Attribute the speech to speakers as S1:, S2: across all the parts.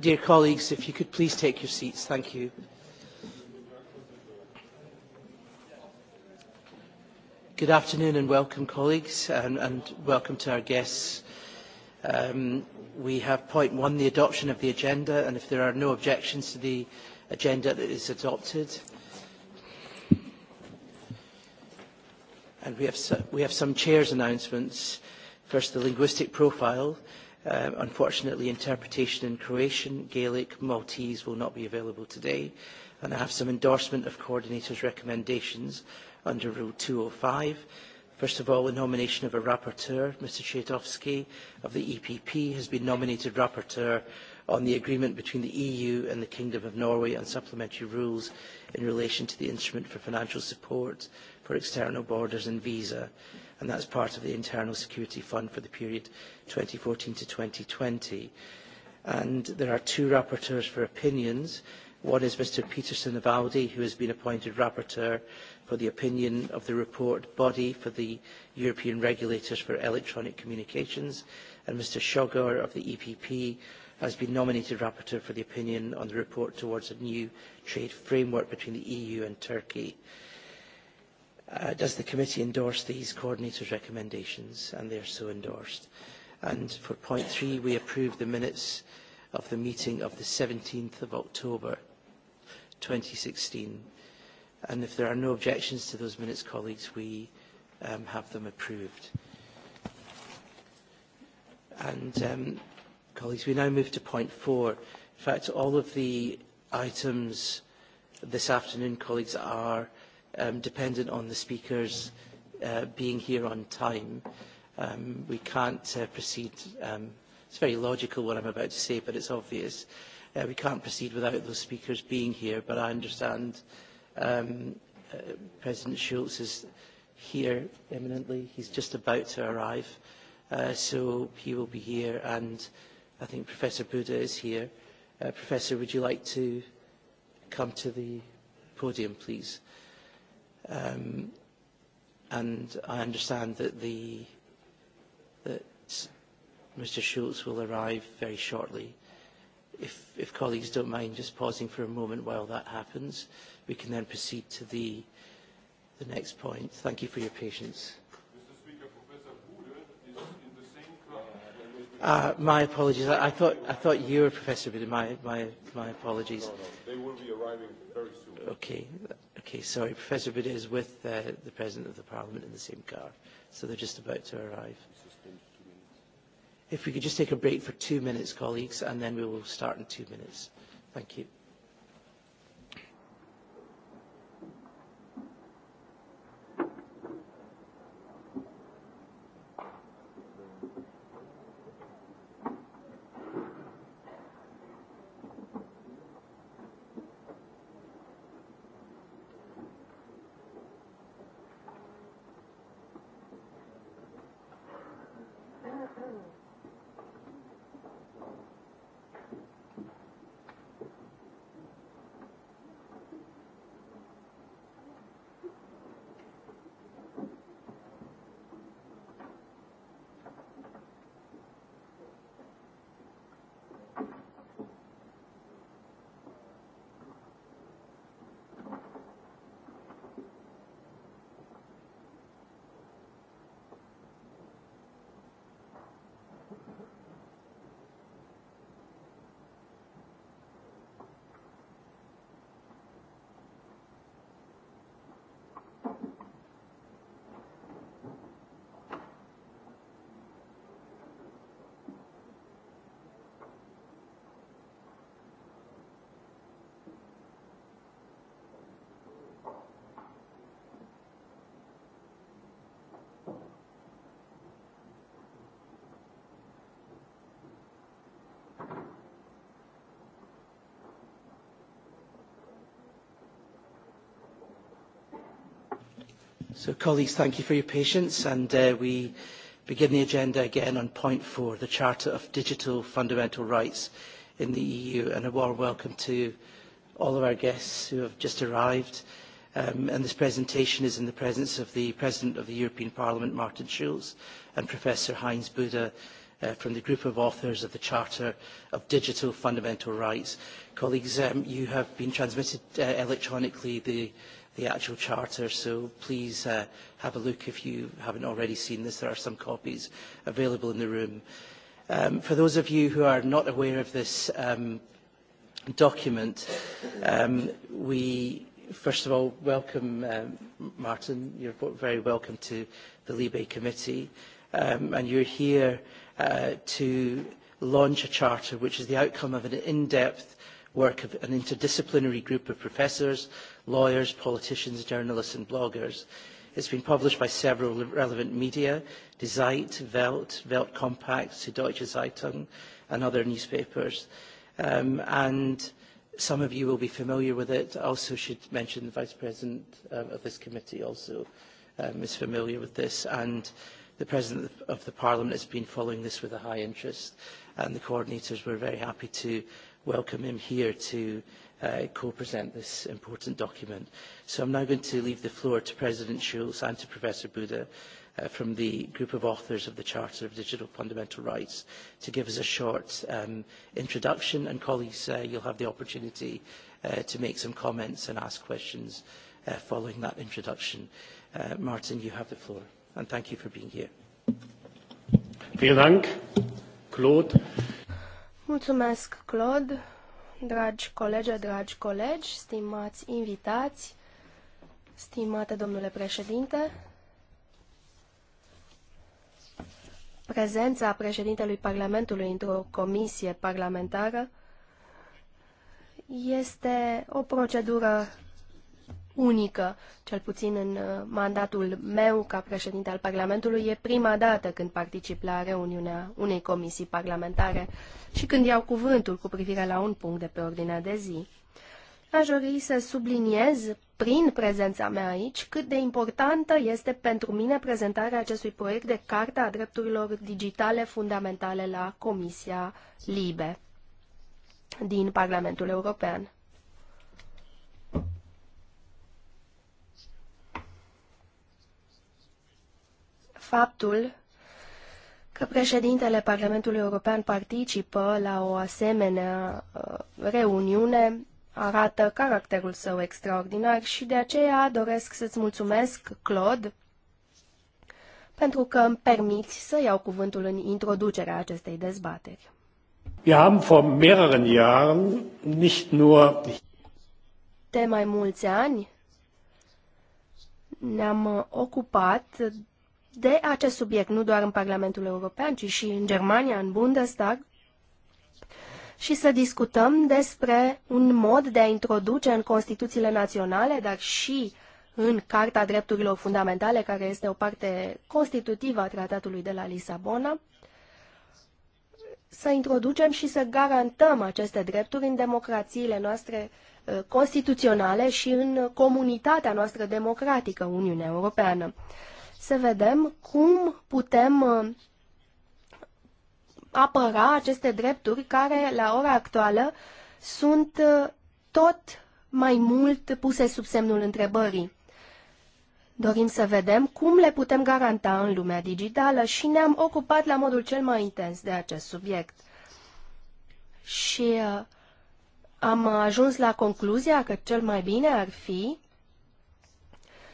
S1: Dear colleagues, if you could please take your seats. Thank you. Good afternoon and welcome, colleagues, and, and welcome to our guests. Um, we have point one, the adoption of the agenda, and if there are no objections to the agenda, that is adopted. And we have, we have some chairs announcements. First, the linguistic profile. Uh, unfortunately, interpretation in Croatian, Gaelic, Maltese will not be available today. And I have some endorsement of coordinators' recommendations under Rule 205. First of all, the nomination of a rapporteur, Mr. Shatovsky of the EPP, has been nominated rapporteur on the agreement between the EU and the Kingdom of Norway on supplementary rules in relation to the instrument for financial support for external borders and visa and that's part of the Internal Security Fund for the period 2014 to 2020. And there are two rapporteurs for opinions. One is Mr Peterson of Aldi, who has been appointed rapporteur for the opinion of the report body for the European regulators for electronic communications, and Mr Shogar of the EPP has been nominated rapporteur for the opinion on the report towards a new trade framework between the EU and Turkey. Uh, does the committee endorse these coordinators' recommendations? And they are so endorsed. And for point three, we approve the minutes of the meeting of the 17th of October 2016. And if there are no objections to those minutes, colleagues, we um, have them approved. And um, colleagues, we now move to point four. In fact, all of the items this afternoon, colleagues, are um, dependent on the speakers uh, being here on time. Um, we can't uh, proceed. Um, it's very logical what I'm about to say, but it's obvious. Uh, we can't proceed without those speakers being here, but I understand um, uh, President Schulz is here imminently. He's just about to arrive, uh, so he will be here, and I think Professor Buda is here. Uh, Professor, would you like to come to the podium, please? Um, and I understand that the that Mr. Schultz will arrive very shortly. If, if colleagues don't mind just pausing for a moment while that happens, we can then proceed to the, the next point. Thank you for your patience. Uh, my apologies. I, I thought I thought you were Professor Buda. My my my apologies. No, no.
S2: They will be
S3: arriving very soon. Okay,
S1: okay. Sorry, Professor Buda is with uh, the President of the Parliament in the same car, so they're just about to arrive. If we could just take a break for two minutes, colleagues, and then we will start in two minutes. Thank you. So, colleagues, thank you for your patience, and uh, we begin the agenda again on point four, the Charter of Digital Fundamental Rights in the EU, and a warm welcome to all of our guests who have just arrived. Um, and this presentation is in the presence of the President of the European Parliament, Martin Schulz, and Professor Heinz Buda uh, from the group of authors of the Charter of Digital Fundamental Rights. Colleagues, um, you have been transmitted uh, electronically the the actual charter. So please uh, have a look if you haven't already seen this. There are some copies available in the room. Um, for those of you who are not aware of this um, document, um, we first of all welcome um, Martin. You're very welcome to the Libe Committee. Um, and you're here uh, to launch a charter which is the outcome of an in-depth work of an interdisciplinary group of professors, lawyers, politicians, journalists and bloggers. It's been published by several relevant media, Die Zeit, Welt, Welt Compact, Süddeutsche Zeitung and other newspapers. Um, and some of you will be familiar with it. I also should mention the Vice President uh, of this committee also um, is familiar with this. And the President of the Parliament has been following this with a high interest. And the coordinators were very happy to welcome him here to uh, co-present this important document. So I'm now going to leave the floor to President Schulz and to Professor Buda uh, from the group of authors of the Charter of Digital Fundamental Rights to give us a short um, introduction. And colleagues, uh, you'll have the opportunity uh, to make some comments and ask questions uh, following that introduction. Uh, Martin, you have the floor. And thank you for being here. Vielen Dank, Claude.
S4: Mulțumesc, Claude dragi colegi, dragi colegi, stimați invitați, stimate domnule președinte, prezența președintelui Parlamentului într-o comisie parlamentară este o procedură unică, cel puțin în uh, mandatul meu ca președinte al Parlamentului, e prima dată când particip la reuniunea unei comisii parlamentare și când iau cuvântul cu privire la un punct de pe ordinea de zi. Aș dori să subliniez, prin prezența mea aici, cât de importantă este pentru mine prezentarea acestui proiect de Carta a Drepturilor Digitale Fundamentale la Comisia LIBE din Parlamentul European. faptul că președintele Parlamentului European participă la o asemenea uh, reuniune arată caracterul său extraordinar și de aceea doresc să-ți mulțumesc, Claude, pentru că îmi permiți să iau cuvântul în introducerea acestei dezbateri. de mai mulți ani ne-am ocupat de acest subiect, nu doar în Parlamentul European, ci și în Germania, în Bundestag, și să discutăm despre un mod de a introduce în Constituțiile naționale, dar și în Carta Drepturilor Fundamentale, care este o parte constitutivă a Tratatului de la Lisabona, să introducem și să garantăm aceste drepturi în democrațiile noastre uh, constituționale și în comunitatea noastră democratică, Uniunea Europeană să vedem cum putem uh, apăra aceste drepturi care, la ora actuală, sunt uh, tot mai mult puse sub semnul întrebării. Dorim să vedem cum le putem garanta în lumea digitală și ne-am ocupat la modul cel mai intens de acest subiect. Și uh, am ajuns la concluzia că cel mai bine ar fi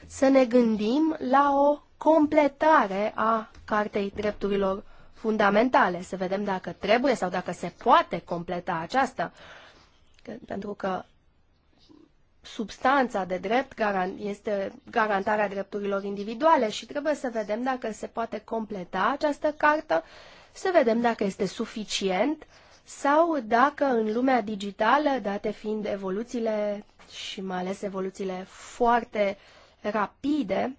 S4: să ne gândim la o completare a Cartei Drepturilor Fundamentale, să vedem dacă trebuie sau dacă se poate completa aceasta, pentru că substanța de drept este garantarea drepturilor individuale și trebuie să vedem dacă se poate completa această cartă, să vedem dacă este suficient sau dacă în lumea digitală, date fiind evoluțiile și mai ales evoluțiile foarte rapide,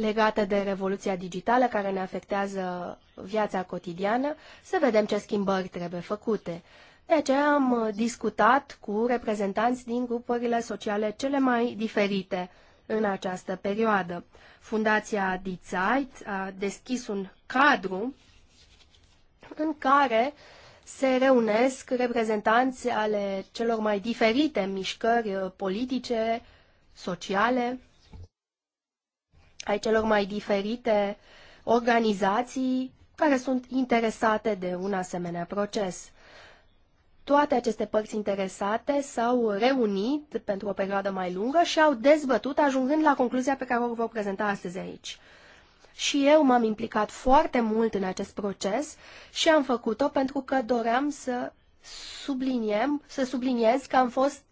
S4: legată de revoluția digitală care ne afectează viața cotidiană, să vedem ce schimbări trebuie făcute. De aceea am discutat cu reprezentanți din grupurile sociale cele mai diferite în această perioadă. Fundația Dizait a deschis un cadru în care se reunesc reprezentanți ale celor mai diferite mișcări politice, sociale, ai celor mai diferite organizații care sunt interesate de un asemenea proces. Toate aceste părți interesate s-au reunit pentru o perioadă mai lungă și au dezbătut, ajungând la concluzia pe care o vă prezenta astăzi aici. Și eu m-am implicat foarte mult în acest proces și am făcut-o pentru că doream să subliniem, să subliniez că am fost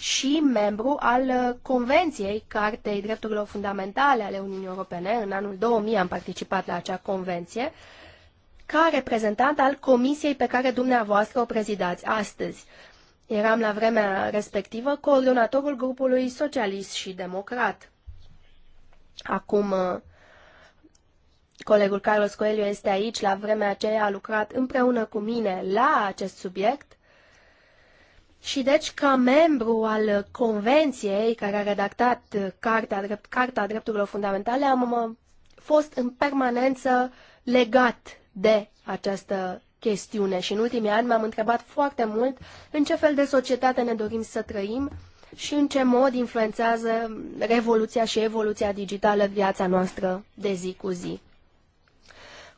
S4: și membru al uh, Convenției Cartei Drepturilor Fundamentale ale Uniunii Europene. În anul 2000 am participat la acea convenție ca reprezentant al comisiei pe care dumneavoastră o prezidați astăzi. Eram la vremea respectivă coordonatorul grupului socialist și democrat. Acum uh, colegul Carlos Coelho este aici, la vremea aceea a lucrat împreună cu mine la acest subiect și deci, ca membru al convenției care a redactat cartea Drept, Carta Drepturilor Fundamentale, am fost în permanență legat de această chestiune și în ultimii ani m-am întrebat foarte mult în ce fel de societate ne dorim să trăim și în ce mod influențează revoluția și evoluția digitală viața noastră de zi cu zi.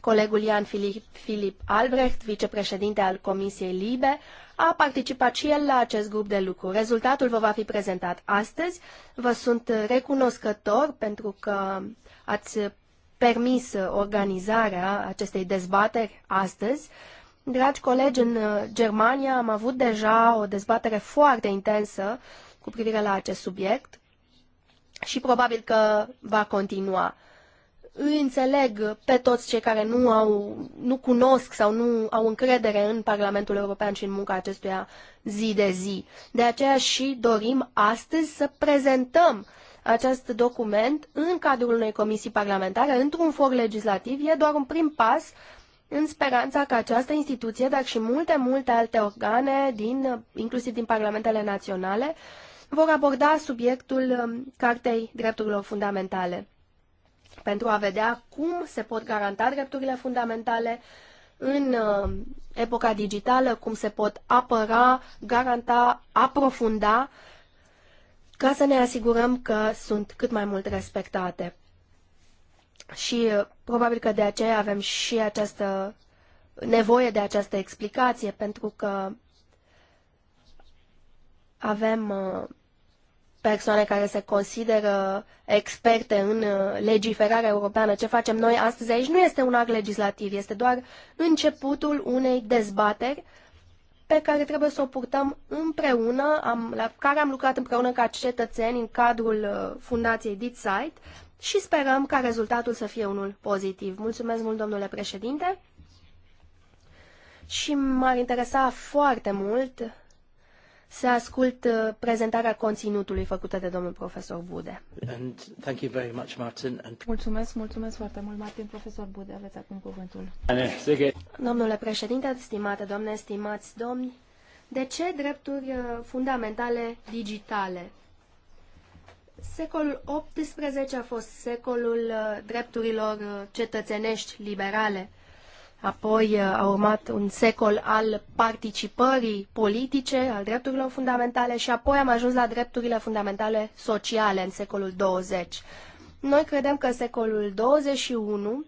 S4: Colegul Ian Filip, Filip Albrecht, vicepreședinte al Comisiei Libe, a participat și el la acest grup de lucru. Rezultatul vă va fi prezentat astăzi. Vă sunt recunoscător pentru că ați permis organizarea acestei dezbateri astăzi. Dragi colegi, în Germania am avut deja o dezbatere foarte intensă cu privire la acest subiect și probabil că va continua îi înțeleg pe toți cei care nu, au, nu cunosc sau nu au încredere în Parlamentul European și în munca acestuia zi de zi. De aceea și dorim astăzi să prezentăm acest document în cadrul unei comisii parlamentare, într-un for legislativ. E doar un prim pas în speranța că această instituție, dar și multe, multe alte organe, din, inclusiv din parlamentele naționale, vor aborda subiectul um, Cartei Drepturilor Fundamentale pentru a vedea cum se pot garanta drepturile fundamentale în uh, epoca digitală, cum se pot apăra, garanta, aprofunda, ca să ne asigurăm că sunt cât mai mult respectate. Și uh, probabil că de aceea avem și această nevoie de această explicație, pentru că avem uh, persoane care se consideră experte în uh, legiferarea europeană. Ce facem noi astăzi aici nu este un act legislativ, este doar începutul unei dezbateri pe care trebuie să o purtăm împreună, am, la care am lucrat împreună ca cetățeni în cadrul uh, Fundației DITSITE și sperăm ca rezultatul să fie unul pozitiv. Mulțumesc mult, domnule președinte! Și m-ar interesa foarte mult să ascult uh, prezentarea conținutului făcută de domnul profesor Bude.
S1: And thank you very much, Martin. And...
S4: Mulțumesc, mulțumesc foarte mult, Martin. Profesor Bude, aveți acum cuvântul. Domnule președinte, stimate domne, stimați domni, de ce drepturi uh, fundamentale digitale? Secolul XVIII a fost secolul uh, drepturilor cetățenești liberale Apoi uh, a urmat un secol al participării politice, al drepturilor fundamentale și apoi am ajuns la drepturile fundamentale sociale în secolul 20. Noi credem că secolul 21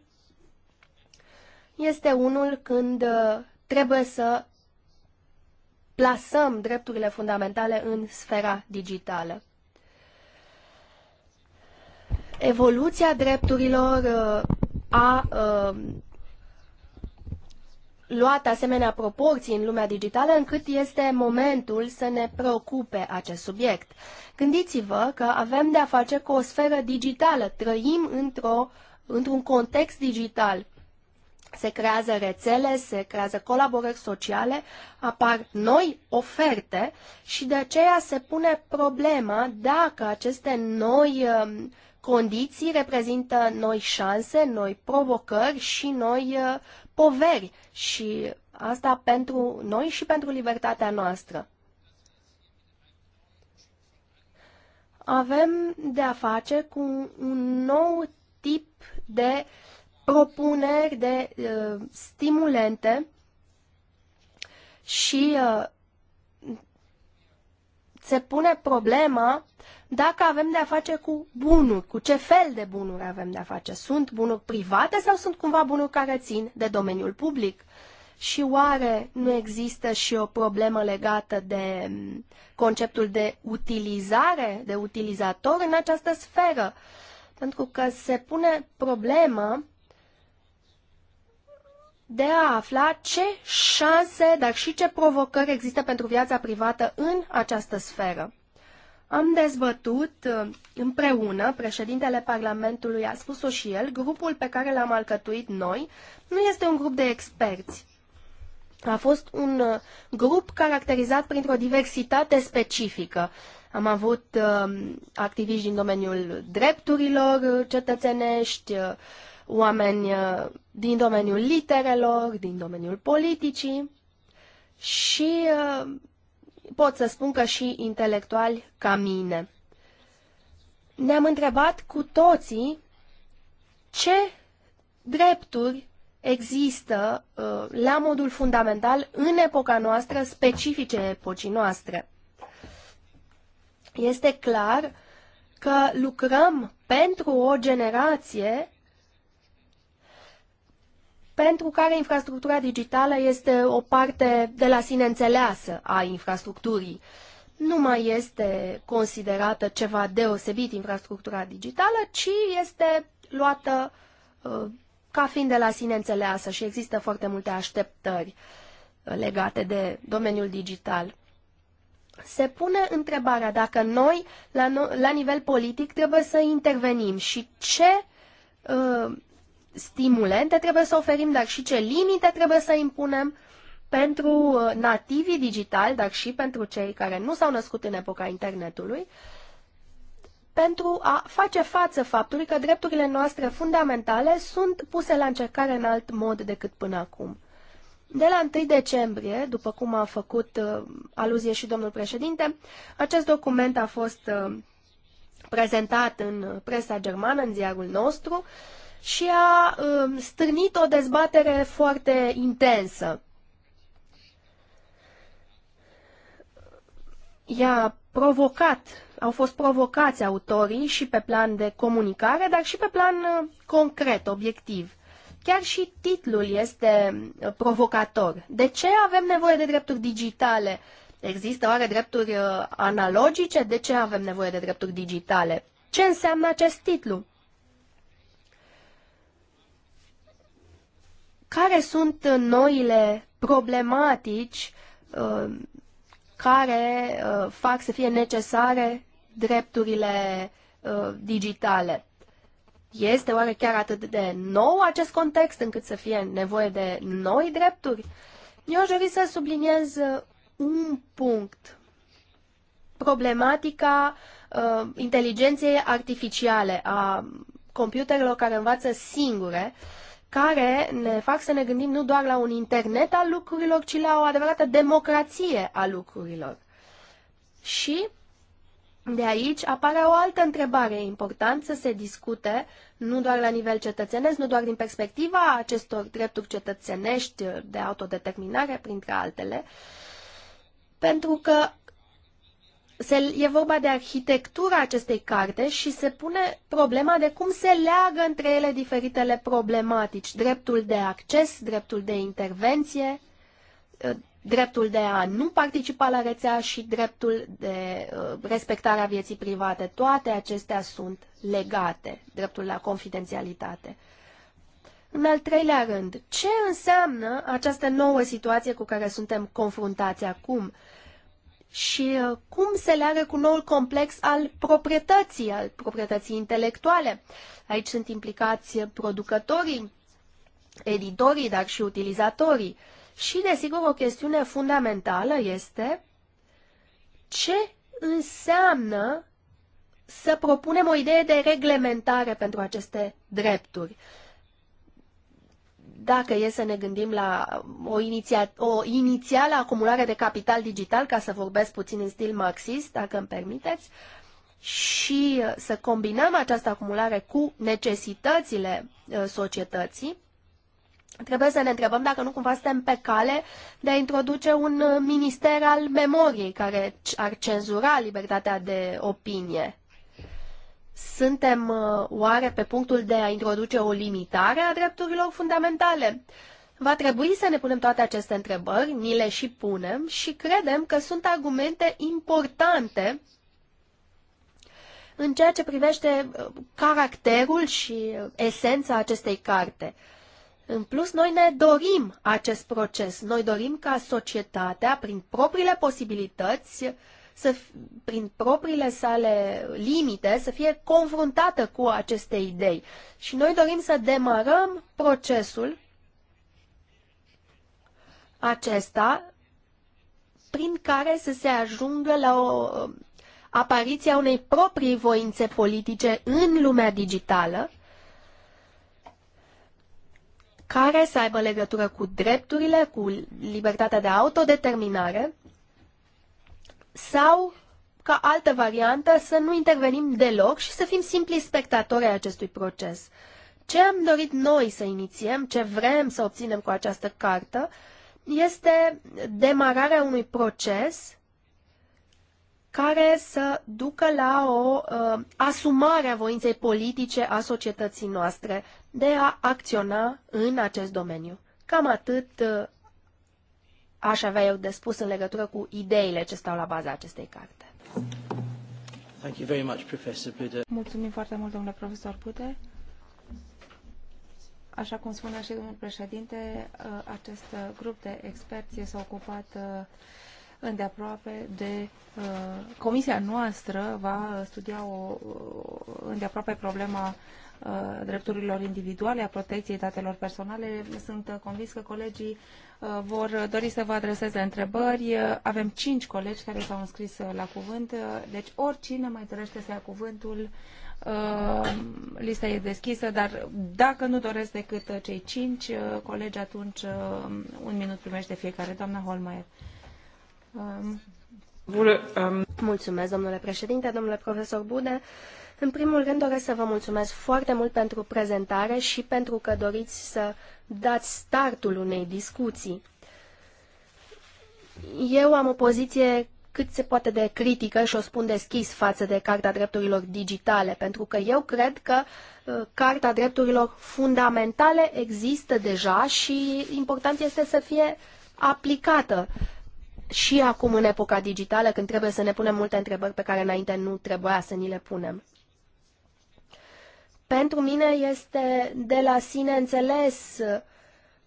S4: este unul când uh, trebuie să plasăm drepturile fundamentale în sfera digitală. Evoluția drepturilor uh, a luat asemenea proporții în lumea digitală încât este momentul să ne preocupe acest subiect. Gândiți-vă că avem de a face cu o sferă digitală, trăim într-o, într-un context digital. Se creează rețele, se creează colaborări sociale, apar noi oferte și de aceea se pune problema dacă aceste noi uh, condiții reprezintă noi șanse, noi provocări și noi uh, poveri și asta pentru noi și pentru libertatea noastră. Avem de a face cu un nou tip de propuneri, de uh, stimulente și uh, se pune problema dacă avem de-a face cu bunuri, cu ce fel de bunuri avem de-a face. Sunt bunuri private sau sunt cumva bunuri care țin de domeniul public? Și oare nu există și o problemă legată de mm, conceptul de utilizare, de utilizator în această sferă? Pentru că se pune problema de a afla ce șanse, dar și ce provocări există pentru viața privată în această sferă. Am dezbătut uh, împreună, președintele Parlamentului a spus-o și el, grupul pe care l-am alcătuit noi nu este un grup de experți. A fost un uh, grup caracterizat printr-o diversitate specifică. Am avut uh, activiști din domeniul drepturilor uh, cetățenești, uh, oameni uh, din domeniul literelor, din domeniul politicii și uh, pot să spun că și intelectuali ca mine. Ne-am întrebat cu toții ce drepturi există uh, la modul fundamental în epoca noastră, specifice epocii noastre. Este clar că lucrăm pentru o generație pentru care infrastructura digitală este o parte de la sine înțeleasă a infrastructurii. Nu mai este considerată ceva deosebit infrastructura digitală, ci este luată uh, ca fiind de la sine înțeleasă și există foarte multe așteptări uh, legate de domeniul digital. Se pune întrebarea dacă noi, la, la nivel politic, trebuie să intervenim și ce uh, stimulente trebuie să oferim, dar și ce limite trebuie să impunem pentru uh, nativii digitali, dar și pentru cei care nu s-au născut în epoca internetului, pentru a face față faptului că drepturile noastre fundamentale sunt puse la încercare în alt mod decât până acum. De la 1 decembrie, după cum a făcut uh, aluzie și domnul președinte, acest document a fost uh, prezentat în presa germană, în ziarul nostru, uh, și a um, stârnit o dezbatere foarte intensă. I-a provocat, au fost provocați autorii și pe plan de comunicare, dar și pe plan uh, concret, obiectiv. Chiar și titlul este uh, provocator. De ce avem nevoie de drepturi digitale? Există oare drepturi uh, analogice? De ce avem nevoie de drepturi digitale? Ce înseamnă acest titlu? care sunt noile problematici uh, care uh, fac să fie necesare drepturile uh, digitale. Este oare chiar atât de nou acest context încât să fie nevoie de noi drepturi? Eu aș dori să subliniez un punct. Problematica uh, inteligenței artificiale, a computerelor care învață singure, uh, care ne fac să ne gândim nu doar la un internet al lucrurilor, ci la o adevărată democrație a lucrurilor. Și de aici apare o altă întrebare importantă să se discute, nu doar la nivel cetățenesc, nu doar din perspectiva acestor drepturi cetățenești de autodeterminare, printre altele, pentru că se, e vorba de arhitectura acestei carte și se pune problema de cum se leagă între ele diferitele problematici. Dreptul de acces, dreptul de intervenție, ă, dreptul de a nu participa la rețea și dreptul de ă, respectarea vieții private. Toate acestea sunt legate, dreptul la confidențialitate. În al treilea rând, ce înseamnă această nouă situație cu care suntem confruntați acum? Uh, și uh, cum se leagă cu noul complex al proprietății, al proprietății intelectuale. Aici sunt implicați producătorii, editorii, dar și utilizatorii. Și, desigur, o chestiune fundamentală este ce înseamnă să propunem o idee de reglementare pentru aceste drepturi dacă e să ne gândim la o, iniția, o inițială acumulare de capital digital, ca să vorbesc puțin în stil marxist, dacă îmi permiteți, și să combinăm această acumulare cu necesitățile uh, societății, trebuie să ne întrebăm dacă nu cumva suntem pe cale de a introduce un uh, minister al memoriei care ar cenzura libertatea de opinie. Suntem uh, oare pe punctul de a introduce o limitare a drepturilor fundamentale? Va trebui să ne punem toate aceste întrebări, ni le și punem și credem că sunt argumente importante în ceea ce privește uh, caracterul și uh, esența acestei carte. În plus, noi ne dorim acest proces. Noi dorim ca societatea, prin propriile posibilități, să, prin propriile sale limite, să fie confruntată cu aceste idei. Și noi dorim să demarăm procesul acesta prin care să se ajungă la o uh, apariția unei proprii voințe politice în lumea digitală, care să aibă legătură cu drepturile, cu libertatea de autodeterminare sau ca altă variantă să nu intervenim deloc și să fim simpli spectatori ai acestui proces. Ce am dorit noi să inițiem, ce vrem să obținem cu această cartă, este demararea unui proces care să ducă la o uh, asumare a voinței politice a societății noastre de a acționa în acest domeniu. Cam atât uh, aș avea eu de spus în legătură cu ideile ce stau la baza acestei carte. Thank you very much, Mulțumim foarte mult, domnule profesor Pute.
S5: Așa cum spunea și domnul președinte, uh, acest grup de experți s-a ocupat uh, îndeaproape de... Uh, comisia noastră va studia o, îndeaproape problema Uh, drepturilor individuale, a protecției datelor personale. Sunt convins că colegii uh, vor dori să vă adreseze întrebări. Uh, avem cinci colegi care s-au înscris la cuvânt, deci oricine mai dorește să ia cuvântul, lista e deschisă, dar dacă nu doresc decât cei cinci colegi, atunci un minut primește fiecare. Doamna Holmeier. Um. Um.
S4: Mulțumesc, domnule președinte, domnule profesor Bude. În primul rând doresc să vă mulțumesc foarte mult pentru prezentare și pentru că doriți să dați startul unei discuții. Eu am o poziție cât se poate de critică și o spun deschis față de Carta Drepturilor Digitale, pentru că eu cred că uh, Carta Drepturilor Fundamentale există deja și important este să fie aplicată și acum în epoca digitală, când trebuie să ne punem multe întrebări pe care înainte nu trebuia să ni le punem. Pentru mine este de la sine înțeles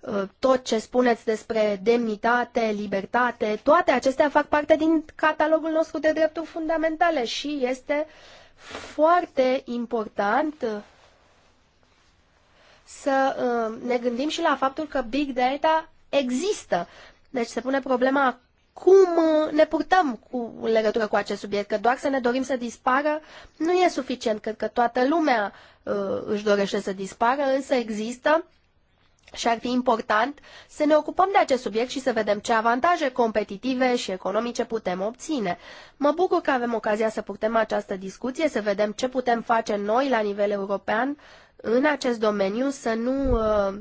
S4: uh, tot ce spuneți despre demnitate, libertate, toate acestea fac parte din catalogul nostru de drepturi fundamentale și este foarte important uh, să uh, ne gândim și la faptul că big data există. Deci se pune problema cum uh, ne purtăm cu, în legătură cu acest subiect, că doar să ne dorim să dispară nu e suficient. Cred că toată lumea uh, își dorește să dispară, însă există și ar fi important să ne ocupăm de acest subiect și să vedem ce avantaje competitive și economice putem obține. Mă bucur că avem ocazia să purtăm această discuție, să vedem ce putem face noi la nivel european în acest domeniu, să nu uh, uh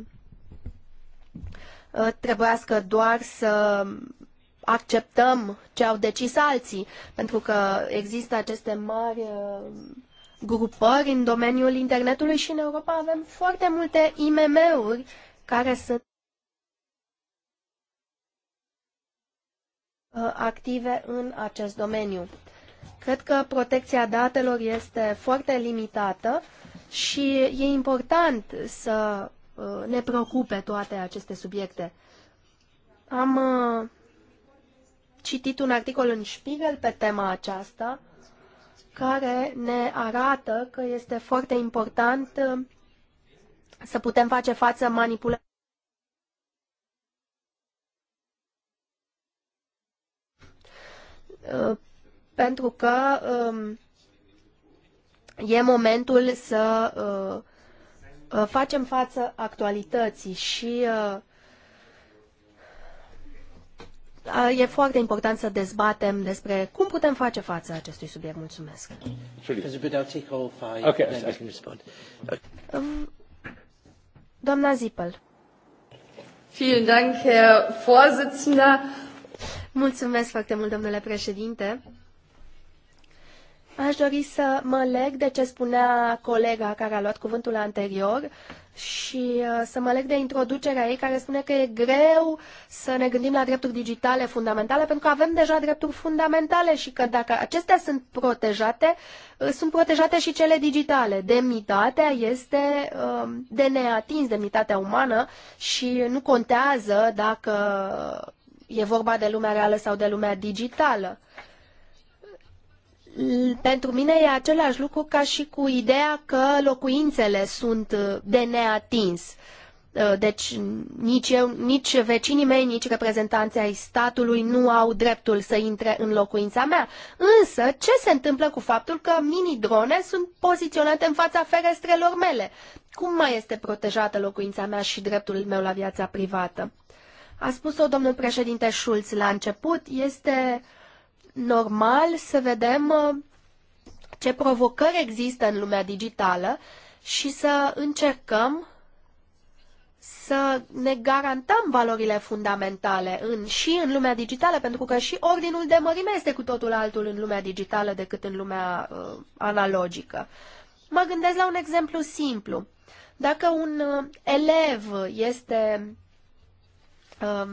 S4: trebuiască doar să acceptăm ce au decis alții, pentru că există aceste mari uh, grupări în domeniul internetului și în Europa avem foarte multe IMM-uri care sunt uh, active în acest domeniu. Cred că protecția datelor este foarte limitată și e important să uh, ne preocupe toate aceste subiecte. Am citit un articol în Spiegel pe tema aceasta, care ne arată că este foarte important uh, să putem face față manipulării. Uh, pentru că um, e momentul să uh, facem față actualității și uh, Uh, e foarte important să dezbatem despre cum putem face față acestui subiect. Mulțumesc. Um, doamna Zipel. Mulțumesc foarte mult, domnule președinte. Aș dori să mă leg de ce spunea colega care a luat cuvântul anterior și uh, să mă leg de introducerea ei care spune că e greu să ne gândim la drepturi digitale fundamentale pentru că avem deja drepturi fundamentale și că dacă acestea sunt protejate, uh, sunt protejate și cele digitale. Demnitatea este um, de neatins, demnitatea umană și nu contează dacă e vorba de lumea reală sau de lumea digitală pentru mine e același lucru ca și cu ideea că locuințele sunt uh, de neatins. Uh, deci nici eu, nici vecinii mei, nici reprezentanții ai statului nu au dreptul să intre în locuința mea. Însă, ce se întâmplă cu faptul că mini-drone sunt poziționate în fața ferestrelor mele? Cum mai este protejată locuința mea și dreptul meu la viața privată? A spus-o domnul președinte Schulz la început, este uh, normal să vedem uh, ce provocări există în lumea digitală și să încercăm să ne garantăm valorile fundamentale în, și în lumea digitală, pentru că și ordinul de mărime este cu totul altul în lumea digitală decât în lumea uh, analogică. Mă gândesc la un exemplu simplu. Dacă un uh, elev este uh,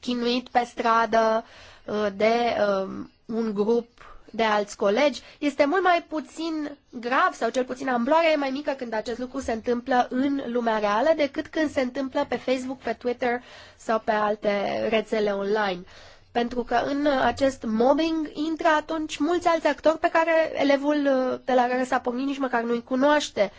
S4: chinuit pe stradă uh, de uh, un grup de alți colegi, este mult mai puțin grav sau cel puțin amploarea e mai mică când acest lucru se întâmplă în lumea reală decât când se întâmplă pe Facebook, pe Twitter sau pe alte rețele online. Pentru că în acest mobbing intră atunci mulți alți actori pe care elevul uh, de la care s-a pornit nici măcar nu-i cunoaște.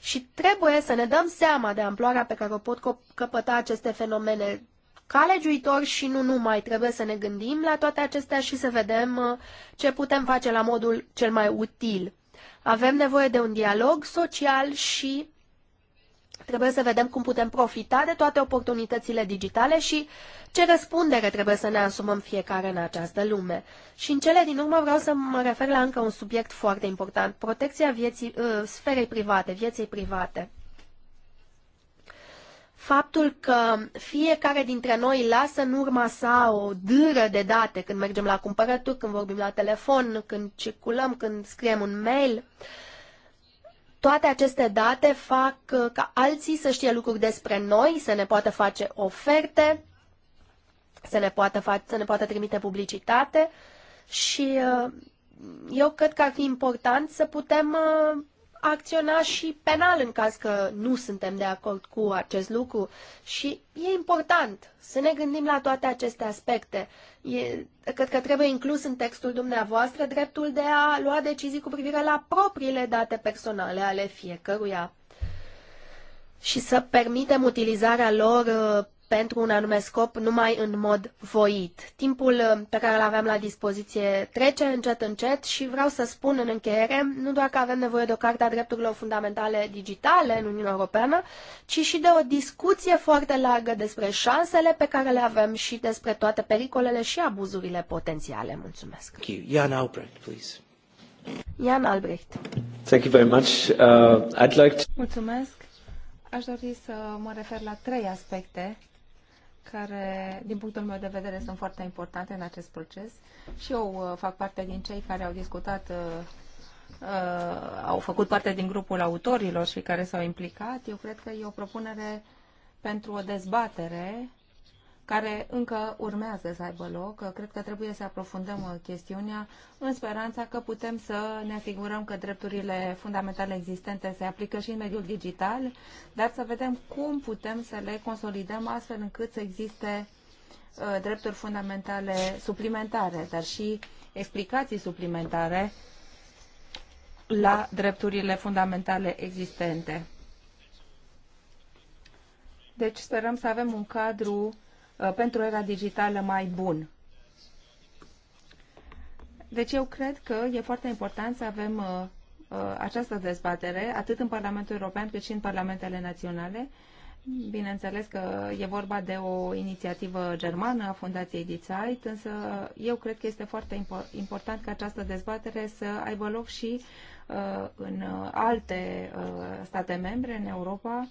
S4: Și trebuie să ne dăm seama de amploarea pe care o pot căpăta aceste fenomene ca legiuitor și nu numai, trebuie să ne gândim la toate acestea și să vedem uh, ce putem face la modul cel mai util. Avem nevoie de un dialog social și trebuie să vedem cum putem profita de toate oportunitățile digitale și ce răspundere trebuie să ne asumăm fiecare în această lume. Și în cele din urmă vreau să mă refer la încă un subiect foarte important, protecția vieții, uh, sferei private, vieții private faptul că fiecare dintre noi lasă în urma sa o dâră de date când mergem la cumpărături, când vorbim la telefon, când circulăm, când scriem un mail. Toate aceste date fac uh, ca alții să știe lucruri despre noi, să ne poată face oferte, să ne poată, fa- să ne poată trimite publicitate și uh, eu cred că ar fi important să putem uh, acționa și penal în caz că nu suntem de acord cu acest lucru și e important să ne gândim la toate aceste aspecte. E, cred că trebuie inclus în textul dumneavoastră dreptul de a lua decizii cu privire la propriile date personale ale fiecăruia și să permitem utilizarea lor uh, pentru un anume scop numai în mod voit. Timpul uh, pe care îl aveam la dispoziție trece încet încet și vreau să spun în încheiere nu doar că avem nevoie de o carte a drepturilor fundamentale digitale în Uniunea Europeană, ci și de o discuție foarte largă despre șansele pe care le avem și despre toate pericolele și abuzurile potențiale. Mulțumesc.
S1: Jan Albrecht,
S3: please.
S5: Jan Albrecht.
S3: Thank you very much. Uh, I'd like to...
S5: Mulțumesc. Aș dori să mă refer la trei aspecte care, din punctul meu de vedere, sunt foarte importante în acest proces și eu uh, fac parte din cei care au discutat uh, uh, au făcut parte din grupul autorilor și care s-au implicat, eu cred că e o propunere pentru o dezbatere care încă urmează să aibă loc. Cred că trebuie să aprofundăm chestiunea în speranța că putem să ne asigurăm că drepturile fundamentale existente se aplică și în mediul digital, dar să vedem cum putem să le consolidăm astfel încât să existe uh, drepturi fundamentale suplimentare, dar și explicații suplimentare la drepturile fundamentale existente. Deci sperăm să avem un cadru Uh, pentru era digitală mai bun. Deci eu cred că e foarte important să avem uh, uh, această dezbatere, atât în Parlamentul European cât și în Parlamentele Naționale. Bineînțeles că e vorba de o inițiativă germană a Fundației Die Zeit, însă eu cred că este foarte important ca această dezbatere să aibă loc și în alte state membre, în Europa,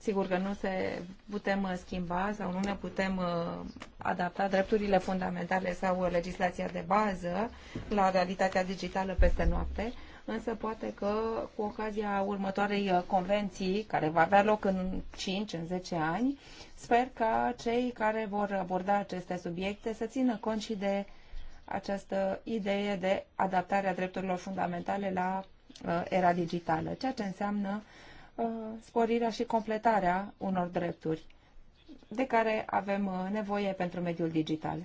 S5: Sigur că nu se putem uh, schimba sau nu ne putem uh, adapta drepturile fundamentale sau uh, legislația de bază la realitatea digitală peste noapte, însă poate că cu ocazia următoarei convenții, care va avea loc în 5, în 10 ani, sper ca cei care vor aborda aceste subiecte să țină cont și de această idee de adaptare a drepturilor fundamentale la era digitală, ceea ce înseamnă uh, Uh, sporirea și completarea unor drepturi de care avem uh, nevoie pentru mediul digital.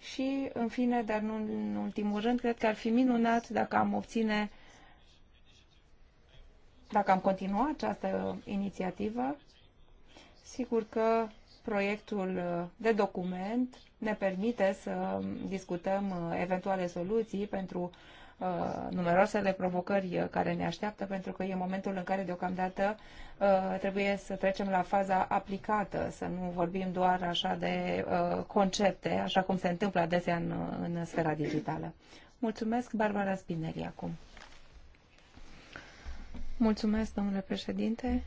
S5: Și, în fine, dar nu în ultimul rând, cred că ar fi minunat dacă am obține, dacă am continua această inițiativă. Sigur că proiectul uh, de document ne permite să discutăm eventuale soluții pentru Uh, numeroasele provocări uh, care ne așteaptă, pentru că e momentul în care deocamdată uh, trebuie să trecem la faza aplicată, să nu vorbim doar așa de concepte, așa cum se întâmplă adesea în, în sfera digitală. Mulțumesc, Barbara Spineri, acum. Mulțumesc, domnule președinte.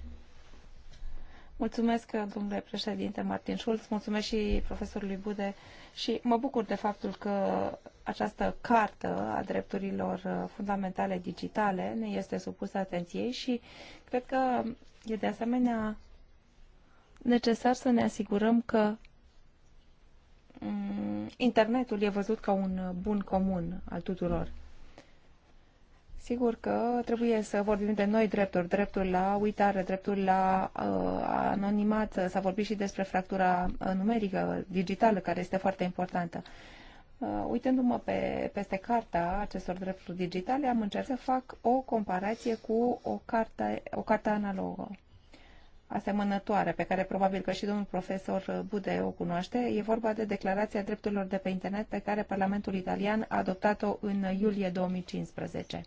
S5: Mulțumesc, domnule președinte Martin Schulz. Mulțumesc și profesorului Bude și mă bucur de faptul că această cartă a drepturilor uh, fundamentale digitale ne este supusă atenției și cred că e de asemenea necesar să ne asigurăm că mm, internetul e văzut ca un bun comun al tuturor. Sigur că trebuie să vorbim de noi drepturi, dreptul la uitare, dreptul la uh, anonimat, s-a vorbit și despre fractura uh, numerică, digitală, care este foarte importantă. Uh, uitându-mă pe, peste carta acestor drepturi digitale, am încercat să fac o comparație cu o carte, o carte analogă, asemănătoare, pe care probabil că și domnul profesor Bude o cunoaște. E vorba de declarația drepturilor de pe internet pe care Parlamentul Italian a adoptat-o în iulie 2015.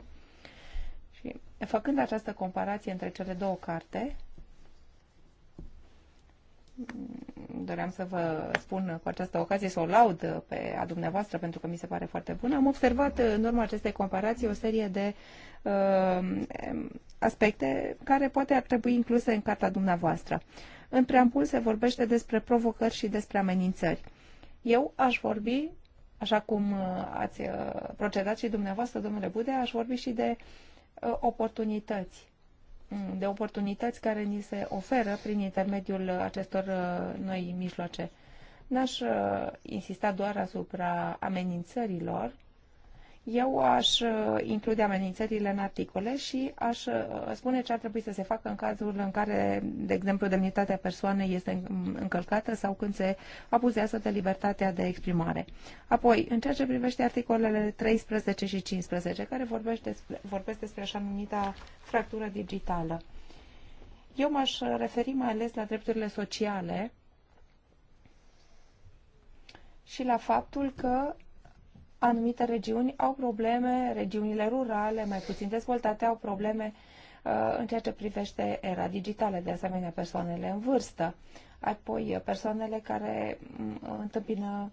S5: Și făcând această comparație între cele două carte, mm, doream să vă spun cu această ocazie, să o laud pe a dumneavoastră pentru că mi se pare foarte bună. Am observat în urma acestei comparații o serie de uh, aspecte care poate ar trebui incluse în cartea dumneavoastră. În preambul se vorbește despre provocări și despre amenințări. Eu aș vorbi, așa cum ați uh, procedat și dumneavoastră, domnule Bude, aș vorbi și de Uh, oportunități, mm, de oportunități care ni se oferă prin intermediul uh, acestor uh, noi mijloace. N-aș insista doar asupra amenințărilor, eu aș uh, include amenințările în articole și aș uh, spune ce ar trebui să se facă în cazul în care, de exemplu, demnitatea persoanei este încălcată sau când se abuzează de libertatea de exprimare. Apoi, în ceea ce privește articolele 13 și 15, care vorbesc despre, vorbesc despre așa numita fractură digitală, eu m-aș referi mai ales la drepturile sociale și la faptul că anumite regiuni au probleme, regiunile rurale mai puțin dezvoltate au probleme uh, în ceea ce privește era digitală, de asemenea persoanele în vârstă, apoi uh, persoanele care mm, întâmpină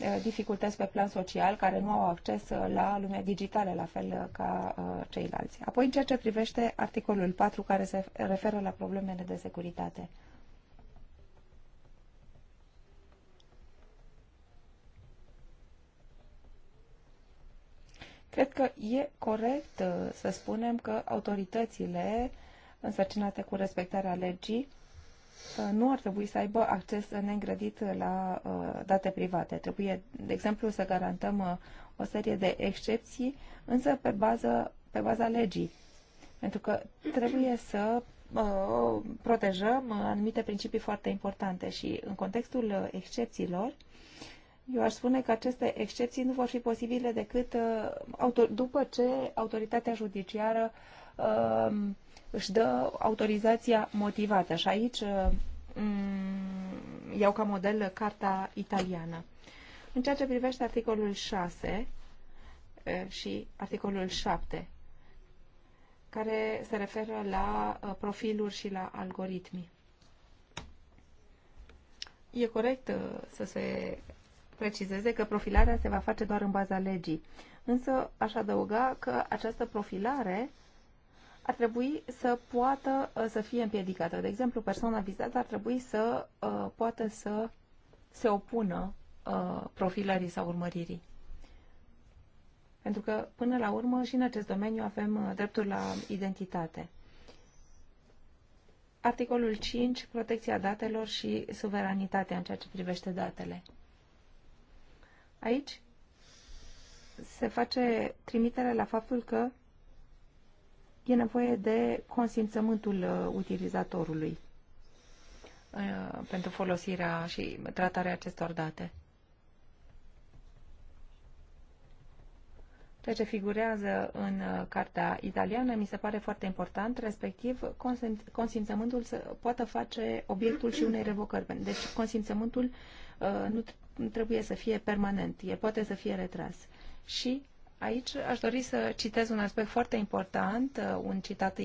S5: uh, dificultăți pe plan social, care nu au acces la lumea digitală, la fel ca ceilalți. Apoi, în ceea ce privește articolul 4, care se referă la problemele de securitate. Cred că e corect uh, să spunem că autoritățile însărcinate cu respectarea legii uh, nu ar trebui să aibă acces neîngrădit la uh, date private. Trebuie, de exemplu, să garantăm o serie de excepții, însă pe, bază, pe baza legii. Pentru că trebuie să protejăm anumite principii foarte importante și în contextul excepțiilor, eu aș spune că aceste excepții nu vor fi posibile decât uh, după ce autoritatea judiciară uh, își dă autorizația motivată. Și aici uh, mm, iau ca model carta italiană. În ceea ce privește articolul 6 și articolul 7, care se referă la profiluri și la algoritmi. E corect să se precizeze că profilarea se va face doar în baza legii. Însă aș adăuga că această profilare ar trebui să poată uh, să fie împiedicată. De exemplu, persoana vizată ar trebui să uh, poată să se opună uh, profilării sau urmăririi. Pentru că, până la urmă, și în acest domeniu avem uh, dreptul la identitate. Articolul 5. Protecția datelor și suveranitatea în ceea ce privește datele. Aici se face trimitere la faptul că e nevoie de consimțământul uh, utilizatorului uh, pentru folosirea și tratarea acestor date. Ceea ce figurează în uh, cartea italiană mi se pare foarte important, respectiv consimțământul poate face obiectul și unei revocări. Deci consimțământul nu trebuie să fie permanent, e, poate să fie retras. Și aici aș dori să citez un aspect foarte important, uh, un citat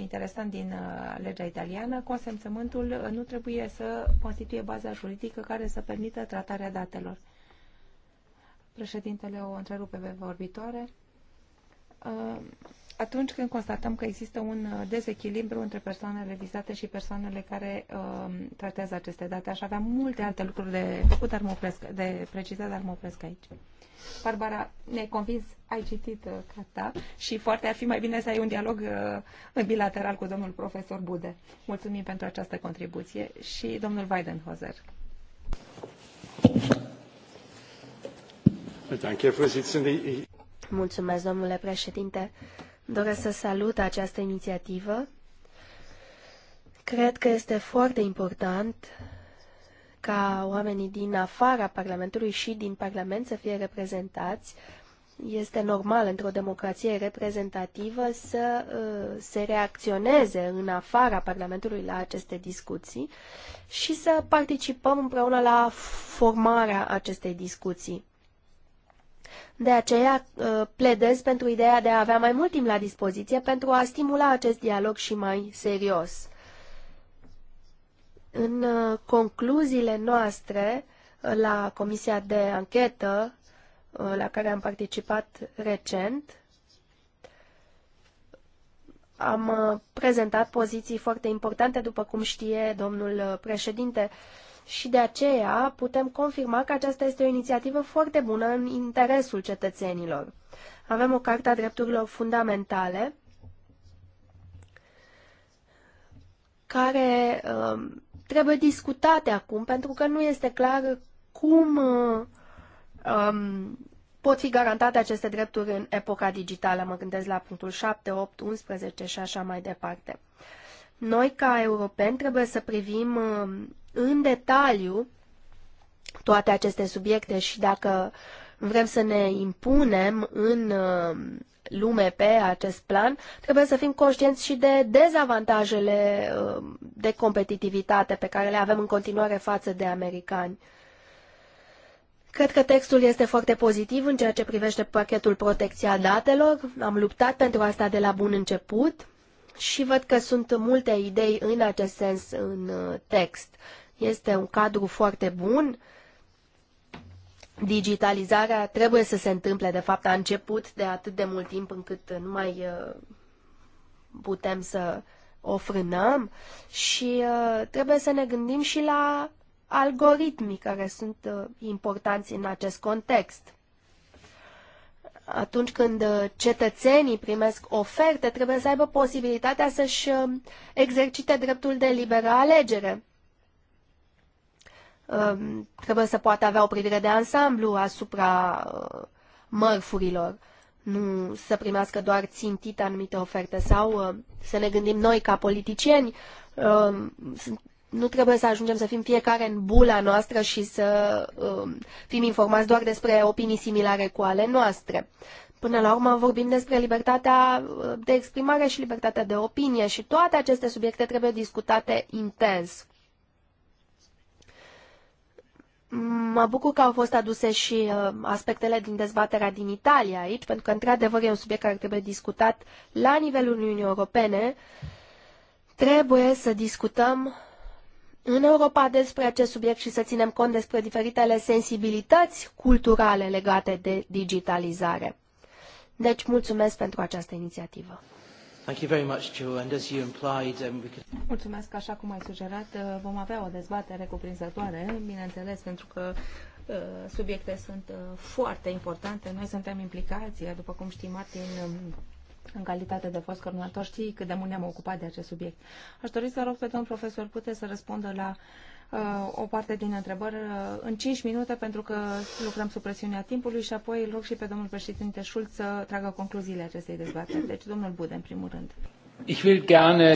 S5: interesant din uh, legea italiană. Consemțământul uh, nu trebuie să constituie baza juridică care să permită tratarea datelor. Președintele o întrerupe pe vorbitoare atunci când constatăm că există un uh, dezechilibru între persoanele vizate și persoanele care uh, tratează aceste date. Aș avea multe alte lucruri de făcut, dar mă opresc, de precizat, dar mă opresc aici. Barbara, ne-ai convins, ai citit uh, carta și foarte ar fi mai bine să ai un dialog uh, bilateral cu domnul profesor Bude. Mulțumim pentru această contribuție și domnul Weidenhozer.
S4: Mulțumesc, domnule președinte. Doresc să salut această inițiativă. Cred că este foarte important ca oamenii din afara Parlamentului și din Parlament să fie reprezentați. Este normal într-o democrație reprezentativă să uh, se reacționeze în afara Parlamentului la aceste discuții și să participăm împreună la formarea acestei discuții. De aceea uh, pledez pentru ideea de a avea mai mult timp la dispoziție pentru a stimula acest dialog și mai serios. În uh, concluziile noastre uh, la Comisia de Anchetă, la care am participat recent, am prezentat poziții foarte importante, după cum știe domnul președinte, și de aceea putem confirma că aceasta este o inițiativă foarte bună în interesul cetățenilor. Avem o carte a Drepturilor Fundamentale care uh, trebuie discutate acum pentru că nu este clar cum uh, um, pot fi garantate aceste drepturi în epoca digitală. Mă gândesc la punctul 7, 8, 11 și așa mai departe. Noi, ca europeni, trebuie să privim um, în detaliu toate aceste subiecte și dacă vrem să ne impunem în uh, lume pe acest plan, trebuie să fim conștienți și de dezavantajele uh, de competitivitate pe care le avem în continuare față de americani. Cred că textul este foarte pozitiv în ceea ce privește pachetul protecția datelor. Am luptat pentru asta de la bun început și văd că sunt multe idei în acest sens în uh, text. Este un cadru foarte bun. Digitalizarea trebuie să se întâmple, de fapt, a început de atât de mult timp încât nu mai uh, putem să o frânăm și uh, trebuie să ne gândim și la algoritmii care sunt uh, importanți în acest context. Atunci când cetățenii primesc oferte, trebuie să aibă posibilitatea să-și exercite dreptul de liberă alegere. Um, trebuie să poată avea o privire de ansamblu asupra uh, mărfurilor, nu să primească doar țintit anumite oferte sau uh, să ne gândim noi ca politicieni, um, nu trebuie să ajungem să fim fiecare în bula noastră și să um, fim informați doar despre opinii similare cu ale noastre. Până la urmă vorbim despre libertatea uh, de exprimare și libertatea de opinie și toate aceste subiecte trebuie discutate intens. Mă bucur că au fost aduse și uh, aspectele din dezbaterea din Italia aici, pentru că, într-adevăr, e un subiect care trebuie discutat la nivelul Uniunii Europene. Trebuie să discutăm în Europa despre acest subiect și să ținem cont despre diferitele sensibilități culturale legate de digitalizare.
S5: Deci, mulțumesc pentru această inițiativă.
S1: Thank you very much, Joe. And as you implied, um, we could...
S5: Mulțumesc, așa cum ai sugerat, uh, vom avea o dezbatere cuprinzătoare, bineînțeles, pentru că uh, subiecte sunt uh, foarte importante. Noi suntem implicați, după cum știi, Martin, um, în calitate de fost coordonator, știi cât de mult ne-am ocupat de acest subiect. Aș dori să rog pe domnul profesor puteți să răspundă la Uh, o parte din întrebări uh, în 5 minute pentru că lucrăm sub presiunea timpului și apoi îl rog și pe domnul președinte Schulz să tragă concluziile acestei dezbateri. Deci domnul Bude în primul rând.
S6: Ich will gerne...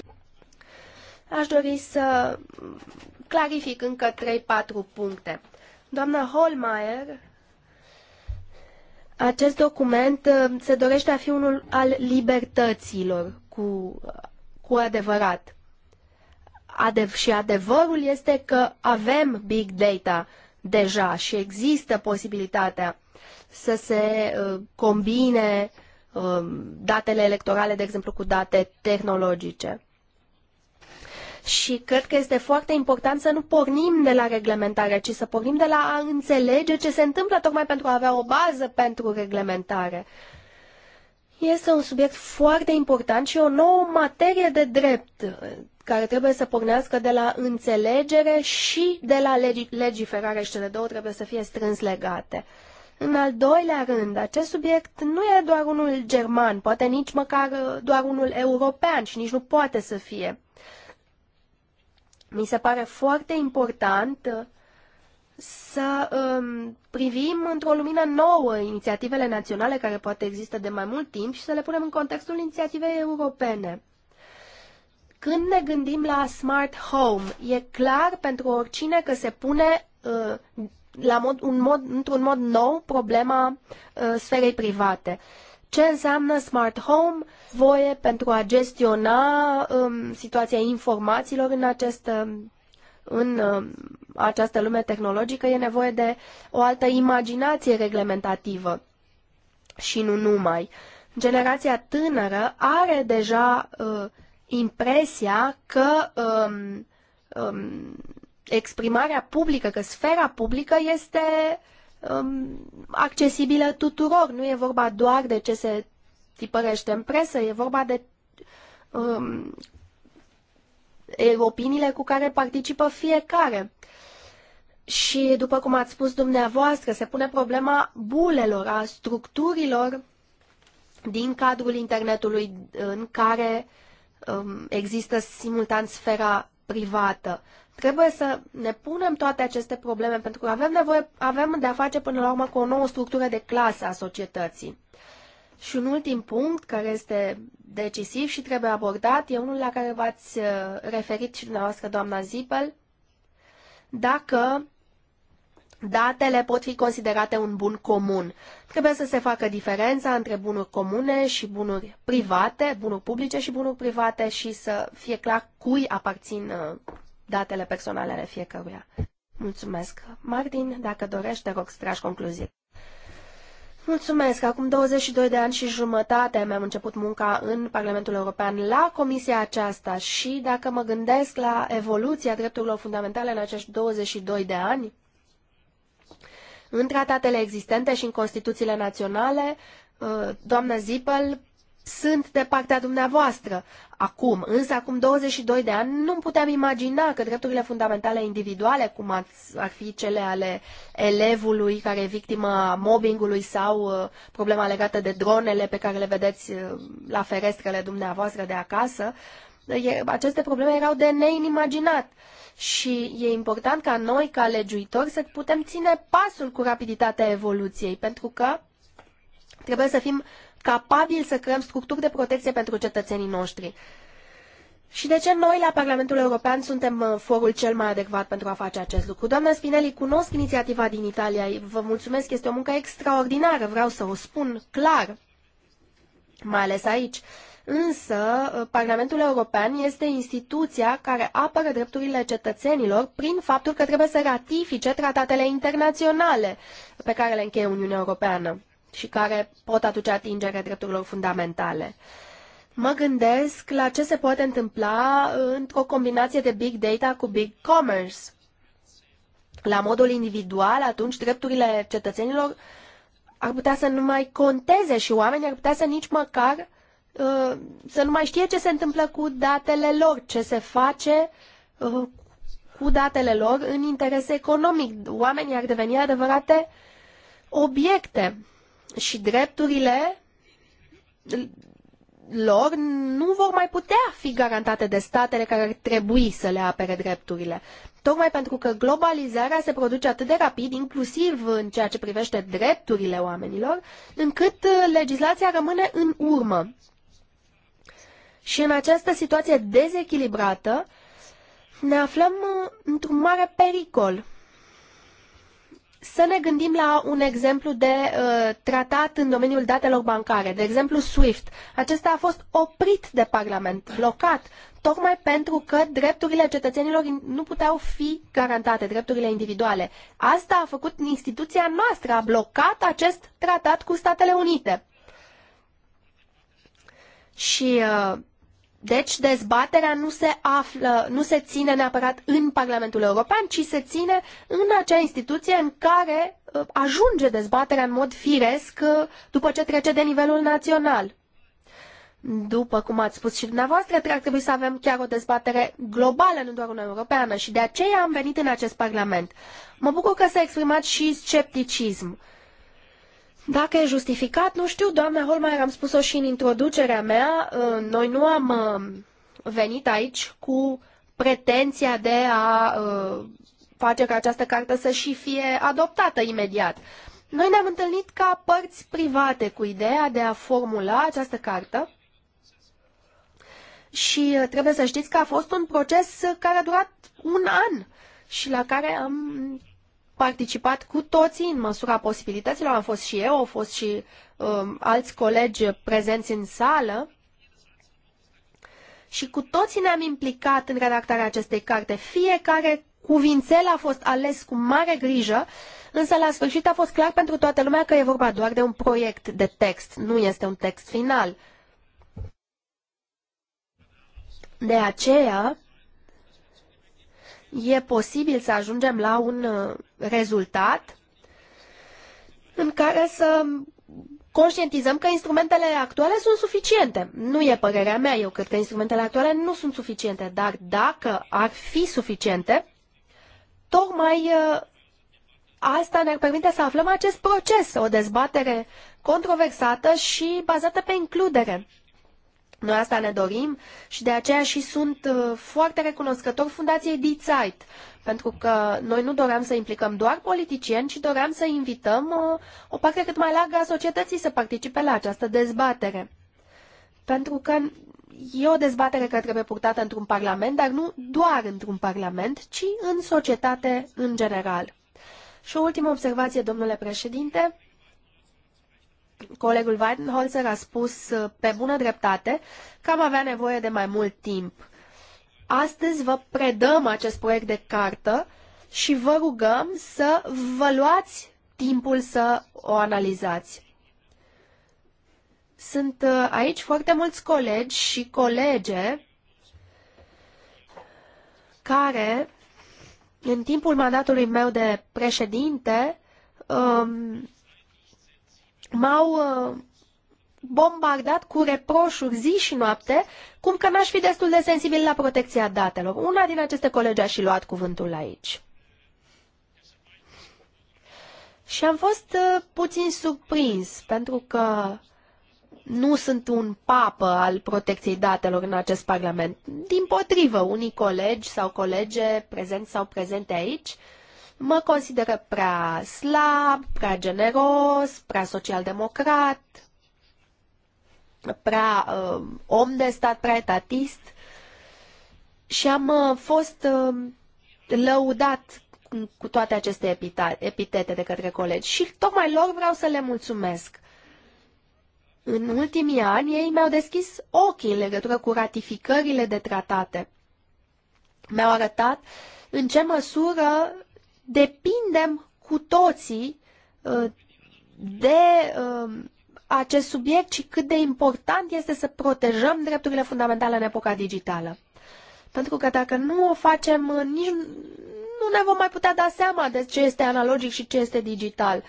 S4: Aș dori să clarific încă 3-4 puncte. Doamna Holmeier, acest document uh, se dorește a fi unul al libertăților cu, cu adevărat adev- și adevărul este că avem big data deja și există posibilitatea să se uh, combine uh, datele electorale, de exemplu, cu date tehnologice. Și cred că este foarte important să nu pornim de la reglementare, ci să pornim de la a înțelege ce se întâmplă tocmai pentru a avea o bază pentru reglementare. Este un subiect foarte important și o nouă materie de drept care trebuie să pornească de la înțelegere și de la legi- legiferare și cele două trebuie să fie strâns legate. În al doilea rând, acest subiect nu e doar unul german, poate nici măcar uh, doar unul european și nici nu poate să fie. Mi se pare foarte important uh, să um, privim într-o lumină nouă inițiativele naționale care poate există de mai mult timp și să le punem în contextul inițiativei europene. Când ne gândim la smart home, e clar pentru oricine că se pune uh, la mod, un mod, într-un mod nou problema uh, sferei private. Ce înseamnă smart home? Voie pentru a gestiona um, situația informațiilor în această, um, în uh, această lume tehnologică. E nevoie de o altă imaginație reglementativă și nu numai. Generația tânără are deja uh, impresia că um, um, exprimarea publică, că sfera publică este um, accesibilă tuturor. Nu e vorba doar de ce se tipărește în presă, e vorba de um, opiniile cu care participă fiecare. Și, după cum ați spus dumneavoastră, se pune problema bulelor, a structurilor din cadrul internetului în care uh, Um, există simultan sfera privată. Trebuie să ne punem toate aceste probleme pentru că avem, nevoie, avem de a face până la urmă cu o nouă structură de clasă a societății. Și un ultim punct care este decisiv și trebuie abordat e unul la care v-ați uh, referit și dumneavoastră, doamna Zipel, dacă Datele pot fi considerate un bun comun. Trebuie să se facă diferența între bunuri comune și bunuri private, bunuri publice și bunuri private și să fie clar cui aparțin uh, datele personale ale fiecăruia. Mulțumesc. Martin, dacă dorești, te rog să tragi concluzii. Mulțumesc. Acum 22 de ani și jumătate mi-am început munca în Parlamentul European la comisia aceasta și dacă mă gândesc la evoluția drepturilor fundamentale în acești 22 de ani, în tratatele existente și în Constituțiile naționale, uh, doamnă Zipel, sunt de partea dumneavoastră. Acum, însă acum 22 de ani, nu puteam imagina că drepturile fundamentale individuale, cum ar, fi cele ale elevului care e victima mobbingului sau uh, problema legată de dronele pe care le vedeți uh, la ferestrele dumneavoastră de acasă, aceste probleme erau de neinimaginat. Uh, și e important ca noi, ca legiuitori, să putem ține pasul cu rapiditatea evoluției, pentru că trebuie să fim capabili să creăm structuri de protecție pentru cetățenii noștri. Și de ce noi la Parlamentul European suntem uh, forul cel mai adecvat pentru a face acest lucru? Doamna Spinelli, cunosc inițiativa din Italia, vă mulțumesc, este o muncă extraordinară, vreau să o spun clar, mai ales aici. Însă, uh, Parlamentul European este instituția care apără drepturile cetățenilor prin faptul că trebuie să ratifice tratatele internaționale pe care le încheie Uniunea Europeană și care pot aduce atingere drepturilor fundamentale. Mă gândesc la ce se poate întâmpla într-o combinație de big data cu big commerce. La modul individual, atunci drepturile cetățenilor ar putea să nu mai conteze și oamenii ar putea să nici măcar Uh, să nu mai știe ce se întâmplă cu datele lor, ce se face uh, cu datele lor în interes economic. Oamenii ar deveni adevărate obiecte și drepturile lor nu vor mai putea fi garantate de statele care ar trebui să le apere drepturile. Tocmai pentru că globalizarea se produce atât de rapid, inclusiv în ceea ce privește drepturile oamenilor, încât uh, legislația rămâne în urmă. Și în această situație dezechilibrată ne aflăm uh, într-un mare pericol. Să ne gândim la un exemplu de uh, tratat în domeniul datelor bancare, de exemplu SWIFT. Acesta a fost oprit de Parlament, blocat, tocmai pentru că drepturile cetățenilor nu puteau fi garantate, drepturile individuale. Asta a făcut instituția noastră, a blocat acest tratat cu Statele Unite. Și uh, deci dezbaterea nu se află, nu se ține neapărat în Parlamentul European, ci se ține în acea instituție în care uh, ajunge dezbaterea în mod firesc uh, după ce trece de nivelul național. După cum ați spus și dumneavoastră, ar trebui să avem chiar o dezbatere globală, nu doar una europeană, și de aceea am venit în acest Parlament. Mă bucur că s-a exprimat și scepticism. Uh, dacă e justificat, nu știu, doamna Holmeier, am spus-o și în introducerea mea, uh, noi nu am uh, venit aici cu pretenția de a uh, face ca această carte să și fie adoptată imediat. Noi ne-am întâlnit ca părți private cu ideea de a formula această carte. și trebuie să știți că a fost un proces care a durat un an și la care am participat cu toții în măsura posibilităților. Am fost și eu, au fost și um, alți colegi prezenți în sală. Și cu toții ne-am implicat în redactarea acestei carte. Fiecare cuvințel a fost ales cu mare grijă, însă la sfârșit a fost clar pentru toată lumea că e vorba doar de un proiect de text, nu este un text final. De aceea, e posibil să ajungem la un uh, rezultat în care să conștientizăm că instrumentele actuale sunt suficiente. Nu e părerea mea, eu cred că instrumentele actuale nu sunt suficiente, dar dacă ar fi suficiente, tocmai uh, asta ne-ar permite să aflăm acest proces, o dezbatere controversată și bazată pe includere. Noi asta ne dorim și de aceea și sunt uh, foarte recunoscător Fundației Die Zeit, pentru că noi nu doream să implicăm doar politicieni, ci doream să invităm o, uh, o parte cât mai largă a societății să participe la această dezbatere. Pentru că e o dezbatere care trebuie purtată într-un parlament, dar nu doar într-un parlament, ci în societate în general. Și o ultimă observație, domnule președinte. Colegul Weidenholzer a spus uh, pe bună dreptate că am avea nevoie de mai mult timp. Astăzi vă predăm acest proiect de cartă și vă rugăm să vă luați timpul să o analizați. Sunt uh, aici foarte mulți colegi și colege care, în timpul mandatului meu de președinte, um, m-au uh, bombardat cu reproșuri zi și noapte, cum că n-aș fi destul de sensibil la protecția datelor. Una din aceste colegi a și luat cuvântul aici. Și am fost uh, puțin surprins, pentru că nu sunt un papă al protecției datelor în acest Parlament. Din potrivă, unii colegi sau colege prezenți sau prezente aici uh, mă consideră prea slab, prea generos, prea social-democrat, prea uh, om de stat, prea etatist și am uh, fost uh, lăudat cu toate aceste epitete de către colegi și tocmai lor vreau să le mulțumesc. În ultimii ani, ei mi-au deschis ochii în legătură cu ratificările de tratate. Mi-au arătat în ce măsură depindem cu toții uh, de uh, acest subiect și cât de important este să protejăm drepturile fundamentale în epoca digitală. Pentru că dacă nu o facem, uh, nici nu ne vom mai putea da seama de ce este analogic și ce este digital.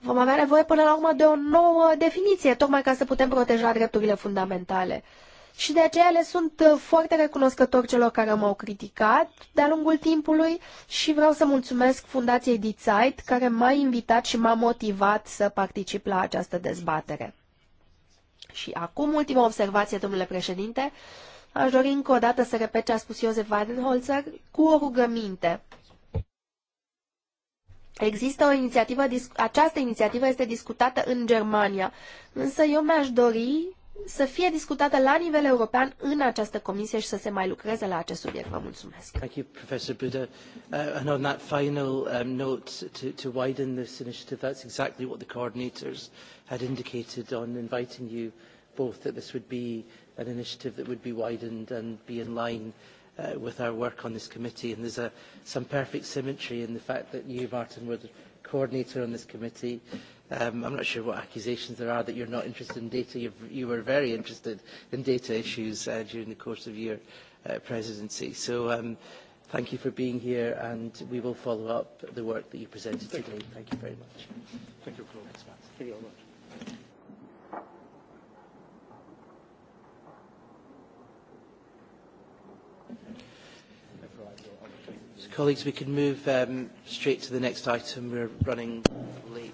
S4: Vom avea nevoie până la urmă de o nouă definiție, tocmai ca să putem proteja drepturile fundamentale. Uh, și de aceea le sunt uh, foarte recunoscător celor care m-au criticat de-a lungul timpului și vreau să mulțumesc Fundației Dizite care m-a invitat și m-a motivat să particip la această dezbatere. Și acum, ultima observație, domnule președinte, aș dori încă o dată să repet ce a spus Iosef Weidenholzer cu o rugăminte. Există o inițiativă, această inițiativă este discutată în Germania, însă eu mi-aș dori să fie discutată la nivel european în această comisie și să se mai lucreze la acest subiect. Vă mulțumesc.
S1: Thank you, Professor Buda. Uh, and on that final um, note to, to widen this initiative, that's exactly what the coordinators had indicated on inviting you both, that this would be an initiative that would be widened and be in line uh, with our work on this committee. And there's a, some perfect symmetry in the fact that you, Martin, were the coordinator on this committee Um, I'm not sure what accusations there are that you're not interested in data. You've, you were very interested in data issues uh, during the course of your uh, presidency. So um, thank you for being here, and we will follow up the work that you presented thank today. You. Thank you very much. Thank you, Claude. Thank you very much. So, colleagues, we can move um, straight to the next item. We're running late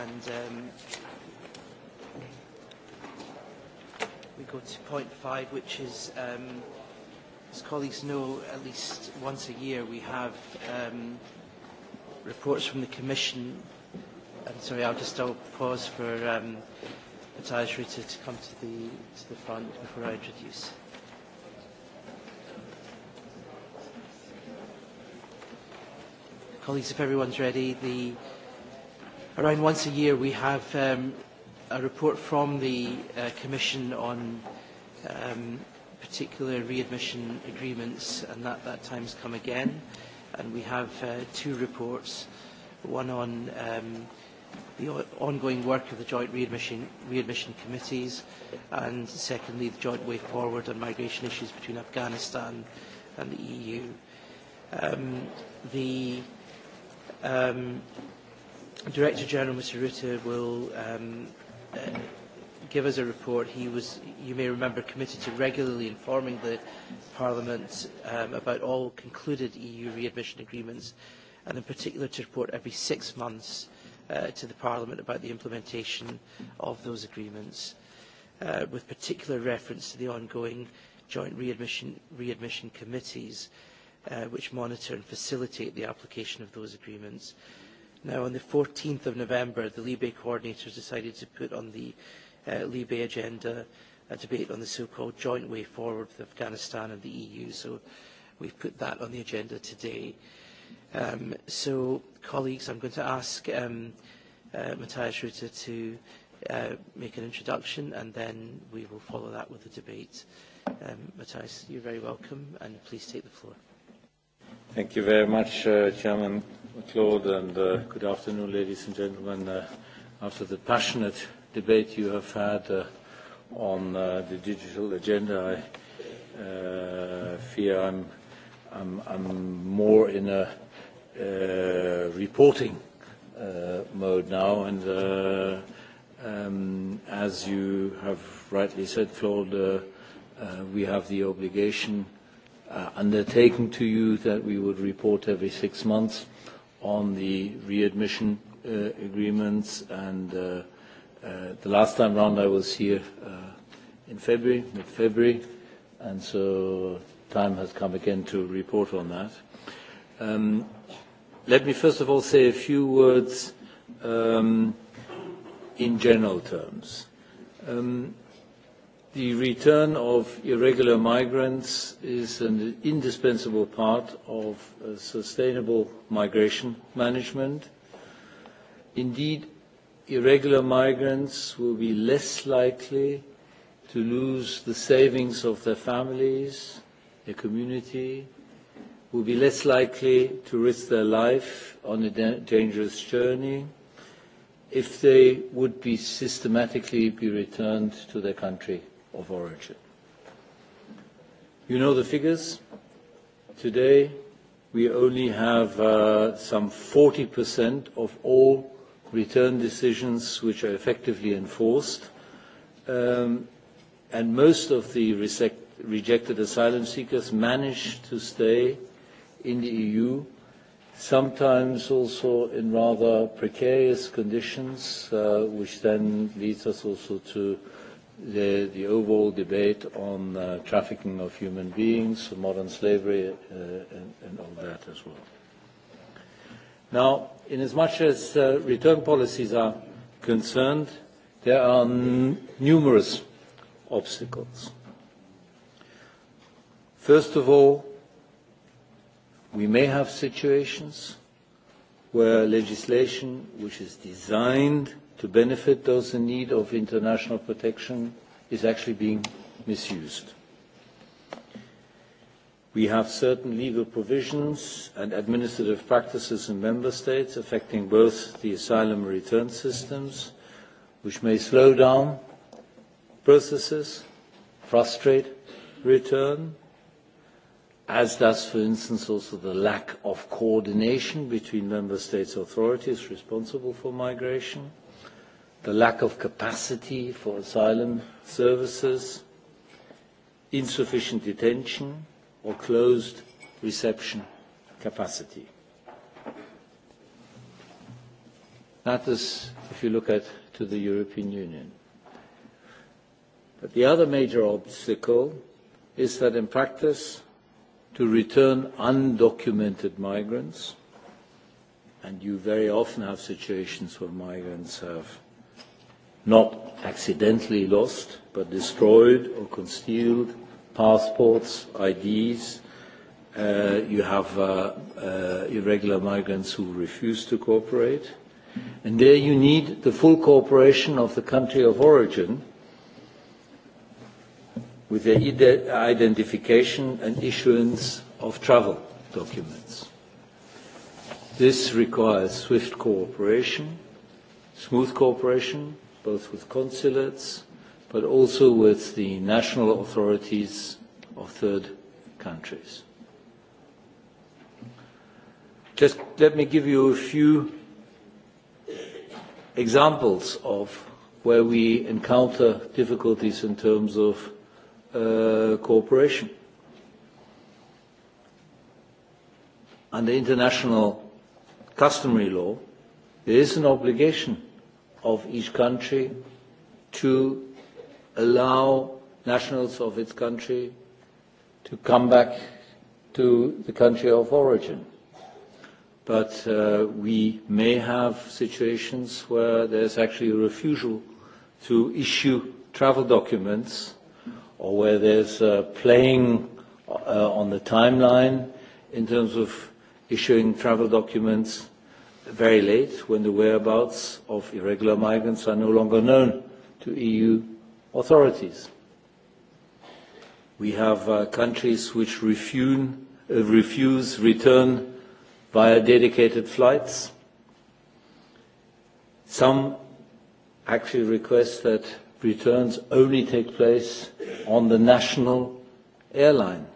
S1: and um, we go to point five, which is, um, as colleagues know, at least once a year we have um, reports from the Commission. I'm sorry, I'll just I'll pause for um, Tajri to, to come to the, to the front before I introduce. Colleagues, if everyone's ready, the Around once a year we have um, a report from the uh, Commission on um, particular readmission agreements and that, that has come again. And we have uh, two reports, one on um, the ongoing work of the joint readmission, readmission committees and secondly the joint way forward on migration issues between Afghanistan and the EU. Um, the um, Director General, Mr. Rutte, will um, uh, give us a report. He was, you may remember, committed to regularly informing the Parliament um, about all concluded EU readmission agreements, and in particular to report every six months uh, to the Parliament about the implementation of those agreements, uh, with particular reference to the ongoing joint readmission, readmission committees, uh, which monitor and facilitate the application of those agreements. Uh, Now, on the 14th of November, the Libe coordinators decided to put on the uh, Libe agenda a debate on the so-called joint way forward with Afghanistan and the EU, so we've put that on the agenda today. Um, so, colleagues, I'm going to ask um, uh, Matthias Ruta to uh, make an introduction, and then we will follow that with a debate. Um, Matthias, you're very welcome, and please take the floor.
S6: Thank you very much, uh, Chairman. Claude, and uh, good afternoon, ladies and gentlemen. Uh, after the passionate debate you have had uh, on uh, the digital agenda, I uh, fear I'm, I'm, I'm more in a uh, reporting uh, mode now, and uh, um, as you have rightly said, Claude, uh, uh, we have the obligation uh, undertaken to you that we would report every six months. Uh, on the readmission uh, agreements. And uh, uh, the last time round I was here uh, in February, mid-February, and so time has come again to report on that. Um, let me first of all say a few words um, in general terms. Um, The return of irregular migrants is an indispensable part of sustainable migration management. Indeed, irregular migrants will be less likely to lose the savings of their families, their community, will be less likely to risk their life on a dangerous journey if they would be systematically be returned to their country of origin. You know the figures. Today, we only have uh, some 40% of all return decisions which are effectively enforced. Um, and most of the rejected asylum seekers manage to stay in the EU, sometimes also in rather precarious conditions, uh, which then leads us also to uh, the, the overall debate on uh, trafficking of human beings, modern slavery, uh, and, and all that as well. Now, in as much as uh, return policies are concerned, there are n- numerous obstacles. First of all, we may have situations where legislation which is designed to benefit those in need of international protection is actually being misused. We have certain legal provisions and administrative practices in member states affecting both the asylum return systems, which may slow down processes, frustrate return, as does, for instance, also the lack of coordination between member states' authorities responsible for migration the lack of capacity for asylum services, insufficient detention or closed reception capacity. That is if you look at to the European Union. But the other major obstacle is that in practice, to return undocumented migrants, and you very often have situations where migrants have not accidentally lost, but destroyed or concealed, passports, IDs. Uh, you have uh, uh, irregular migrants who refuse to cooperate. And there you need the full cooperation of the country of origin with the ide- identification and issuance of travel documents. This requires swift cooperation, smooth cooperation, both with consulates, but also with the national authorities of third countries. Just let me give you a few examples of where we encounter difficulties in terms of uh, cooperation. Under international customary law, there is an obligation of each country to allow nationals of its country to come back to the country of origin. But uh, we may have situations where there's actually a refusal to issue travel documents or where there's uh, playing uh, on the timeline in terms of issuing travel documents very late when the whereabouts of irregular migrants are no longer known to EU authorities. We have uh, countries which refuse, uh, refuse return via dedicated flights. Some actually request that returns only take place on the national airline.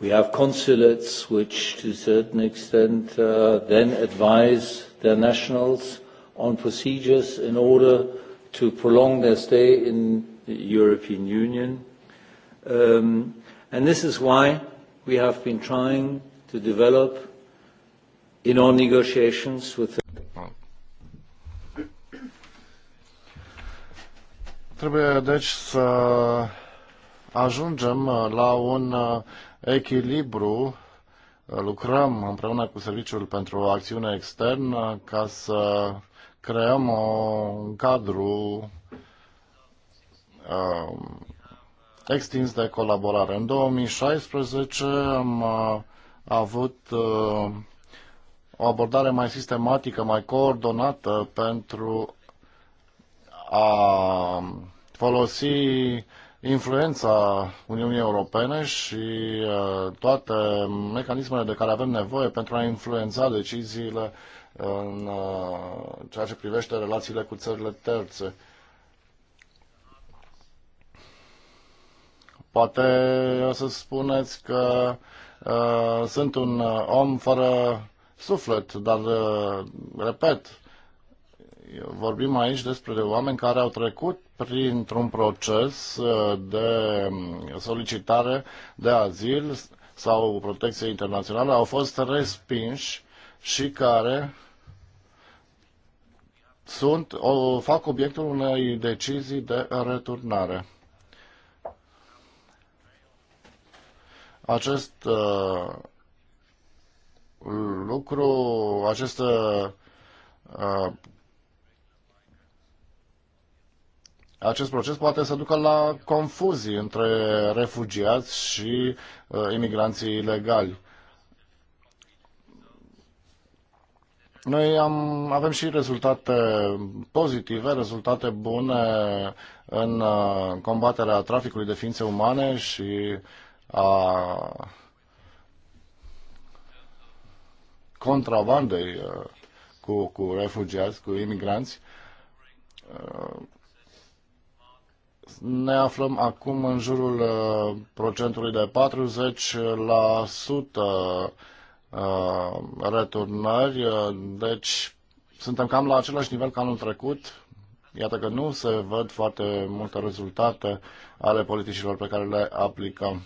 S6: We have consulates which, to a certain extent, uh, then advise their nationals on procedures in order to prolong their stay in the European Union. Um, and this is why we have been trying to develop in our negotiations with the
S2: Trebuie deci să ajungem uh, la un uh, echilibru. Uh, lucrăm împreună cu Serviciul pentru Acțiune Externă ca să creăm o, un cadru uh, extins de colaborare. În 2016 am uh, avut uh, o abordare mai sistematică, mai coordonată pentru a folosi influența Uniunii Europene și uh, toate mecanismele de care avem nevoie pentru a influența deciziile în uh, ceea ce privește relațiile cu țările terțe. Poate o să spuneți că uh, sunt un uh, om fără suflet, dar, uh, repet, vorbim aici despre oameni care au trecut printr-un proces uh, de um, solicitare de azil sau protecție internațională, au fost respinși și care sunt, o, fac obiectul unei decizii de returnare. Acest uh, lucru, acest uh, acest proces poate să ducă la confuzii între refugiați și uh, imigranții ilegali. Noi am, avem și rezultate pozitive, rezultate bune în uh, combaterea traficului de ființe umane și a contrabandei uh, cu, cu refugiați, cu imigranți. Uh, ne aflăm acum în jurul uh, procentului de 40% uh, returnări, uh, deci suntem cam la același nivel ca anul trecut. Iată că nu se văd foarte multe rezultate ale politicilor pe care le aplicăm.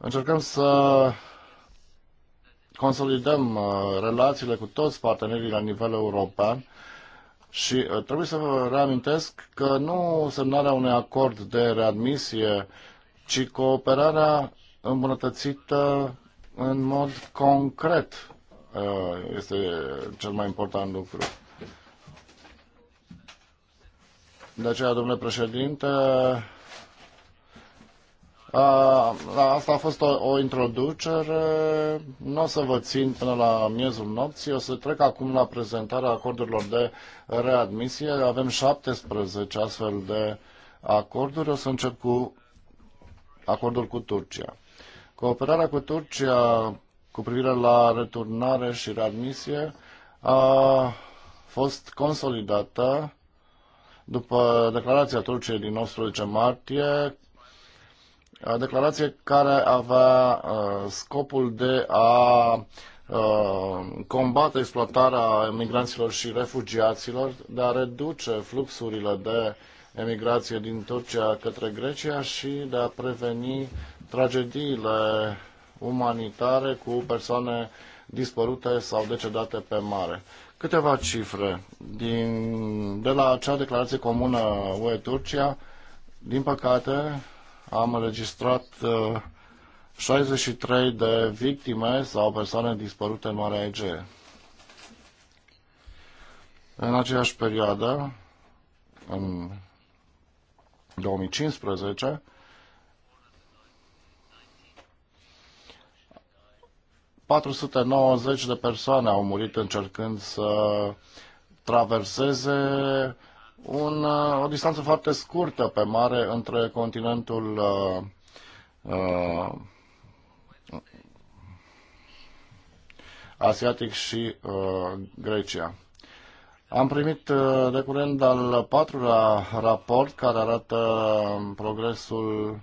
S2: Încercăm să consolidăm relațiile cu toți partenerii la nivel european și uh, trebuie să vă reamintesc că nu semnarea unui acord de readmisie, ci cooperarea îmbunătățită în mod concret uh, este cel mai important lucru. De aceea, domnule președinte, Asta a fost o, o introducere. Nu o să vă țin până la miezul nopții. O să trec acum la prezentarea acordurilor de readmisie. Avem 17 astfel de acorduri. O să încep cu acordul cu Turcia. Cooperarea cu Turcia cu privire la returnare și readmisie a fost consolidată după declarația Turciei din 19 martie, declarație care avea scopul de a combate exploatarea emigranților și refugiaților, de a reduce fluxurile de emigrație din Turcia către Grecia și de a preveni tragediile umanitare cu persoane dispărute sau decedate pe mare. Câteva cifre din, de la acea declarație comună UE-Turcia, din păcate, am înregistrat 63 uh, de victime sau persoane dispărute în Marea Ege. În aceeași perioadă, în 2015, 490 de persoane au murit încercând să traverseze un, uh, o distanță foarte scurtă pe mare între continentul uh, uh asiatic și uh, Grecia. Am primit uh, de curând al patrulea raport care arată um, progresul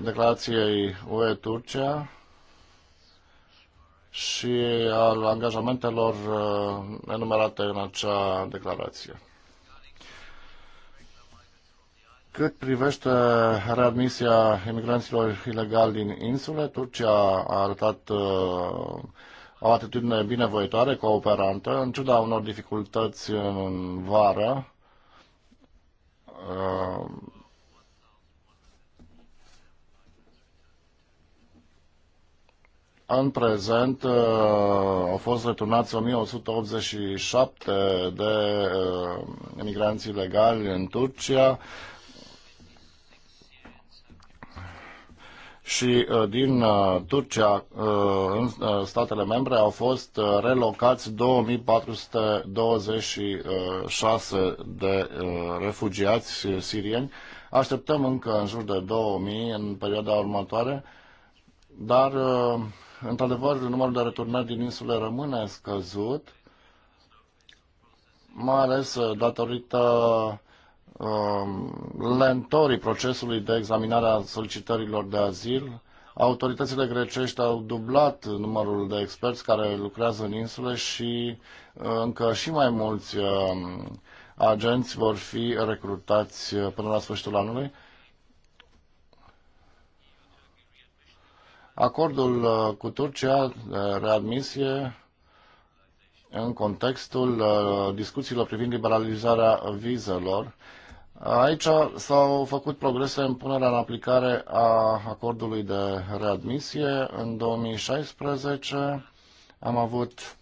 S2: declarației UE-Turcia și al angajamentelor enumerate în acea declarație. Cât privește readmisia emigranților ilegali din insule, Turcia a arătat uh, o atitudine binevoitoare, cooperantă, în ciuda unor dificultăți în vară. Uh, În prezent uh, au fost returnați 1187 de uh, emigranți ilegali în Turcia, și uh, din uh, Turcia uh, în statele membre au fost relocați 2426 de refugiați sirieni. Așteptăm încă în jur de 2000 în perioada următoare, dar într-adevăr numărul de returnări din insule rămâne scăzut, mai ales datorită Um, lentorii procesului de examinare a solicitărilor de azil. Autoritățile grecești au dublat numărul de experți care lucrează în insule și uh, încă și mai mulți um, agenți vor fi recrutați uh, până la sfârșitul anului. Acordul uh, cu Turcia de readmisie în contextul discuțiilor privind liberalizarea vizelor Aici s-au făcut progrese în punerea în aplicare a acordului de readmisie. În 2016 am avut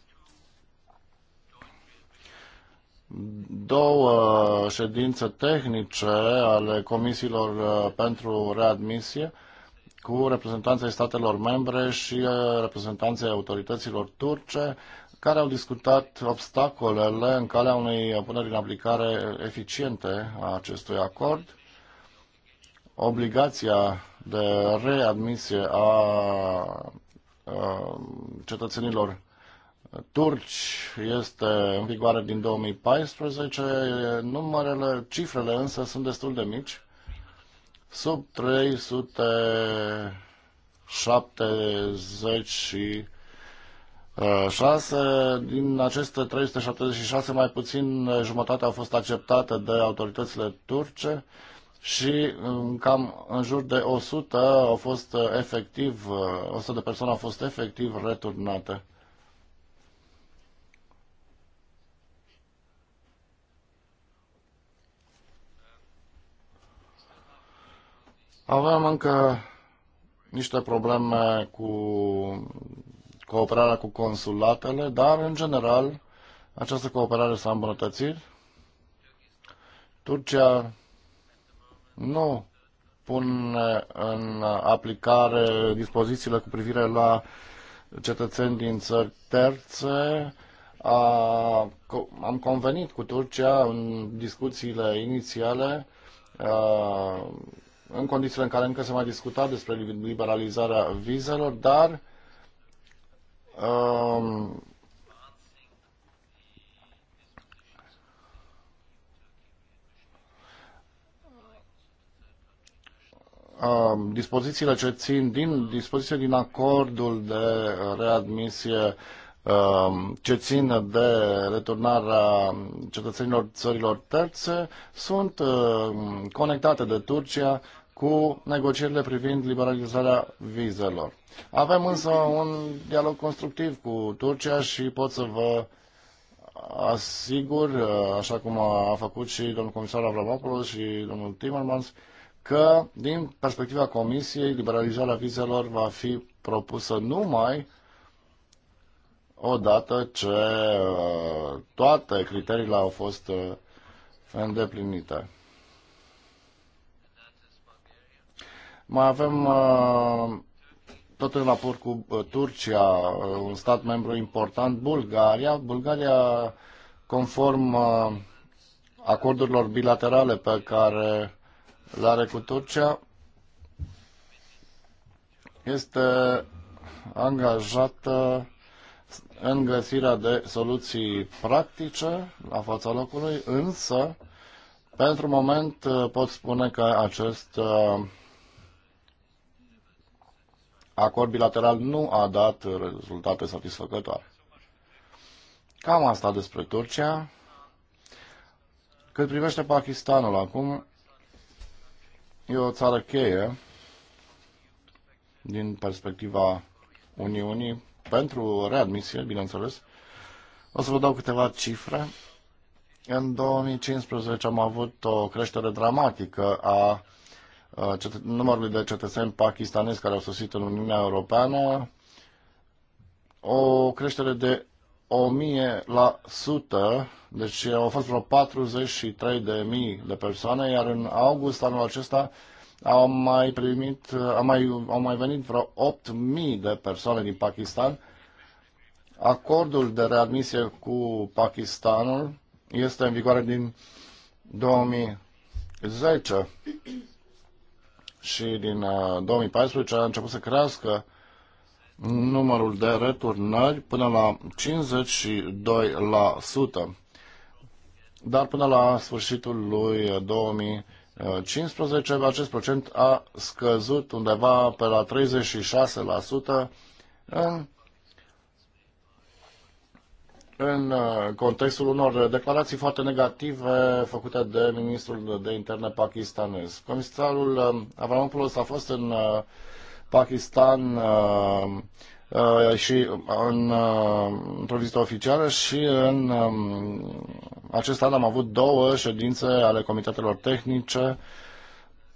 S2: două ședințe tehnice ale comisiilor uh, pentru readmisie cu reprezentanții statelor membre și uh, reprezentanții autorităților turce care au discutat obstacolele în calea unei puneri în aplicare eficiente a acestui acord, obligația de readmisie a cetățenilor turci este în vigoare din 2014, numerele, cifrele însă sunt destul de mici, sub 370 6 uh, din aceste 376, mai puțin uh, jumătate au fost acceptate de autoritățile turce și um, cam în jur de 100 au fost uh, efectiv, 100 de persoane au fost efectiv returnate. Avem încă niște probleme cu cooperarea cu consulatele, dar, în general, această cooperare s-a îmbunătățit. Turcia nu pune în aplicare dispozițiile cu privire la cetățeni din țări terțe. A, am convenit cu Turcia în discuțiile inițiale, a, în condițiile în care încă se mai discuta despre liberalizarea vizelor, dar Um, um, dispozițiile ce țin din dispozițiile din acordul de readmisie um, ce țin de returnarea cetățenilor țărilor terțe sunt um, conectate de Turcia cu negocierile privind liberalizarea vizelor. Avem însă un dialog constructiv cu Turcia și pot să vă asigur, așa cum a făcut și domnul comisar Avramopoulos și domnul Timmermans, că din perspectiva Comisiei, liberalizarea vizelor va fi propusă numai odată ce uh, toate criteriile au fost uh, îndeplinite. Mai avem uh, tot în raport cu uh, Turcia, uh, un stat membru important, Bulgaria. Bulgaria, conform uh, acordurilor bilaterale pe care le are cu Turcia, este angajată în găsirea de soluții practice la fața locului, însă, pentru moment uh, pot spune că acest acord bilateral nu a dat rezultate satisfăcătoare. Cam asta despre Turcia. Cât privește Pakistanul acum, e o țară cheie din perspectiva Uniunii pentru readmisie, bineînțeles. O să vă dau câteva cifre. În 2015 am avut o creștere dramatică a Uh, numărului de cetățeni pakistanezi care au sosit în Uniunea Europeană, o creștere de 1000 la sută, deci au fost vreo 43.000 de persoane, iar în august anul acesta au mai primit, au mai, au mai venit vreo 8.000 de persoane din Pakistan. Acordul de readmisie cu Pakistanul este în vigoare din 2010 și din 2014 uh, a început să crească numărul de returnări până la 52%. Dar până la sfârșitul lui 2015 uh, acest procent a scăzut undeva pe la 36% în în uh, contextul unor declarații foarte negative făcute de ministrul de interne pakistanez. Comisarul uh, Avramopoulos a fost în uh, Pakistan și în, într-o vizită oficială și în um, acest an am avut două ședințe ale comitetelor tehnice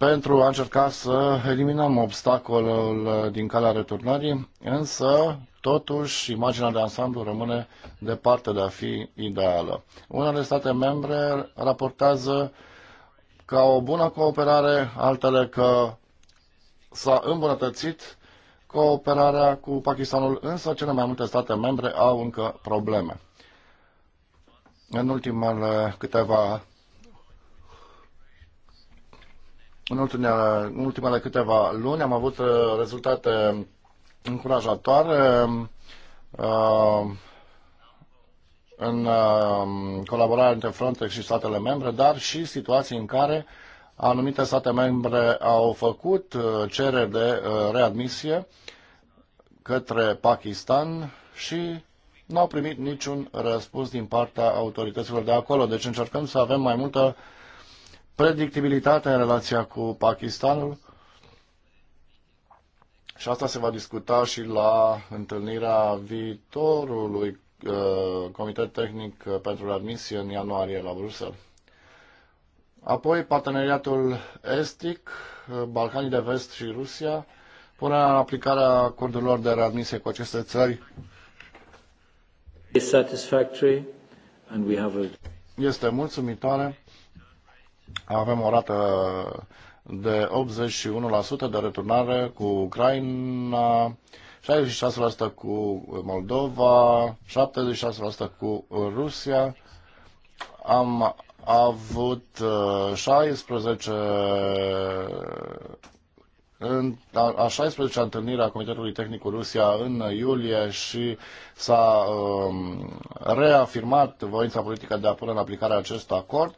S2: pentru a încerca să eliminăm obstacolul din calea returnării, însă Totuși, imaginea de ansamblu rămâne departe de a fi ideală. Unele state membre raportează ca o bună cooperare, altele că s-a îmbunătățit cooperarea cu Pakistanul, însă cele mai multe state membre au încă probleme. În ultimele câteva În ultimele, în ultimele câteva luni am avut uh, rezultate încurajatoare um, uh, în um, colaborare între Frontex și statele membre, dar și situații în care anumite state membre au făcut uh, cereri de readmisie către Pakistan și nu au primit niciun răspuns din partea autorităților de acolo. Deci încercăm să avem mai multă uh, Predictibilitatea în relația cu Pakistanul. Și asta se va discuta și la întâlnirea viitorului uh, Comitet Tehnic pentru Admisie în ianuarie la Bruxelles. Apoi parteneriatul estic, uh, Balcanii de Vest și Rusia, punerea în aplicare a acordurilor de readmisie cu aceste țări este mulțumitoare avem o rată de 81% de returnare cu Ucraina, 66% cu Moldova, 76% cu Rusia. Am avut 16 uh, în a 16-a întâlnire a Comitetului Tehnic cu Rusia în iulie și s-a um, reafirmat voința politică de a pune în aplicare acest acord. Uh,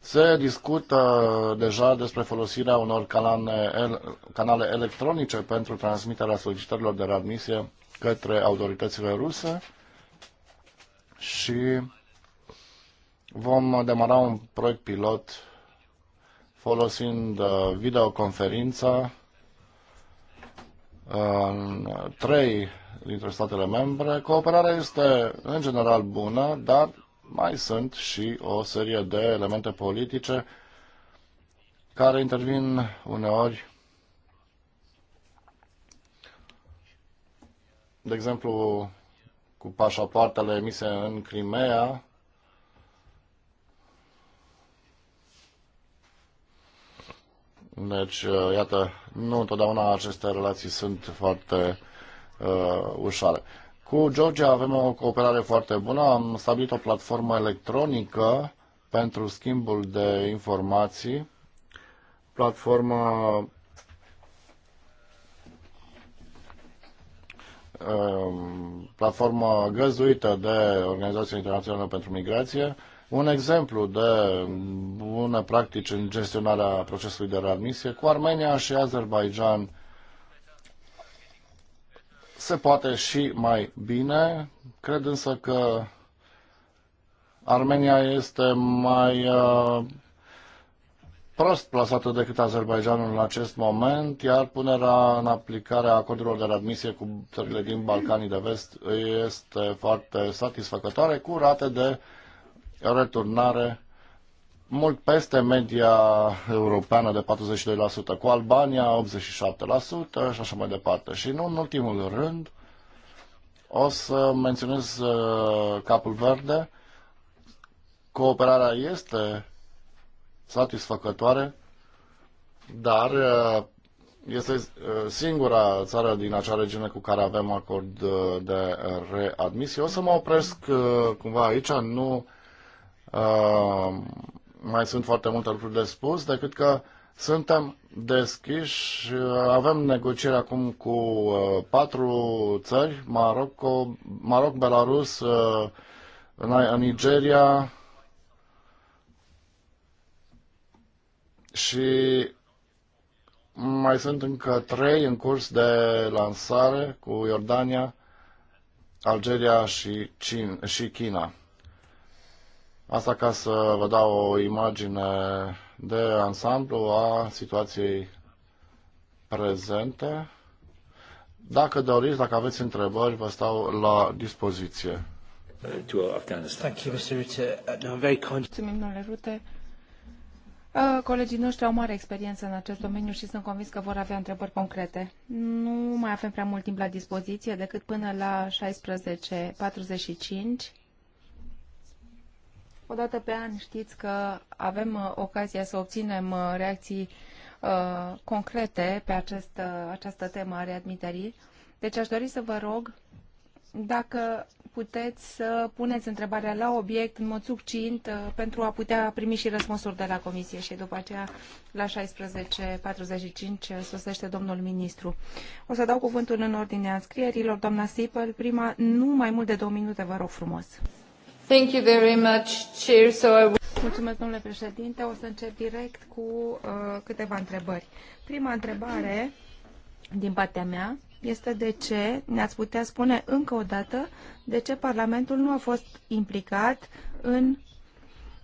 S2: se discută deja despre folosirea unor canale, canale electronice pentru transmiterea solicitărilor de readmisie către autoritățile ruse și vom demara un proiect pilot folosind uh, videoconferința uh, în trei dintre statele membre. Cooperarea este în general bună, dar mai sunt și o serie de elemente politice care intervin uneori, de exemplu, cu pașapoartele emise în Crimea, Deci, uh, iată, nu întotdeauna aceste relații sunt foarte uh, ușoare. Cu Georgia avem o cooperare foarte bună. Am stabilit o platformă electronică pentru schimbul de informații. Platforma um, platformă găzduită de Organizația Internațională pentru Migrație, un exemplu de bună practici în gestionarea procesului de readmisie cu Armenia și Azerbaijan se poate și mai bine. Cred însă că Armenia este mai uh, prost plasată decât Azerbaijanul în acest moment, iar punerea în aplicare a acordurilor de readmisie cu țările din Balcanii de Vest este foarte satisfăcătoare, cu rate de returnare mult peste media europeană de 42%, cu Albania 87% și așa mai departe. Și nu în ultimul rând, o să menționez uh, Capul Verde. Cooperarea este satisfăcătoare, dar uh, este uh, singura țară din acea regiune cu care avem acord de readmisie. O să mă opresc cumva aici, nu mai sunt foarte multe lucruri de spus, decât că suntem deschiși. Avem negocieri acum cu uh, patru țări, Maroc, Maroc Belarus, uh, Nigeria și mai sunt încă trei în curs de lansare cu Iordania, Algeria și, Cin- și China. Asta ca să vă dau o imagine de ansamblu a situației prezente. Dacă doriți, dacă aveți întrebări, vă stau la dispoziție. Thank you,
S1: Mr. Mulțumim,
S5: domnule Rute. Uh, colegii noștri au mare experiență în acest domeniu și sunt convins că vor avea întrebări concrete. Nu mai avem prea mult timp la dispoziție decât până la 16.45 o dată pe an știți că avem uh, ocazia să obținem uh, reacții uh, concrete pe acest, uh, această temă a readmiterii. Deci aș dori să vă rog dacă puteți să puneți întrebarea la obiect în mod succint pentru a putea primi și răspunsuri de la comisie și după aceea la 16.45 sosește domnul ministru. O să dau cuvântul în ordinea înscrierilor. Doamna Sipăl, prima, nu mai mult de două minute, vă rog frumos. Thank you very much, Chair. So I Mulțumesc, domnule președinte. O să încep direct cu uh, câteva întrebări. Prima întrebare din partea mea este de ce, ne-ați putea spune încă o dată, de ce Parlamentul nu a fost implicat în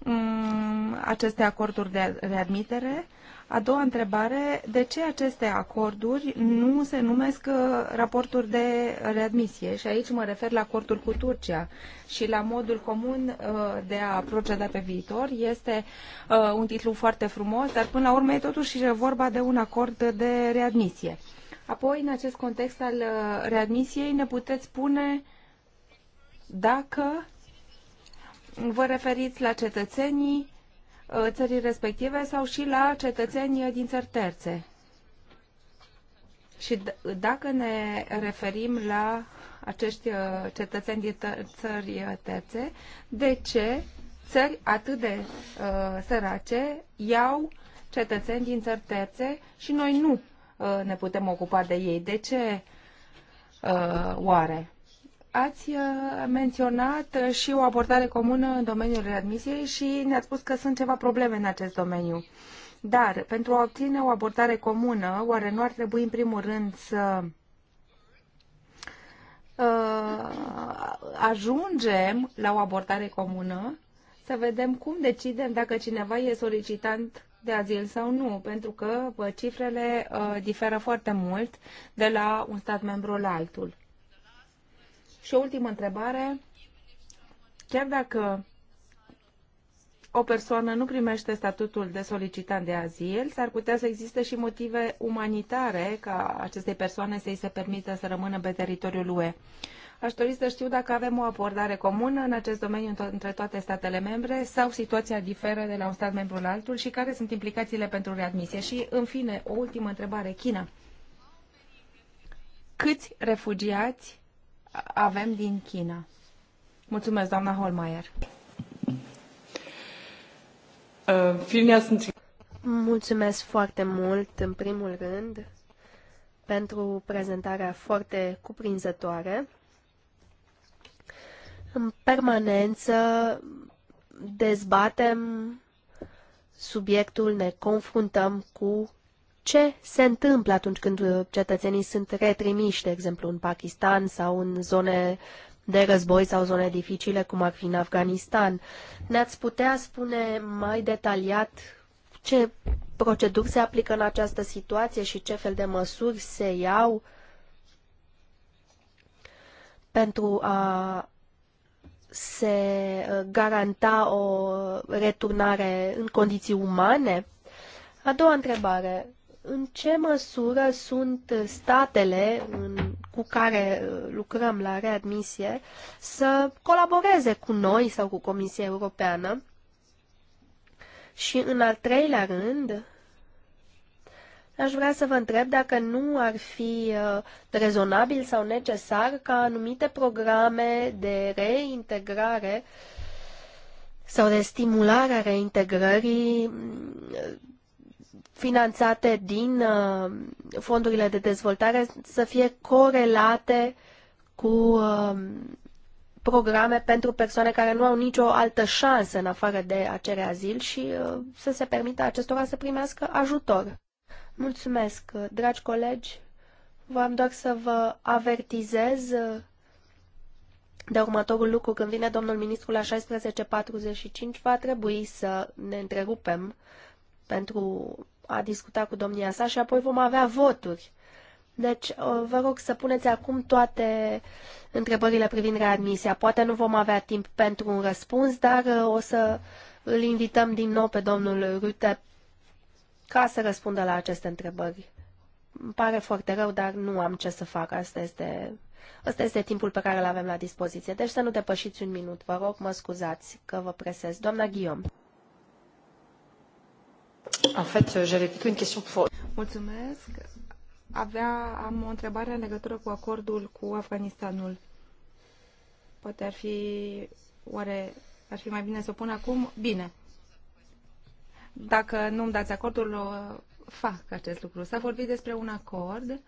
S5: um, aceste acorduri de readmitere a doua întrebare, de ce aceste acorduri nu se numesc uh, raporturi de readmisie? Și aici mă refer la acordul cu Turcia și la modul comun uh, de a proceda pe viitor. Este uh, un titlu foarte frumos, dar până la urmă e totuși vorba de un acord de readmisie. Apoi, în acest context al readmisiei, ne puteți spune dacă vă referiți la cetățenii Uh, țării respective sau și la cetățeni din țări terțe. Și dacă ne referim la acești uh, cetățeni din țări uh, terțe, de ce țări atât de uh, sărace iau cetățeni din țări terțe și noi nu uh, ne putem ocupa de ei? De ce uh, oare? Ați uh, menționat uh, și o abordare comună în domeniul readmisiei și ne-ați spus că sunt ceva probleme în acest domeniu. Dar, pentru a obține o abordare comună, oare nu ar trebui, în primul rând, să uh, ajungem la o abordare comună, să vedem cum decidem dacă cineva e solicitant de azil sau nu, pentru că cifrele diferă foarte mult de la un stat membru la altul. Și o ultimă întrebare. Chiar dacă o persoană nu primește statutul de solicitant de azil, s-ar putea să existe și motive umanitare ca acestei persoane să-i se permită să rămână pe teritoriul UE. Aș dori să știu dacă avem o abordare comună în acest domeniu între toate statele membre sau situația diferă de la un stat membru la altul și care sunt implicațiile pentru readmisie. Și, în fine, o ultimă întrebare. China. Câți refugiați avem din China. Mulțumesc, doamna Holmeier. Mulțumesc foarte mult, în primul rând,
S4: pentru prezentarea foarte cuprinzătoare. În permanență dezbatem subiectul, ne confruntăm cu ce se întâmplă atunci când uh, cetățenii sunt retrimiși, de exemplu, în Pakistan sau în zone de război sau zone dificile, cum ar fi în Afganistan. Ne-ați putea spune mai detaliat ce proceduri se aplică în această situație și ce fel de măsuri se iau pentru a se uh, garanta o returnare în condiții umane? A doua întrebare în ce măsură sunt statele în, cu care uh, lucrăm la readmisie să colaboreze cu noi sau cu Comisia Europeană? Și în al treilea rând, aș vrea să vă întreb dacă nu ar fi uh, rezonabil sau necesar ca anumite programe de reintegrare sau de stimulare a reintegrării uh, finanțate din uh, fondurile de dezvoltare să fie corelate cu uh, programe pentru persoane care nu au nicio altă șansă în afară de a cere azil și uh, să se permită acestora să primească ajutor. Mulțumesc, dragi colegi. V-am doar să vă avertizez de următorul lucru. Când vine domnul ministru la 16.45, va trebui să ne întrerupem pentru a discuta cu domnia sa și apoi vom avea voturi. Deci, uh, vă rog să puneți acum toate întrebările privind readmisia. Poate nu vom avea timp pentru un răspuns, dar uh, o să îl invităm din nou pe domnul Rute ca să răspundă la aceste întrebări. Îmi pare foarte rău, dar nu am ce să fac. Asta este, asta este timpul pe care îl avem la dispoziție. Deci să nu depășiți un minut, vă rog, mă scuzați că vă presez. Doamna Guillaume.
S5: En euh, j'avais plutôt une question pour... Mulțumesc. Avea, am o întrebare în legătură cu acordul cu Afganistanul. Poate ar fi, oare ar fi mai bine să o pun acum? Bine. Dacă nu-mi dați acordul, fac acest lucru. S-a vorbit despre un acord,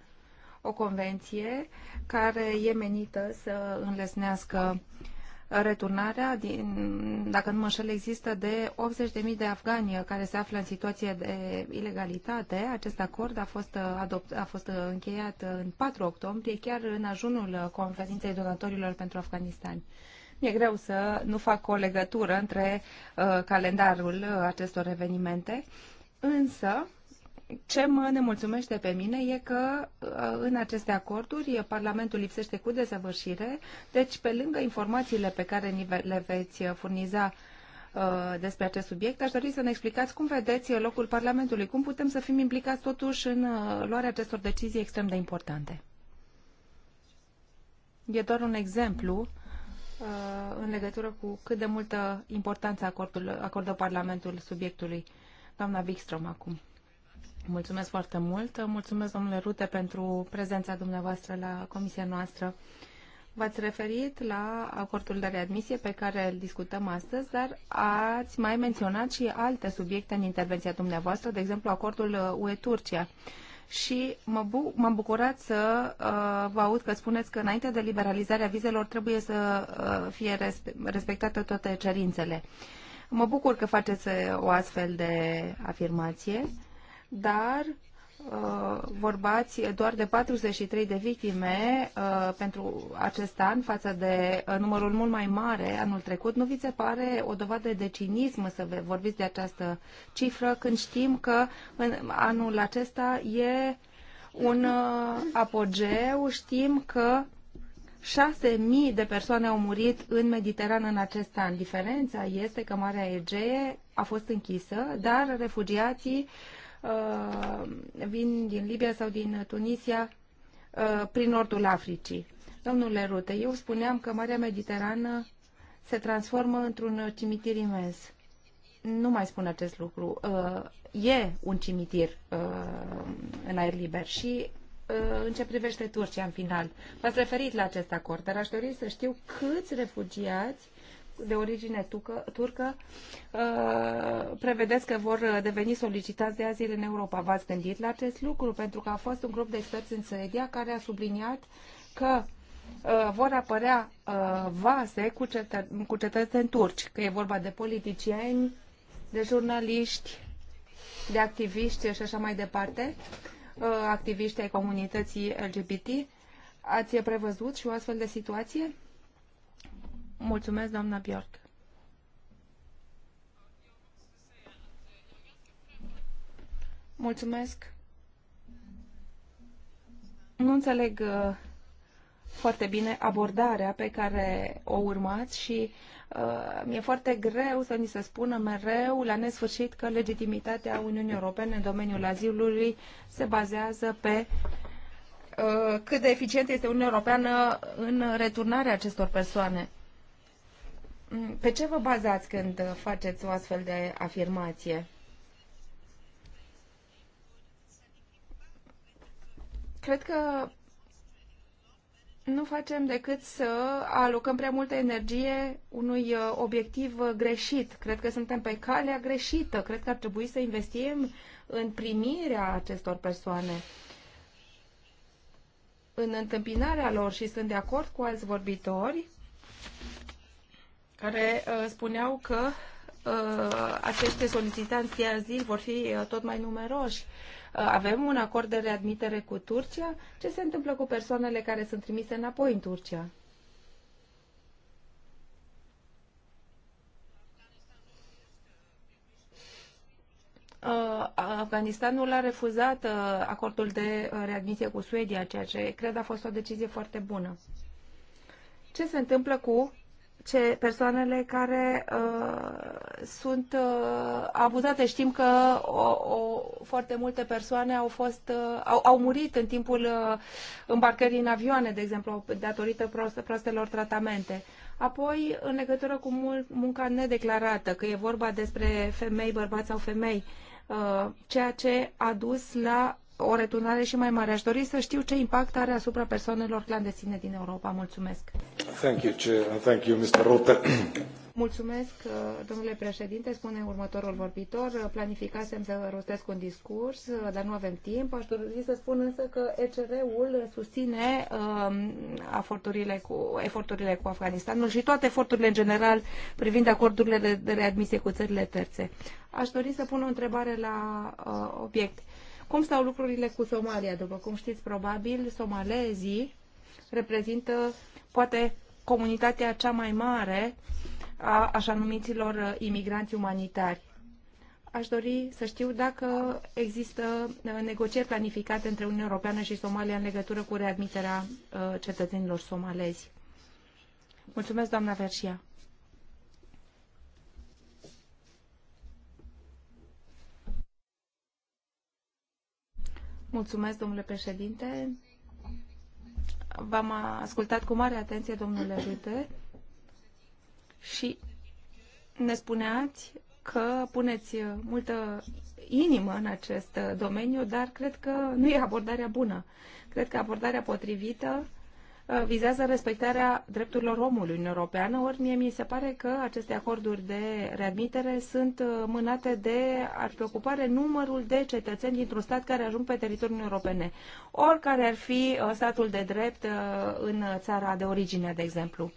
S5: o convenție, care e menită să înlesnească uh, returnarea, din, dacă nu mă înșel, există de 80.000 de afgani care se află în situație de ilegalitate. Acest acord a fost, uh, adopt, a fost uh, încheiat în 4 octombrie, chiar în ajunul conferinței donatorilor pentru Afganistan. Mi-e greu să nu fac o legătură între uh, calendarul uh, acestor evenimente, însă ce mă nemulțumește pe mine e că uh, în aceste acorduri Parlamentul lipsește cu desăvârșire, deci pe lângă informațiile pe care le veți uh, furniza uh, despre acest subiect. Aș dori să ne explicați cum vedeți locul Parlamentului, cum putem să fim implicați totuși în luarea acestor decizii extrem de importante. E doar un exemplu în legătură cu cât de multă importanță acordul, acordă Parlamentul subiectului. Doamna Wikström acum. Mulțumesc foarte mult. Mulțumesc, domnule Rute, pentru prezența dumneavoastră la comisia noastră. V-ați referit la acordul de readmisie pe care îl discutăm astăzi, dar ați mai menționat și alte subiecte în intervenția dumneavoastră, de exemplu acordul uh, UE-Turcia. Și m-am bucurat să uh, vă aud că spuneți că înainte de liberalizarea vizelor trebuie să uh, fie respe- respectate toate cerințele. Mă bucur că faceți uh, o astfel de afirmație. Uh, dar uh, vorbați doar de 43 de victime uh, pentru acest an față de uh, numărul mult mai mare anul trecut. Nu vi se pare o dovadă de cinism să vorbiți de această cifră când știm că în anul acesta e un apogeu, știm că 6.000 de persoane au murit în Mediterană în acest an. Diferența este că Marea Egee a fost închisă, dar refugiații uh, Uh, vin din Libia sau din Tunisia uh, prin nordul Africii. Domnule Rute, eu spuneam că Marea Mediterană se transformă într-un cimitir imens. Nu mai spun acest lucru. Uh, e un cimitir în aer liber și în ce privește Turcia în final. V-ați referit la acest acord, dar aș dori să știu câți refugiați de origine tucă, turcă uh, prevedeți că vor deveni solicitați de azil în Europa. V-ați gândit la acest lucru? Pentru că a fost un grup de experți în Suedia care a subliniat că uh, vor apărea uh, vase cu, cetă, cu cetățeni turci, că e vorba de politicieni, de jurnaliști, de activiști și așa mai departe, activiști ai comunității LGBT. Ați prevăzut și o astfel de situație? Mulțumesc, doamna Bjork. Mulțumesc. Nu înțeleg uh, foarte bine abordarea pe care o urmați și uh, mi-e foarte greu să ni se spună mereu la nesfârșit că legitimitatea Uniunii Europene în domeniul azilului se bazează pe uh, cât de eficient este Uniunea Europeană în returnarea acestor persoane. Pe ce vă bazați când faceți o astfel de afirmație? Cred că nu facem decât să alocăm prea multă energie unui uh, obiectiv uh, greșit. Cred că suntem pe calea greșită. Cred că ar trebui să investim în primirea acestor persoane, în întâmpinarea lor și sunt de acord cu alți vorbitori care uh, spuneau că uh, aceste solicitanți de azil vor fi uh, tot mai numeroși. Avem un acord de readmitere cu Turcia. Ce se întâmplă cu persoanele care sunt trimise înapoi în Turcia? Afganistanul a refuzat acordul de readmisie cu Suedia, ceea ce cred a fost o decizie foarte bună. Ce se întâmplă cu ce persoanele care uh, sunt uh, abuzate. Știm că o, o, foarte multe persoane au fost uh, au, au murit în timpul uh, îmbarcării în avioane, de exemplu, datorită prost, proastelor tratamente. Apoi, în legătură cu mul, munca nedeclarată, că e vorba despre femei, bărbați sau femei, uh, ceea ce a dus la o returnare și mai mare. Aș dori să știu ce impact are asupra persoanelor clandestine din Europa. Mulțumesc.
S2: Thank you, Thank you, Mr. Rote.
S5: Mulțumesc, uh, domnule președinte, spune următorul vorbitor. Planificasem să rostesc un discurs, uh, dar nu avem timp. Aș dori să spun însă că ECR-ul susține eforturile um, cu, eforturile cu Afganistanul și toate eforturile în general privind acordurile de, de readmisie cu țările terțe. Aș dori să pun o întrebare la uh, obiect. Uh, cum stau lucrurile cu Somalia? După cum știți, probabil, somalezii reprezintă poate comunitatea cea mai mare a așa numiților uh, imigranți umanitari. Aș dori să știu dacă există uh, negocieri planificate între Uniunea Europeană și Somalia în legătură cu readmiterea uh, cetățenilor somalezi. Mulțumesc, doamna Versia. Mulțumesc, domnule președinte. V-am ascultat cu mare atenție, domnule Rute, și ne spuneați că puneți multă inimă în acest domeniu, dar cred că nu e abordarea bună. Cred că abordarea potrivită Uh, vizează respectarea drepturilor omului în Europeană, ori mie mi se pare că aceste acorduri de readmitere sunt uh, mânate de ar preocupare numărul de cetățeni dintr-un stat care ajung pe teritoriul europene, oricare ar fi uh, statul de drept în țara de origine, de exemplu.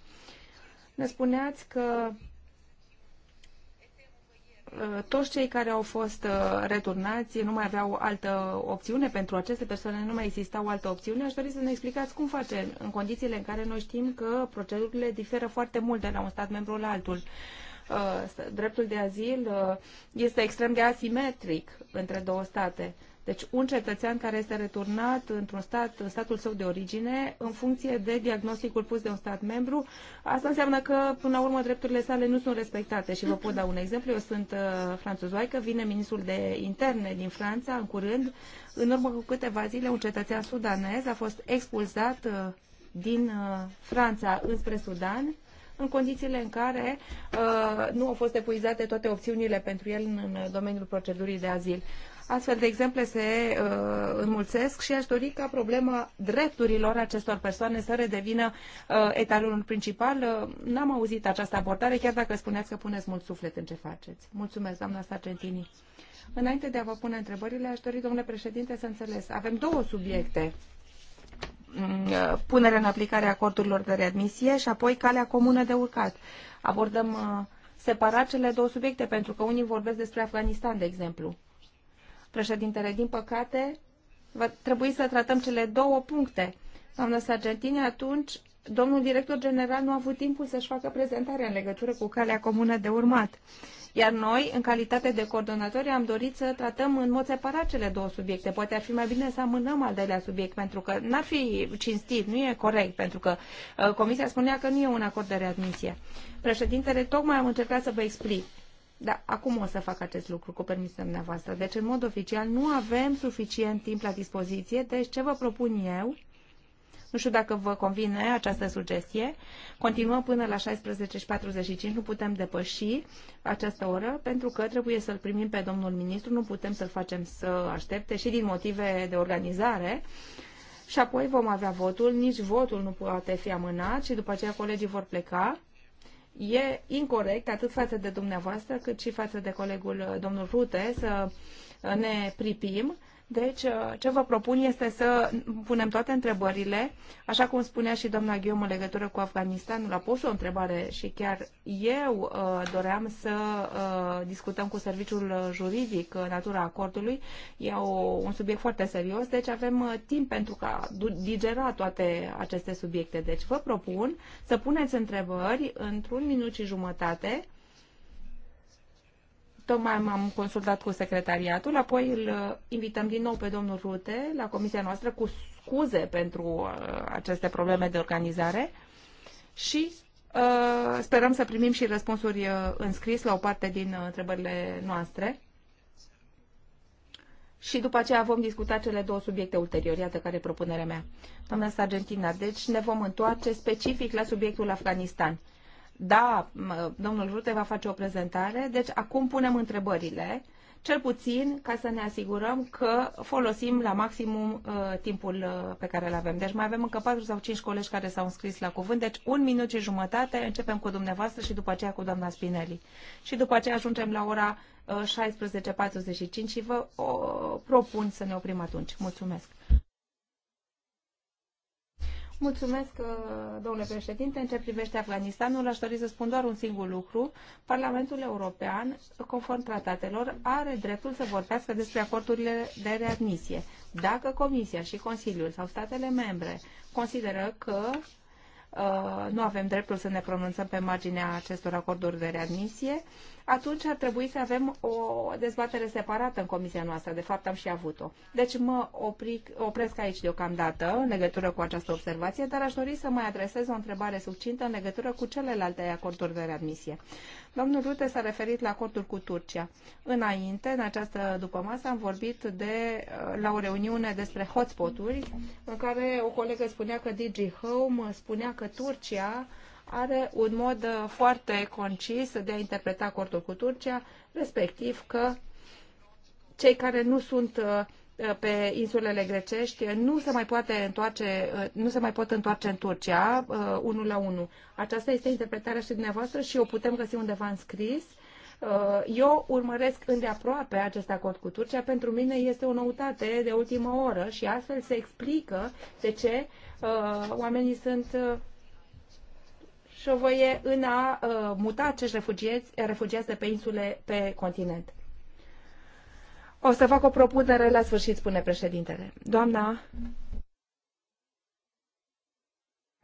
S5: Ne spuneați că Uh, toți cei care au fost uh, returnați nu mai aveau altă opțiune pentru aceste persoane, nu mai exista o altă opțiune. Aș dori să ne explicați cum face în condițiile în care noi știm că procedurile diferă foarte mult de la un stat membru la altul. Uh, dreptul de azil este extrem de asimetric între două state. Deci un cetățean care este returnat într-un stat, în statul său de origine, în funcție de diagnosticul pus de un stat membru, asta înseamnă că, până la urmă, drepturile sale nu sunt respectate. Și vă pot da un exemplu. Eu sunt uh, franțuzoaică, vine ministrul de interne din Franța în curând. În urmă cu câteva zile, un cetățean sudanez a fost expulzat uh, din uh, Franța înspre Sudan în condițiile în care uh, nu au fost epuizate toate opțiunile pentru el în, în domeniul procedurii de azil. Uh, Astfel de exemple se uh, înmulțesc și aș dori ca problema drepturilor acestor persoane să redevină uh, etalonul principal. Uh, n-am auzit această abordare, chiar dacă spuneați că puneți mult suflet în ce faceți. Mulțumesc, doamna Sargentini. Înainte de a vă pune întrebările, aș dori, domnule președinte, să înțeles. Avem două subiecte mm, uh, punerea în aplicare a acordurilor de readmisie și apoi calea comună de urcat. Abordăm uh, separat cele două subiecte, pentru că unii vorbesc despre Afganistan, de exemplu. Președintele, din păcate, va trebui să tratăm cele două puncte. Doamna Sargentini, atunci domnul director general nu a avut timpul să-și facă prezentarea în legătură cu calea comună de urmat. Iar noi, în calitate de coordonatori, am dorit să tratăm în mod separat cele două subiecte. Poate ar fi mai bine să amânăm al doilea subiect, pentru că n-ar fi cinstit, nu e corect, pentru că uh, Comisia spunea că nu e un acord de readmisie. Președintele, tocmai am încercat să vă explic. Da, acum o să fac acest lucru cu permisul dumneavoastră. Deci, în mod oficial, nu avem suficient timp la dispoziție, deci ce vă propun eu, nu știu dacă vă convine această sugestie, continuăm până la 16.45, nu putem depăși această oră, pentru că trebuie să-l primim pe domnul ministru, nu putem să-l facem să aștepte și din motive de organizare și apoi vom avea votul, nici votul nu poate fi amânat și după aceea colegii vor pleca e incorrect atât față de dumneavoastră cât și față de colegul domnul Rute să ne pripim deci, uh, ce vă propun este să punem toate întrebările, așa cum spunea și doamna Ghiom în legătură cu Afganistanul, a pus o întrebare și chiar eu uh, doream să uh, discutăm cu serviciul juridic natura acordului. E o un subiect foarte serios, deci avem timp pentru a digera toate aceste subiecte. Deci, vă propun să puneți întrebări într-un minut și jumătate, Tocmai m-am consultat cu secretariatul, apoi îl uh, invităm din nou pe domnul Rute la comisia noastră cu scuze pentru uh, aceste probleme de organizare și uh, sperăm să primim și răspunsuri uh, în scris la o parte din întrebările noastre. Și după aceea vom discuta cele două subiecte ulterior. Iată care e propunerea mea. Doamna Sargentina, deci ne vom întoarce specific la subiectul Afganistan. Da, domnul Rute va face o prezentare, deci acum punem întrebările, cel puțin ca să ne asigurăm că folosim la maximum uh, timpul uh, pe care îl avem. Deci mai avem încă 4 sau 5 colegi care s-au înscris la cuvânt, deci un minut și jumătate, începem cu dumneavoastră și după aceea cu doamna Spinelli. Și după aceea ajungem la ora uh, 16.45 și vă uh, propun să ne oprim atunci. Mulțumesc! Mulțumesc, uh, domnule președinte. În ce privește Afganistanul, aș dori să spun doar un singur lucru. Parlamentul European, conform tratatelor, are dreptul să vorbească despre acordurile de readmisie. Dacă Comisia și Consiliul sau statele membre consideră că uh, nu avem dreptul să ne pronunțăm pe marginea acestor acorduri de readmisie, uh, atunci ar trebui să avem o dezbatere separată în comisia noastră. De fapt, am și avut-o. Deci mă opric, opresc aici deocamdată în legătură cu această observație, dar aș dori să mai adresez o întrebare succintă în legătură cu celelalte acorduri de readmisie. Domnul Rute s-a referit la acordul cu Turcia. Înainte, în această dupămasă, am vorbit de, la o reuniune despre hotspot-uri, în care o colegă spunea că DG Home spunea că Turcia are un mod uh, foarte concis de a interpreta acordul cu Turcia, respectiv că cei care nu sunt uh, uh, pe insulele grecești nu se mai poate întoarce, nu se mai pot întoarce în Turcia unul la unul. Aceasta este interpretarea și dumneavoastră și o putem găsi undeva în scris. Eu urmăresc îndeaproape acest acord cu Turcia. Pentru mine este o noutate de ultimă oră și astfel se explică de ce oamenii sunt și o voie în a uh, muta acești refugiați, refugiați de pe insule pe continent. O să fac o propunere la sfârșit, spune președintele. Doamna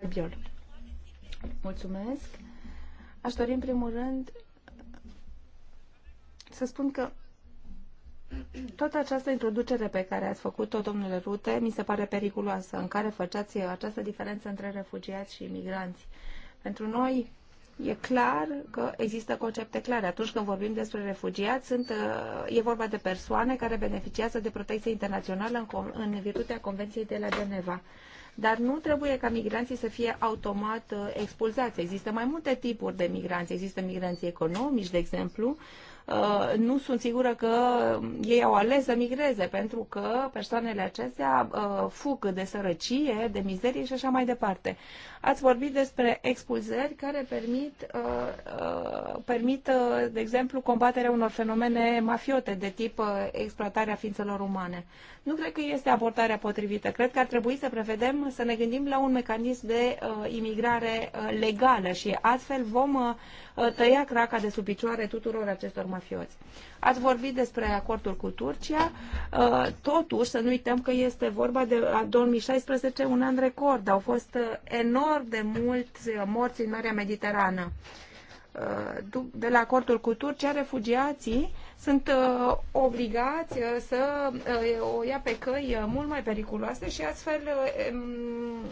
S5: Albiol. Mulțumesc. Aș dori în primul rând să spun că toată această introducere pe care ați făcut-o, domnule Rute, mi se pare periculoasă, în care făceați această diferență între refugiați și imigranți. Uh, pentru noi e clar că există concepte clare. Atunci când vorbim despre refugiați, sunt, uh, e vorba de persoane care beneficiază de protecție internațională în, în virtutea Convenției de la Geneva. Dar nu trebuie ca migranții să fie automat uh, expulzați. Există mai multe tipuri de migranți. Există migranții economici, de exemplu, uh, nu sunt sigură că ei au ales să migreze, pentru că persoanele acestea fug de sărăcie, de mizerie și așa mai departe. Ați vorbit despre expulzări care permit, uh, uh, permit uh, de exemplu, combaterea unor fenomene mafiote de tip uh, exploatarea ființelor umane. Nu cred că este abordarea potrivită. Cred că ar trebui să prevedem, să ne gândim la un mecanism de uh, imigrare uh, legală și astfel vom uh, tăia craca de sub picioare tuturor acestor mafioți. Ați vorbit despre acordul cu Turcia. Uh, totuși, să nu uităm că este vorba de 2016, un an record. Au fost uh, enorm de mulți uh, morți în Marea Mediterană. De la acordul cu Turcia, refugiații sunt obligați să o ia pe căi mult mai periculoase și astfel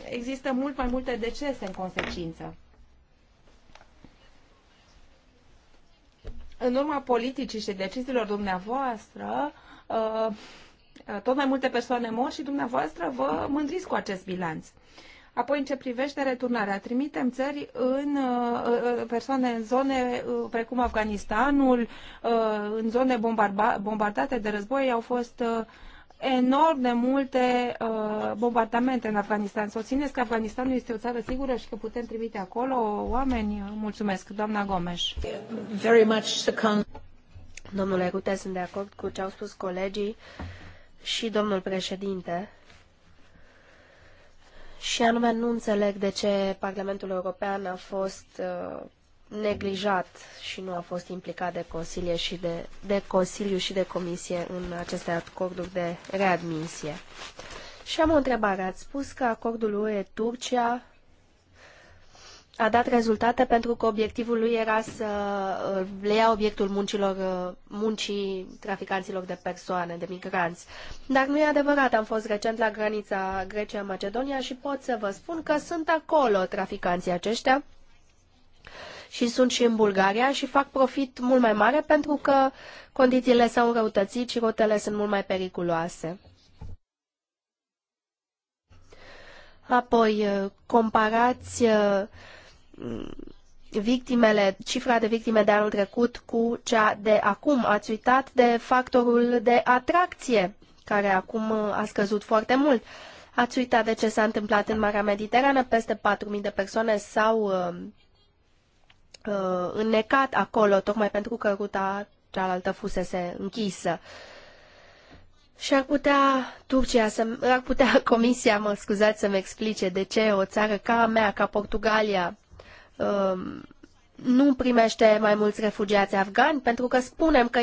S5: există mult mai multe decese în consecință. în urma politicii și deciziilor dumneavoastră, uh, tot mai multe persoane mor și dumneavoastră vă mândriți cu acest bilanț. Apoi, în ce privește returnarea, trimitem țări în uh, uh, persoane în zone precum Afganistanul, în zone bombardate de război, au fost enorm de multe uh, bombardamente în Afganistan. țineți că Afganistanul este o țară sigură și că putem trimite acolo oameni? Mulțumesc, doamna Gomes. Very much Domnule Rute, sunt de
S4: acord cu ce au spus colegii și domnul președinte. Și anume, nu înțeleg de ce Parlamentul European a fost uh, neglijat și nu a fost implicat de, consiliu și de, de Consiliu și de Comisie în aceste acorduri de readmisie. Și am o întrebare. Ați spus că acordul UE-Turcia a dat rezultate pentru că obiectivul lui era să uh, le ia obiectul muncilor, uh, muncii traficanților de persoane, de migranți. Dar nu e adevărat, am fost recent la granița Grecia-Macedonia și pot să vă spun că sunt acolo traficanții aceștia și sunt și în Bulgaria și fac profit mult mai mare pentru că condițiile s-au înrăutățit și rotele sunt mult mai periculoase. Apoi, uh, comparați uh, victimele, cifra de victime de anul trecut cu cea de acum. Ați uitat de factorul de atracție, care acum uh, a scăzut foarte mult. Ați uitat de ce s-a întâmplat în Marea Mediterană, peste 4.000 de persoane s-au uh, înnecat acolo, tocmai pentru că ruta cealaltă fusese închisă. Și ar putea Turcia să, ar putea Comisia, mă scuzați, să-mi explice de ce o țară ca a mea, ca Portugalia, um, nu primește mai mulți refugiați afgani, pentru că spunem că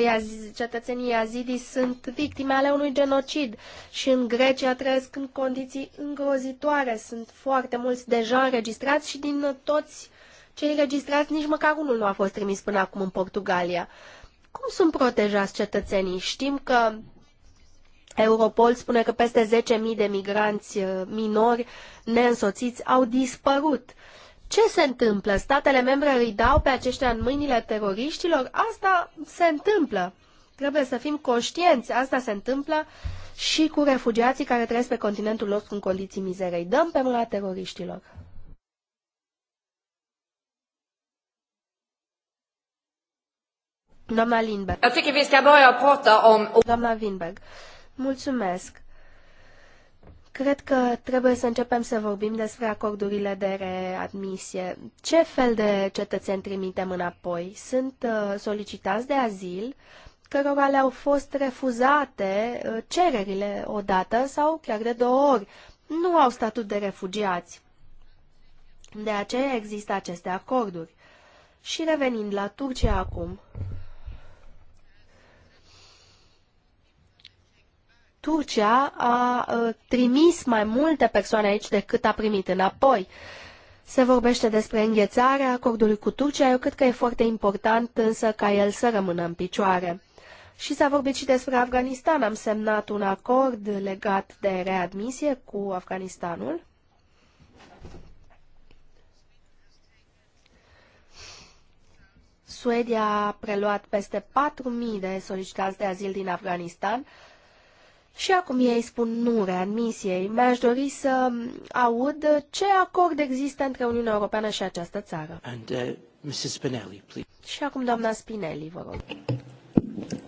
S4: cetățenii azidi sunt victime ale unui genocid și în Grecia trăiesc în condiții îngrozitoare. Sunt foarte mulți deja înregistrați și din toți cei înregistrați nici măcar unul nu a fost trimis până acum în Portugalia. Cum sunt protejați cetățenii? Știm că Europol spune că peste 10.000 de migranți uh, minori neînsoțiți au dispărut. Ce se întâmplă? Statele membre îi dau pe aceștia în mâinile teroriștilor? Asta se întâmplă. Trebuie să fim conștienți. Asta se întâmplă și cu refugiații care trăiesc pe continentul nostru în condiții mizerei. Dăm pe mâna teroriștilor. Doamna Lindberg. Jag tycker vi ska börja prata om... Doamna Winberg. Mulțumesc. Cred că trebuie să începem să vorbim despre acordurile de readmisie. Ce fel de cetățeni trimitem înapoi? Sunt uh, solicitați de azil cărora le-au fost refuzate uh, cererile odată sau chiar de două ori. Nu au statut de refugiați. De aceea există aceste acorduri. Și revenind la Turcia acum, Turcia a trimis mai multe persoane aici decât a primit înapoi. Se vorbește despre înghețarea acordului cu Turcia, eu cred că e foarte important însă ca el să rămână în picioare. Și s-a vorbit și despre Afganistan. Am semnat un acord legat de readmisie cu Afganistanul. Suedia a preluat peste 4.000 de solicitanți de azil din Afganistan și acum ei spun nu readmisiei. Mi-aș dori să aud ce acord există între Uniunea Europeană și această țară.
S1: And, uh, Mrs. Spinelli, please.
S4: Și acum doamna Spinelli, vă rog.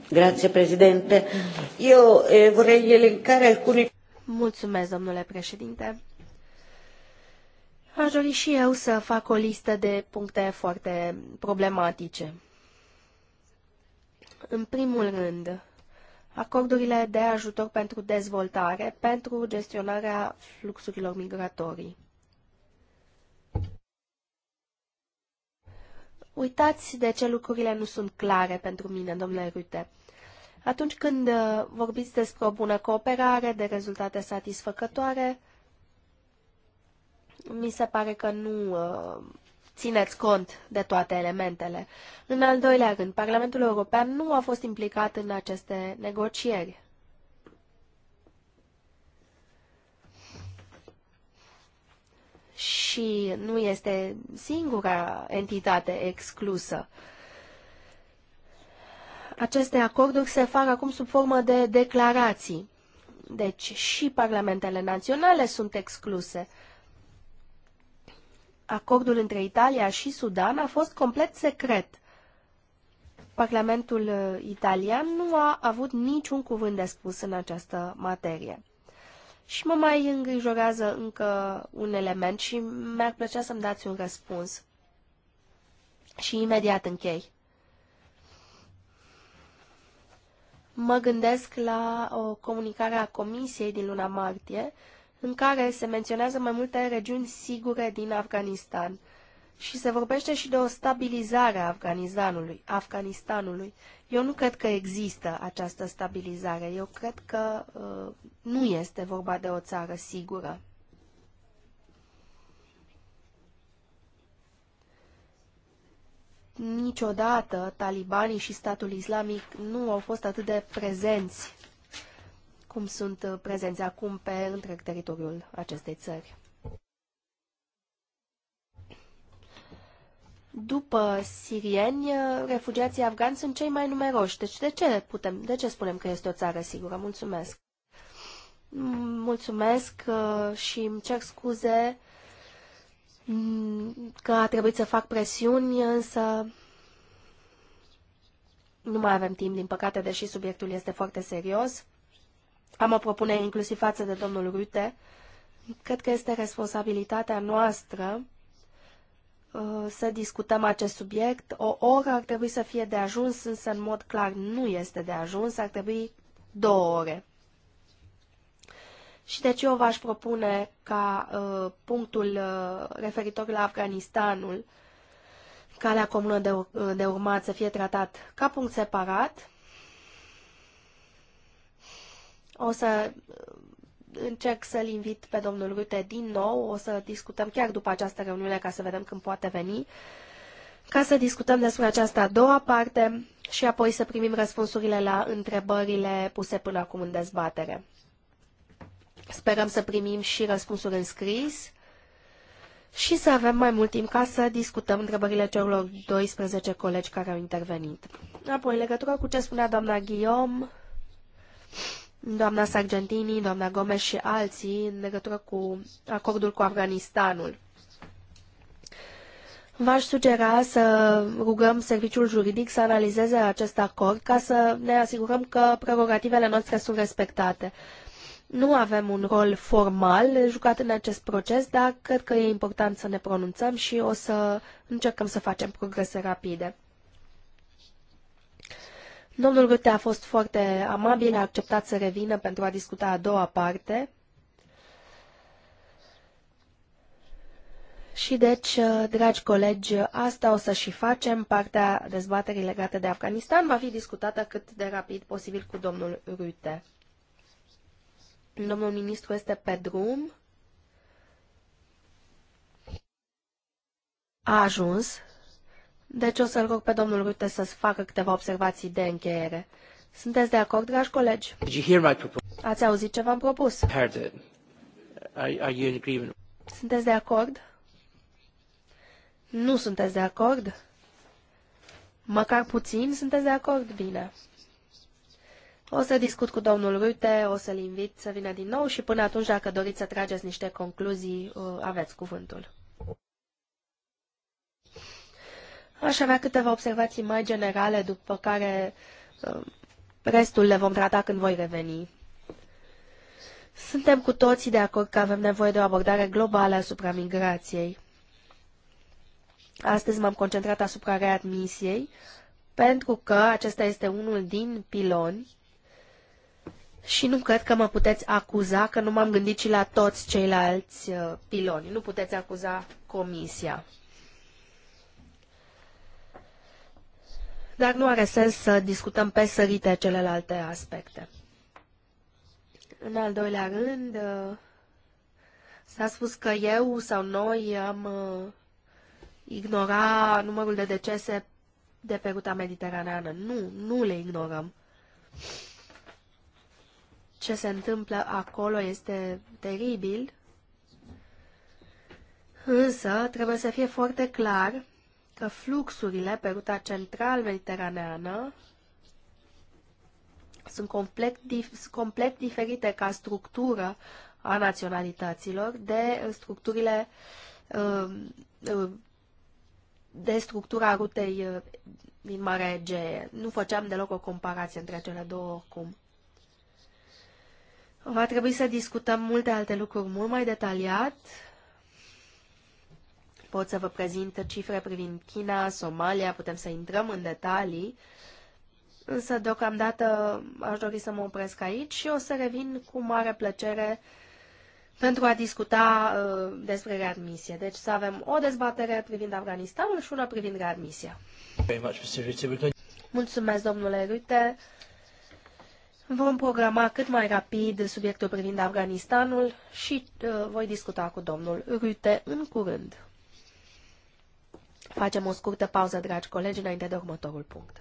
S1: Grazie,
S3: președinte.
S4: Eu eh, vorrei elencare alcune... Mulțumesc, domnule președinte. Aș dori și eu să fac o listă de puncte foarte problematice. În primul rând, acordurile de ajutor pentru dezvoltare, pentru gestionarea fluxurilor migratorii. Uitați de ce lucrurile nu sunt clare pentru mine, domnule Rute. Atunci când uh, vorbiți despre o bună cooperare, de rezultate satisfăcătoare, mi se pare că nu uh, țineți cont de toate elementele. În al doilea rând, Parlamentul European nu a fost implicat în aceste negocieri. Și nu este singura entitate exclusă. Aceste acorduri se fac acum sub formă de declarații. Deci și parlamentele naționale sunt excluse acordul între Italia și Sudan a fost complet secret. Parlamentul uh, italian nu a avut niciun cuvânt de spus în această materie. Și mă mai îngrijorează încă un element și mi-ar plăcea să-mi dați un răspuns. Și imediat închei. Mă gândesc la o comunicare a Comisiei din luna martie, uh, în care se menționează mai multe regiuni sigure din Afganistan și se vorbește și de o stabilizare a Afganistanului. Afganistanului. Eu nu cred că există această stabilizare. Eu cred că uh, nu este vorba de o țară sigură. Niciodată talibanii și statul islamic nu au fost atât de prezenți cum sunt uh, prezenți acum pe întreg teritoriul acestei țări. După sirieni, uh, refugiații afgani sunt cei mai numeroși. Deci de ce, putem, de ce spunem că este o țară sigură? Mulțumesc! Mulțumesc uh, și îmi cer scuze mm, că a trebuit să fac presiuni, însă nu mai avem timp, din păcate, deși subiectul este foarte serios. Am o propunere inclusiv față de domnul Rute. Cred că este responsabilitatea noastră uh, să discutăm acest subiect. O oră ar trebui să fie de ajuns, însă în mod clar nu este de ajuns, ar trebui două ore. Și deci eu v-aș propune ca uh, punctul uh, referitor la Afganistanul, calea comună de, de urmat să fie tratat ca punct separat o să uh, încerc să-l invit pe domnul Rute din nou, o să discutăm chiar după această reuniune ca să vedem când poate veni, ca să discutăm despre această a doua parte și apoi să primim răspunsurile la întrebările puse până acum în dezbatere. Sperăm să primim și răspunsuri în scris și să avem mai mult timp ca să discutăm întrebările celor 12 colegi care au intervenit. Apoi, legătură cu ce spunea doamna Guillaume, doamna Sargentini, doamna Gomes și alții în legătură cu acordul cu Afganistanul. V-aș sugera să rugăm serviciul juridic să analizeze acest acord ca să ne asigurăm că prerogativele noastre sunt respectate. Nu avem un rol formal jucat în acest proces, dar cred că e important să ne pronunțăm și o să încercăm să facem progrese rapide. Domnul Rute a fost foarte amabil, a acceptat să revină pentru a discuta a doua parte. Și deci, uh, dragi colegi, asta o să și facem. Partea dezbaterii legate de Afganistan va fi discutată cât de rapid posibil cu domnul Rute. Domnul ministru este pe drum. A ajuns. Deci o să-l rog pe domnul Rute să facă câteva observații de încheiere. Sunteți de acord, dragi colegi? Ați auzit ce v-am propus? Sunteți de acord? Nu sunteți de acord? Măcar puțin sunteți de acord? Bine. O să discut cu domnul Rute, o să-l invit să vină din nou și până atunci, dacă doriți să trageți niște concluzii, uh, aveți cuvântul. Aș avea câteva observații mai generale, după care uh, restul le vom trata când voi reveni. Suntem cu toții de acord că avem nevoie de o abordare globală asupra migrației. Astăzi m-am concentrat asupra readmisiei, pentru că acesta este unul din piloni și nu cred că mă puteți acuza că nu m-am gândit și la toți ceilalți uh, piloni. Nu puteți acuza comisia. dar nu are sens să discutăm pe sărite celelalte aspecte. În al doilea rând, s-a spus că eu sau noi am uh, ignorat numărul de decese de pe ruta mediteraneană. Nu, nu le ignorăm. Ce se întâmplă acolo este teribil, însă trebuie să fie foarte clar că fluxurile pe ruta central-mediteraneană sunt complet, dif- complet diferite ca structură a naționalităților de structurile um, um, de structura rutei uh, din Marea Egee. Nu făceam deloc o comparație între cele două oricum. Va trebui să discutăm multe alte lucruri mult mai detaliat Pot să vă prezint cifre privind China, Somalia, putem să intrăm în detalii, însă deocamdată aș dori să mă opresc aici și o să revin cu mare plăcere pentru a discuta uh, despre readmisie. Deci să avem o dezbatere privind Afganistanul și una privind readmisia. Mulțumesc, domnule Rute. Vom programa cât mai rapid subiectul privind Afganistanul și uh, voi discuta cu domnul Rute în curând. Facem o scurtă pauză, dragi colegi, înainte de următorul punct.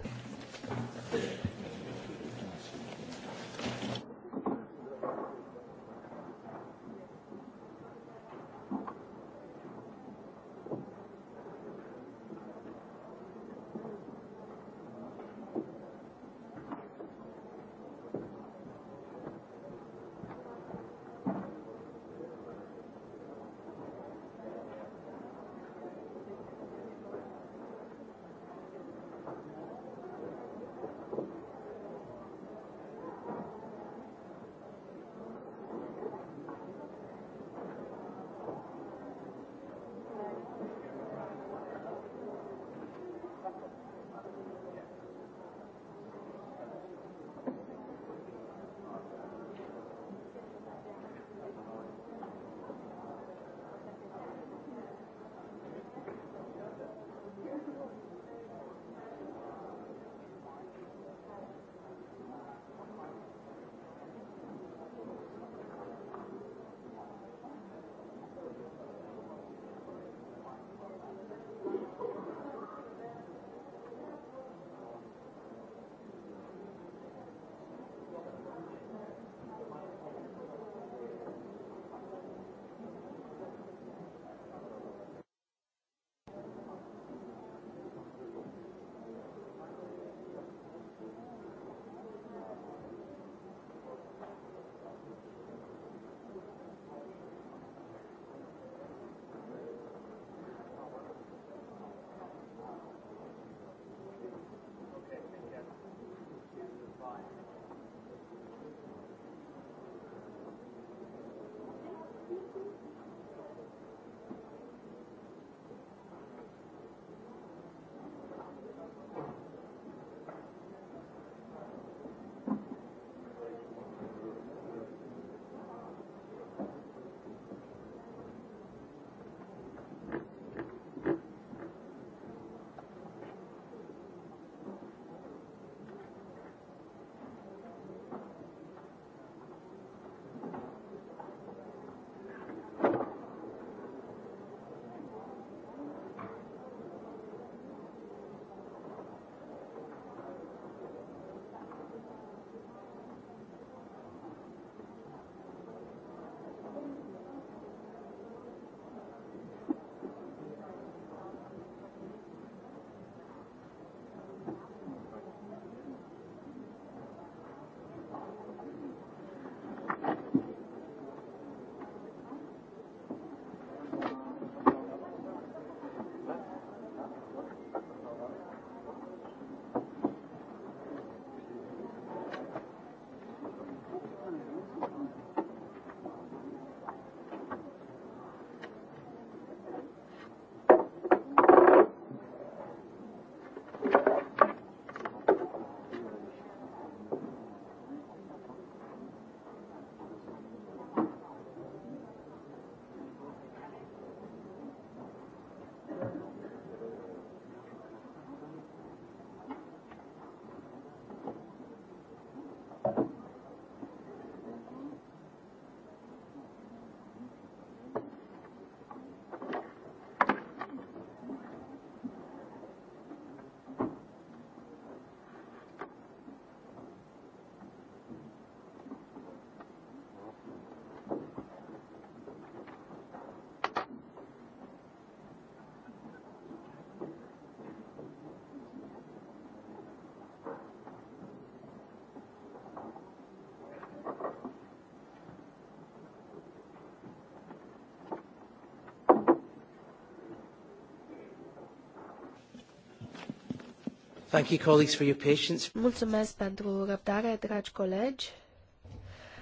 S1: Thank you, colleagues, for your patience.
S4: Mulțumesc pentru răbdare, dragi colegi.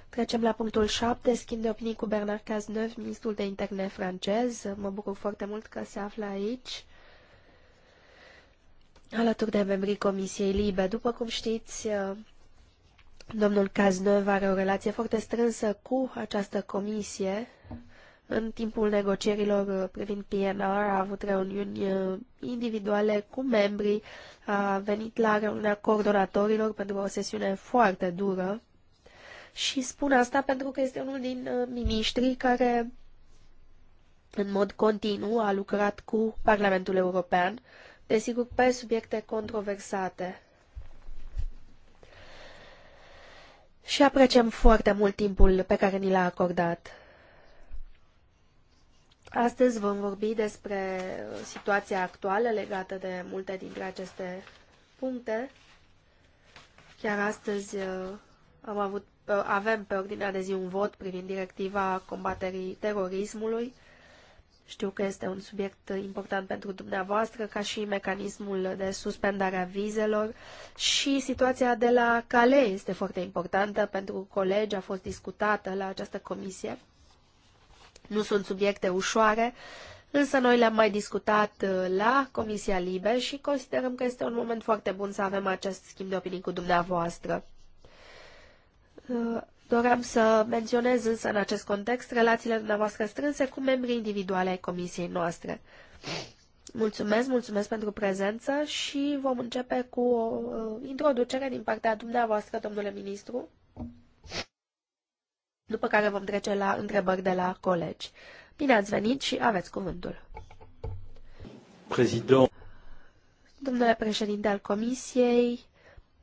S4: Trecem la punctul 7, schimb de opinii cu Bernard Cazneuf, ministrul de interne francez. Mă bucur foarte mult că se află aici, alături de membrii Comisiei Libe. După cum știți, domnul Cazneuf are o relație foarte strânsă cu această comisie în timpul negocierilor uh, privind PNR a avut reuniuni uh, individuale cu membrii, a venit la reuniunea coordonatorilor pentru o sesiune foarte dură și spun asta pentru că este unul din uh, miniștrii care în mod continuu a lucrat cu Parlamentul European, desigur pe subiecte controversate. Și apreciem foarte mult timpul pe care ni l-a acordat. Astăzi vom vorbi despre situația actuală legată de multe dintre aceste puncte. Chiar astăzi uh, am avut, uh, avem pe ordinea de zi un vot privind directiva combaterii terorismului. Știu că este un subiect important pentru dumneavoastră, ca și mecanismul de suspendare a vizelor și situația de la Calais este foarte importantă pentru colegi, a fost discutată la această comisie nu sunt subiecte ușoare, însă noi le-am mai discutat uh, la Comisia Libe și considerăm că este un moment foarte bun să avem acest schimb de opinii cu dumneavoastră. Uh, doream să menționez însă în acest context relațiile dumneavoastră strânse cu membrii individuale ai comisiei noastre. Mulțumesc, mulțumesc pentru prezență și vom începe cu o uh, introducere din partea dumneavoastră, domnule ministru după care vom trece la întrebări de la colegi. Bine ați venit și aveți cuvântul.
S3: Prezident.
S4: Domnule președinte al Comisiei,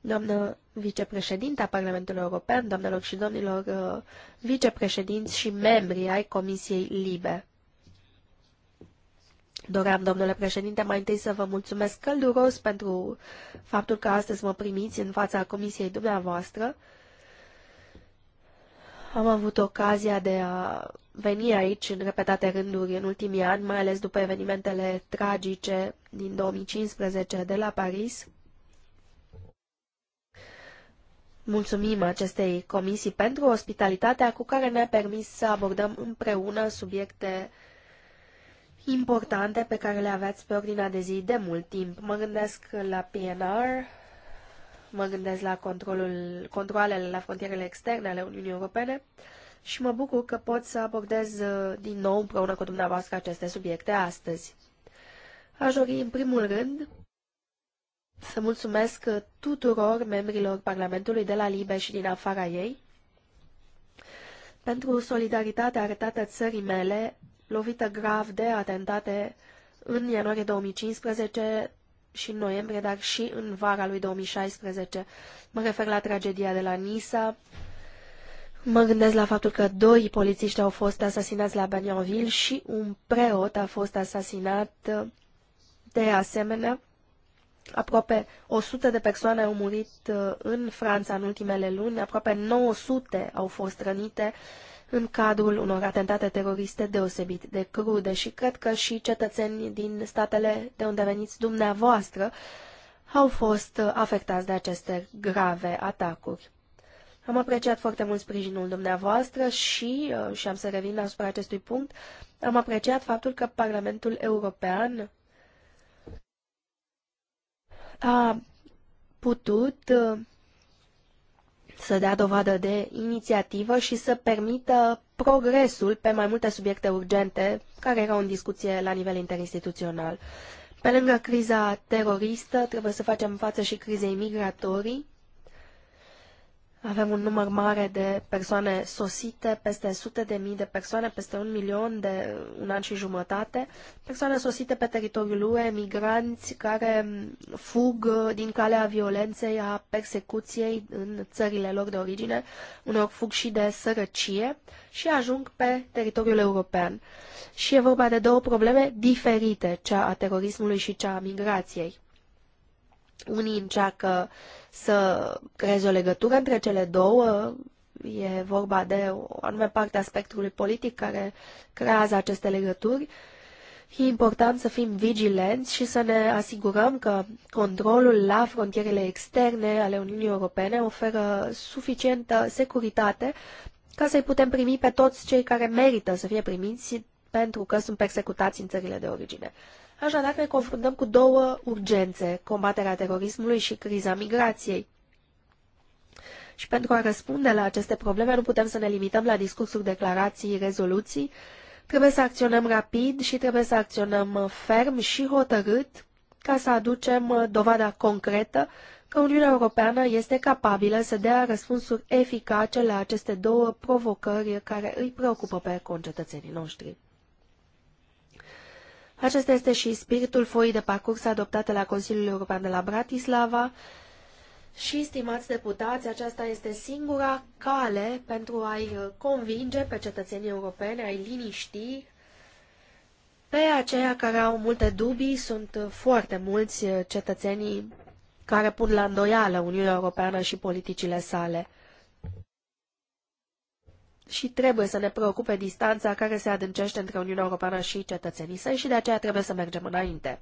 S4: doamnă vicepreședinte a Parlamentului European, doamnelor și domnilor uh, vicepreședinți și membri ai Comisiei Libe. Doream, domnule președinte, mai întâi să vă mulțumesc călduros pentru faptul că astăzi mă primiți în fața Comisiei dumneavoastră am avut ocazia de a veni aici în repetate rânduri în ultimii ani, mai ales după evenimentele tragice din 2015 de la Paris. Mulțumim acestei comisii pentru ospitalitatea cu care ne-a permis să abordăm împreună subiecte importante pe care le aveați pe ordinea de zi de mult timp. Mă gândesc la PNR mă gândesc la controlul, controlele la frontierele externe ale Uniunii Europene și mă bucur că pot să abordez uh, din nou împreună cu dumneavoastră aceste subiecte astăzi. Aș dori, în primul rând, să mulțumesc uh, tuturor membrilor Parlamentului de la Libe și din afara ei pentru solidaritatea arătată țării mele, lovită grav de atentate în ianuarie 2015 și în noiembrie, dar și în vara lui 2016. Mă refer la tragedia de la Nisa. Mă gândesc la faptul că doi polițiști au fost asasinați la Bagnonville și un preot a fost asasinat de asemenea. Aproape 100 de persoane au murit uh, în Franța în ultimele luni, aproape 900 au fost rănite în cadrul unor atentate teroriste deosebit de crude și cred că și cetățeni din statele de unde veniți dumneavoastră au fost afectați de aceste grave atacuri. Am apreciat foarte mult sprijinul dumneavoastră și, uh, și am să revin asupra acestui punct, am apreciat faptul că Parlamentul European a putut uh, să dea dovadă de inițiativă și să permită progresul pe mai multe subiecte urgente care erau în discuție la nivel interinstituțional. Pe lângă criza teroristă, trebuie să facem față și crizei migratorii avem un număr mare de persoane sosite, peste sute de mii de persoane, peste un milion de un an și jumătate, persoane sosite pe teritoriul UE, migranți care fug din calea violenței, a persecuției în țările lor de origine, uneori fug și de sărăcie și ajung pe teritoriul european. Și e vorba de două probleme diferite, cea a terorismului și cea a migrației. Unii încearcă uh, să creezi o legătură între cele două. E vorba de o anume parte a spectrului politic care creează aceste legături. E important să fim vigilenți și să ne asigurăm că controlul la frontierele externe ale Uniunii Europene oferă suficientă securitate ca să-i putem primi pe toți cei care merită să fie primiți pentru că sunt persecutați în țările de origine. Așadar ne confruntăm cu două urgențe, combaterea terorismului și criza migrației. Și pentru a răspunde la aceste probleme nu putem să ne limităm la discursuri, declarații, rezoluții. Trebuie să acționăm rapid și trebuie să acționăm ferm și hotărât ca să aducem dovada concretă că Uniunea Europeană este capabilă să dea răspunsuri eficace la aceste două provocări care îi preocupă pe concetățenii noștri. Acesta este și spiritul foii de parcurs adoptate la Consiliul European de la Bratislava și, stimați deputați, aceasta este singura cale pentru a-i convinge pe cetățenii europeni, a-i liniști. Pe aceia care au multe dubii sunt foarte mulți cetățenii care pun la îndoială Uniunea Europeană și politicile sale și trebuie să ne preocupe distanța care se adâncește între Uniunea Europeană și cetățenii săi și de aceea trebuie să mergem înainte.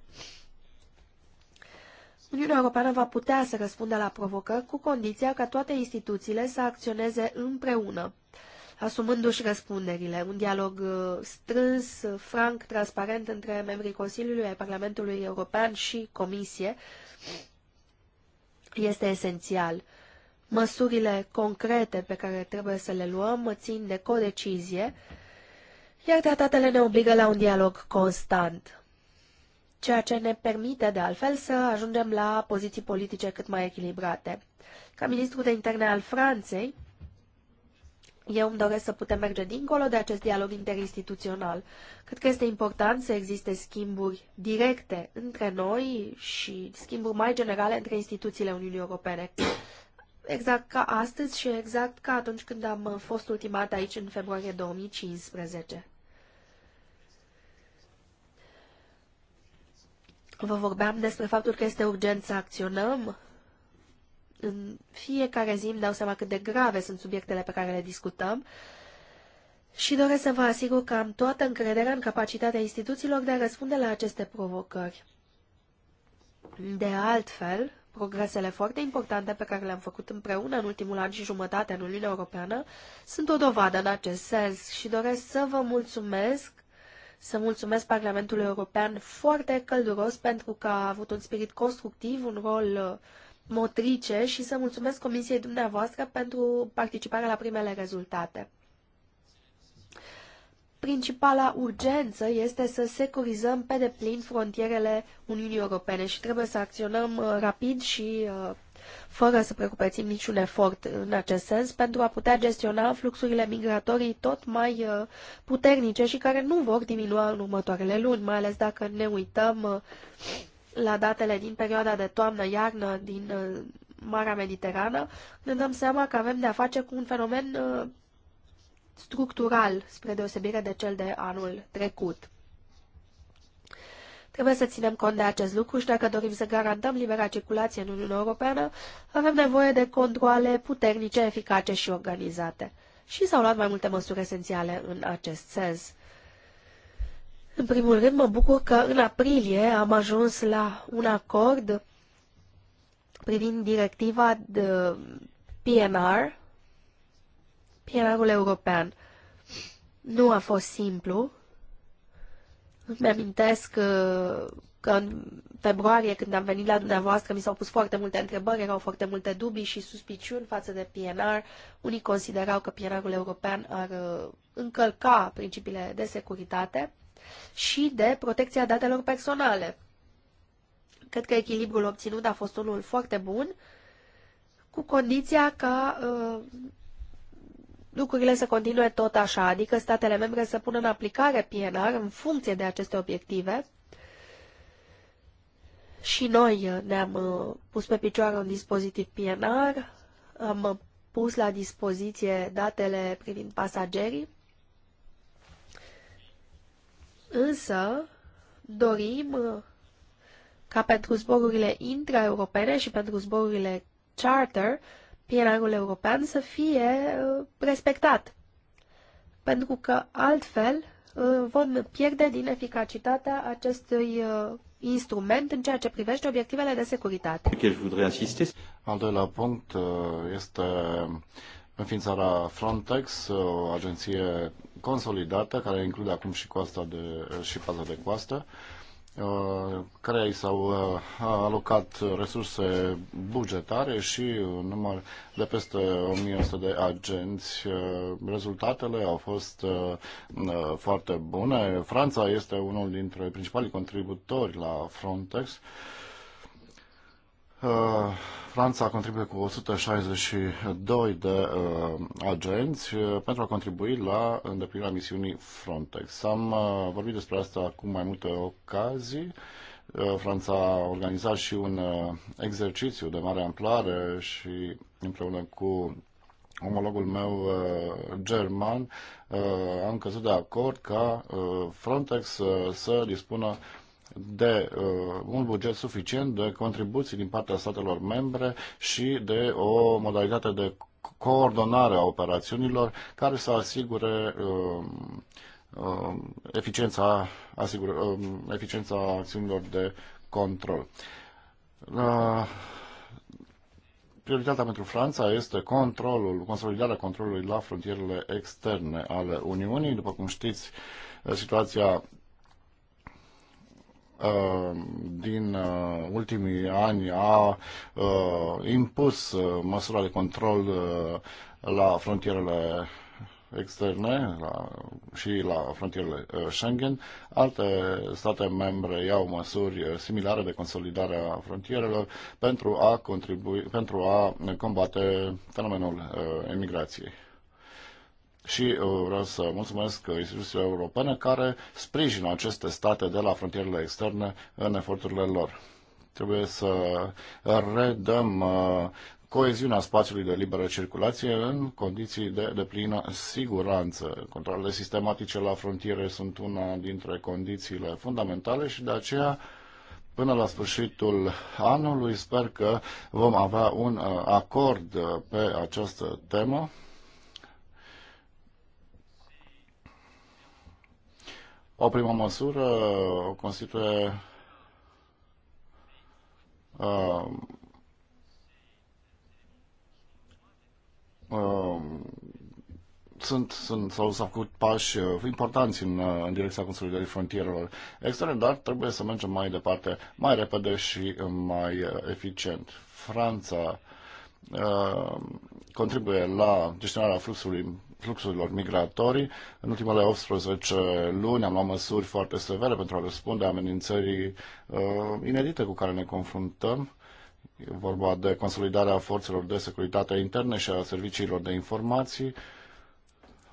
S4: Uniunea Europeană va putea să răspundă la provocări cu condiția ca toate instituțiile să acționeze împreună, asumându-și răspunderile. Un dialog uh, strâns, franc, transparent între membrii Consiliului, ai Parlamentului European și Comisie este esențial. Măsurile concrete pe care trebuie să le luăm țin de codecizie, iar tratatele ne obligă la un dialog constant, ceea ce ne permite, de altfel, să ajungem la poziții politice cât mai echilibrate. Ca ministru de interne al Franței, eu îmi doresc să putem merge dincolo de acest dialog interinstituțional. Cred că este important să existe schimburi directe între noi și schimburi mai generale între instituțiile Uniunii Europene exact ca astăzi și exact ca atunci când am uh, fost ultimat aici în februarie 2015. Vă vorbeam despre faptul că este urgent să acționăm. În fiecare zi îmi dau seama cât de grave sunt subiectele pe care le discutăm și doresc să vă asigur că am toată încrederea în capacitatea instituțiilor de a răspunde la aceste provocări. De altfel, Progresele foarte importante pe care le-am făcut împreună în ultimul an și jumătate în Uniunea Europeană sunt o dovadă în acest sens și doresc să vă mulțumesc, să mulțumesc Parlamentului European foarte călduros pentru că a avut un spirit constructiv, un rol uh, motrice și să mulțumesc Comisiei dumneavoastră pentru participarea la primele rezultate. Principala urgență este să securizăm pe deplin frontierele Uniunii Europene și trebuie să acționăm uh, rapid și uh, fără să precupețim niciun efort în acest sens pentru a putea gestiona fluxurile migratorii tot mai uh, puternice și care nu vor diminua în următoarele luni, mai ales dacă ne uităm la datele din perioada de toamnă-iarnă din Marea Mediterană, ne dăm seama că avem de-a face cu un fenomen structural, spre deosebire de cel de anul trecut. Trebuie să ținem cont de acest lucru și dacă dorim să garantăm libera circulație în Uniunea Europeană, avem nevoie de controle puternice, eficace și organizate. Și s-au luat mai multe măsuri esențiale în acest sens. În primul rând, mă bucur că în aprilie am ajuns la un acord privind directiva de PNR, Pilarul european nu a fost simplu. Îmi amintesc uh, că în februarie, când am venit la dumneavoastră, mi s-au pus foarte multe întrebări, erau foarte multe dubii și suspiciuni față de PNR. Unii considerau că PNR-ul european ar uh, încălca principiile de securitate și de protecția datelor personale. Cred că echilibrul obținut a fost unul foarte bun, cu condiția ca uh, lucrurile să continue tot așa, adică statele membre să pună în aplicare PNR în funcție de aceste obiective. Și noi ne-am uh, pus pe picioare un dispozitiv PNR, am pus la dispoziție datele privind pasagerii, însă dorim uh, ca pentru zborurile intraeuropene și pentru zborurile charter pilarul european să fie uh, respectat. Pentru că altfel uh, vom pierde din eficacitatea acestui uh, instrument în ceea ce privește obiectivele de securitate.
S2: Al doilea punct este înființarea Frontex, o agenție consolidată care include acum și, coasta de, și paza de coastă. Uh, care i s-au uh, alocat resurse bugetare și un uh, număr de peste 1100 de agenți. Rezultatele au fost foarte bune. Franța este unul dintre principalii contributori la Frontex Uh, Franța contribuie cu 162 de uh, agenți uh, pentru a contribui la îndeplinirea misiunii Frontex. Am uh, vorbit despre asta cu mai multe ocazii. Uh, Franța a organizat și un uh, exercițiu de mare amplare și împreună cu omologul meu uh, german uh, am căzut de acord ca uh, Frontex uh, să dispună de uh, un buget suficient, de contribuții din partea statelor membre și de o modalitate de coordonare a operațiunilor care să asigure uh, uh, eficiența, asigur, uh, eficiența acțiunilor de control. Uh, prioritatea pentru Franța este controlul, consolidarea controlului la frontierele externe ale Uniunii. După cum știți, situația Uh, din uh, ultimii ani a uh, impus măsura de control la frontierele externe la, și la frontierele Schengen. Alte state membre iau măsuri similare de consolidare a frontierelor pentru a, contribui, pentru a combate fenomenul emigrației și uh, vreau să mulțumesc instituțiilor europene care sprijină aceste state de la frontierele externe în eforturile lor. Trebuie să redăm uh, coeziunea spațiului de liberă circulație în condiții de deplină siguranță. Controlele sistematice la frontiere sunt una dintre condițiile fundamentale și de aceea până la sfârșitul anului sper că vom avea un uh, acord pe această temă O primă măsură o constituie uh, uh, sunt, sunt sau s-au făcut pași uh, importanți în, în direcția consolidării frontierelor externe, dar trebuie să mergem mai departe, mai repede și mai eficient. Franța uh, contribuie la gestionarea fluxului fluxurilor migratorii. În ultimele 18 luni am luat măsuri foarte severe pentru a răspunde amenințării uh, inedite cu care ne confruntăm. E vorba de consolidarea forțelor de securitate interne și a serviciilor de informații,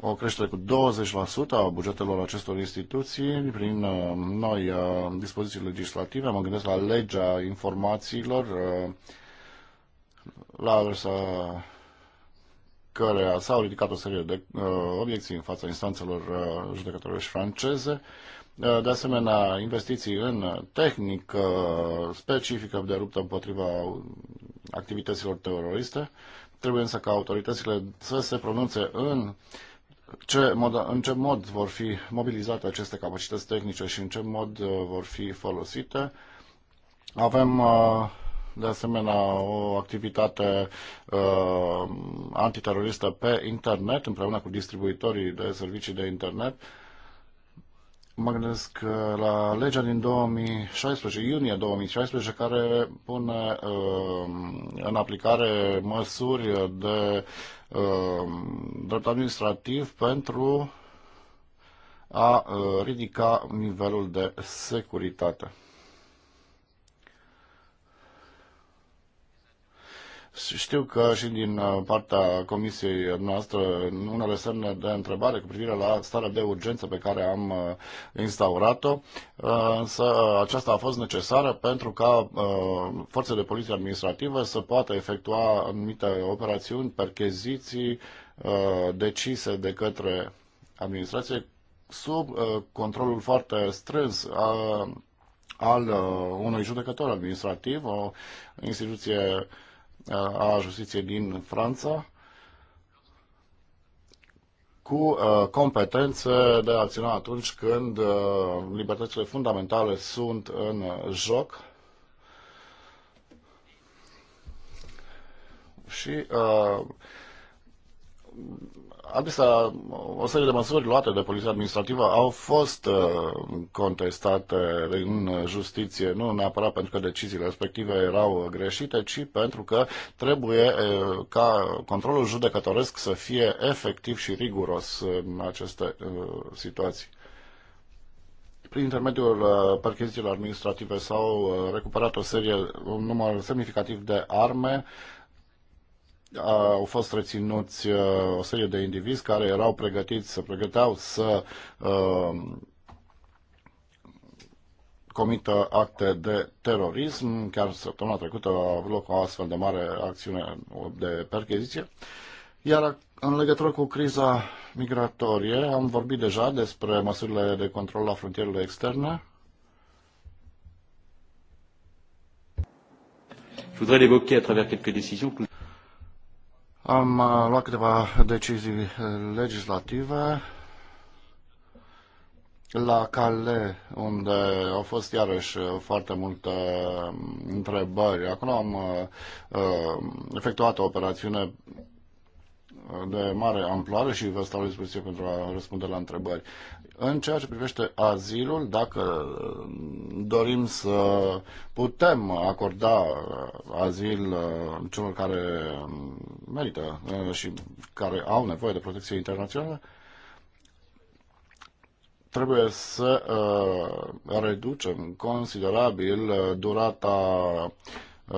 S2: o creștere cu 20% a bugetelor acestor instituții prin uh, noi uh, dispoziții legislative. Mă gândesc la legea informațiilor, uh, la adresa care s-au ridicat o serie de uh, obiecții în fața instanțelor uh, judecătorești franceze. Uh, de asemenea, investiții în tehnică specifică de ruptă împotriva activităților teroriste. Trebuie însă ca autoritățile să se pronunțe în ce mod, în ce mod vor fi mobilizate aceste capacități tehnice și în ce mod uh, vor fi folosite. Avem uh, de asemenea o activitate uh, antiteroristă pe internet, împreună cu distribuitorii de servicii de internet. Mă gândesc uh, la legea din 2016, iunie 2016, care pune uh, în aplicare măsuri de uh, drept administrativ pentru a uh, ridica nivelul de securitate. Știu că și din uh, partea comisiei noastre unele semne de întrebare cu privire la starea de urgență pe care am uh, instaurat-o, uh, însă aceasta a fost necesară pentru ca forțele de poliție administrativă să poată efectua anumite operațiuni, percheziții decise de către administrație sub controlul foarte strâns a al unui judecător administrativ, o instituție uh, a Justiției din Franța cu uh, competențe de a acționa atunci când uh, libertățile fundamentale sunt în joc și uh, adesea o serie de măsuri luate de poliția administrativă au fost uh, contestate în justiție, nu neapărat pentru că deciziile respective erau greșite, ci pentru că trebuie uh, ca controlul judecătoresc să fie efectiv și riguros în aceste uh, situații. Prin intermediul perchezițiilor administrative s-au recuperat o serie, un număr semnificativ de arme, au fost reținuți o serie de indivizi care erau pregătiți, să pregăteau să comită acte de terorism. Chiar săptămâna trecută a avut loc o astfel de mare acțiune de percheziție. Iar în legătură cu criza migratorie, am vorbit deja despre măsurile de control la frontierele externe.
S6: Je voudrais l'évoquer à travers quelques décisions que
S2: am uh, luat câteva decizii uh, legislative la Cale, unde au fost iarăși uh, foarte multe um, întrebări. Acolo am efectuat o operațiune de mare amploare și vă stau la dispoziție pentru a răspunde la întrebări. În ceea ce privește azilul, dacă uh, dorim să putem acorda uh, azil uh, celor care um, merită și care au nevoie de protecție internațională, trebuie să reducem considerabil durata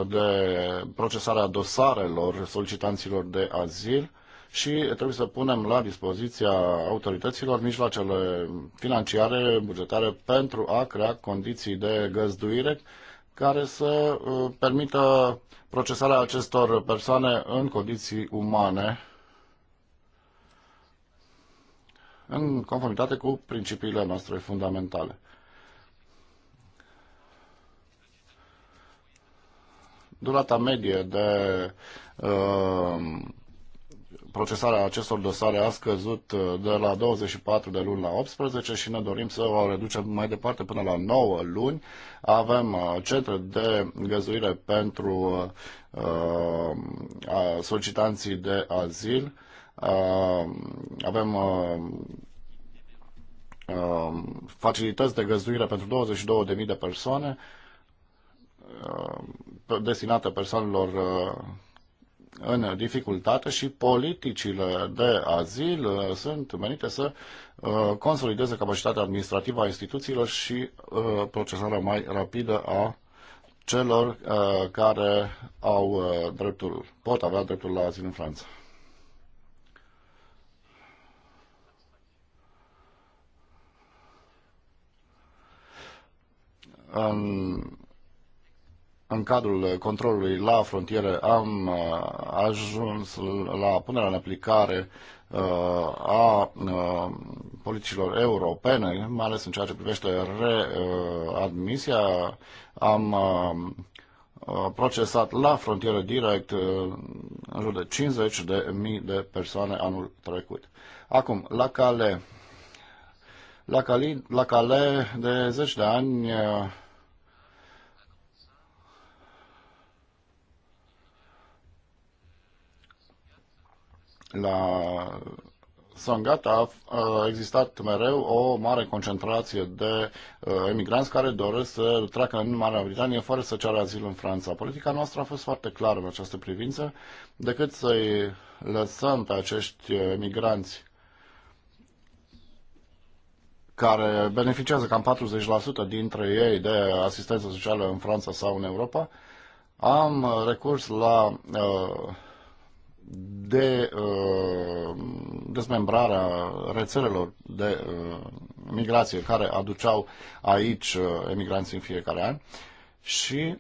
S2: de procesare a dosarelor solicitanților de azil și trebuie să punem la dispoziția autorităților mijloacele financiare, bugetare, pentru a crea condiții de găzduire care să uh, permită procesarea acestor persoane în condiții umane, în conformitate cu principiile noastre fundamentale. Durata medie de uh, procesarea acestor dosare a scăzut uh, de la 24 de luni la 18 și ne dorim să o reducem mai departe până la 9 luni. Avem uh, centre de găzuire pentru uh, solicitanții de azil. avem facilități de găzduire pentru 22.000 de persoane destinate persoanelor uh, în dificultate și politicile de azil uh, sunt menite să uh, consolideze capacitatea administrativă a instituțiilor și uh, procesarea mai rapidă a celor care au dreptul, pot avea dreptul la azil în Franța. Um, în cadrul controlului la frontieră, am uh, ajuns la punerea în aplicare uh, a uh, politicilor europene, mai ales în ceea ce privește readmisia. Am procesat la frontieră direct în jur de 50 de mii de persoane anul trecut. Acum, la cale. La Cali, la cale de zeci de ani la Sangat a existat mereu o mare concentrație de uh, emigranți care doresc să treacă în Marea Britanie fără să ceară azil în Franța. Politica noastră a fost foarte clară în această privință, decât să-i lăsăm pe acești emigranți care beneficiază cam 40% dintre ei de asistență socială în Franța sau în Europa, am recurs la uh, de uh, dezmembrarea rețelelor de uh, migrație care aduceau aici uh, emigranți în fiecare an și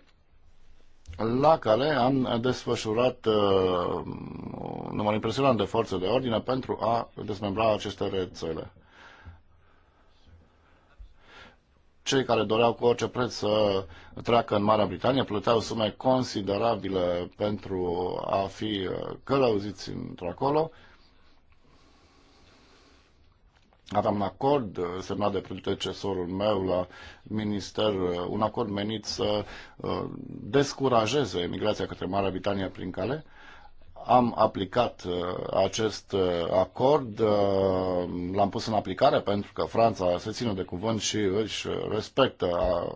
S2: la care am desfășurat uh, număr impresionant de forțe de ordine pentru a dezmembra aceste rețele. cei care doreau cu orice preț să treacă în Marea Britanie plăteau sume considerabile pentru a fi uh, călăuziți într-acolo. Aveam un acord uh, semnat de predecesorul meu la minister, uh, un acord menit să descurajeze emigrația către Marea Britanie prin cale am aplicat uh, acest uh, acord, uh, l-am pus în aplicare pentru că Franța se ține de cuvânt și își respectă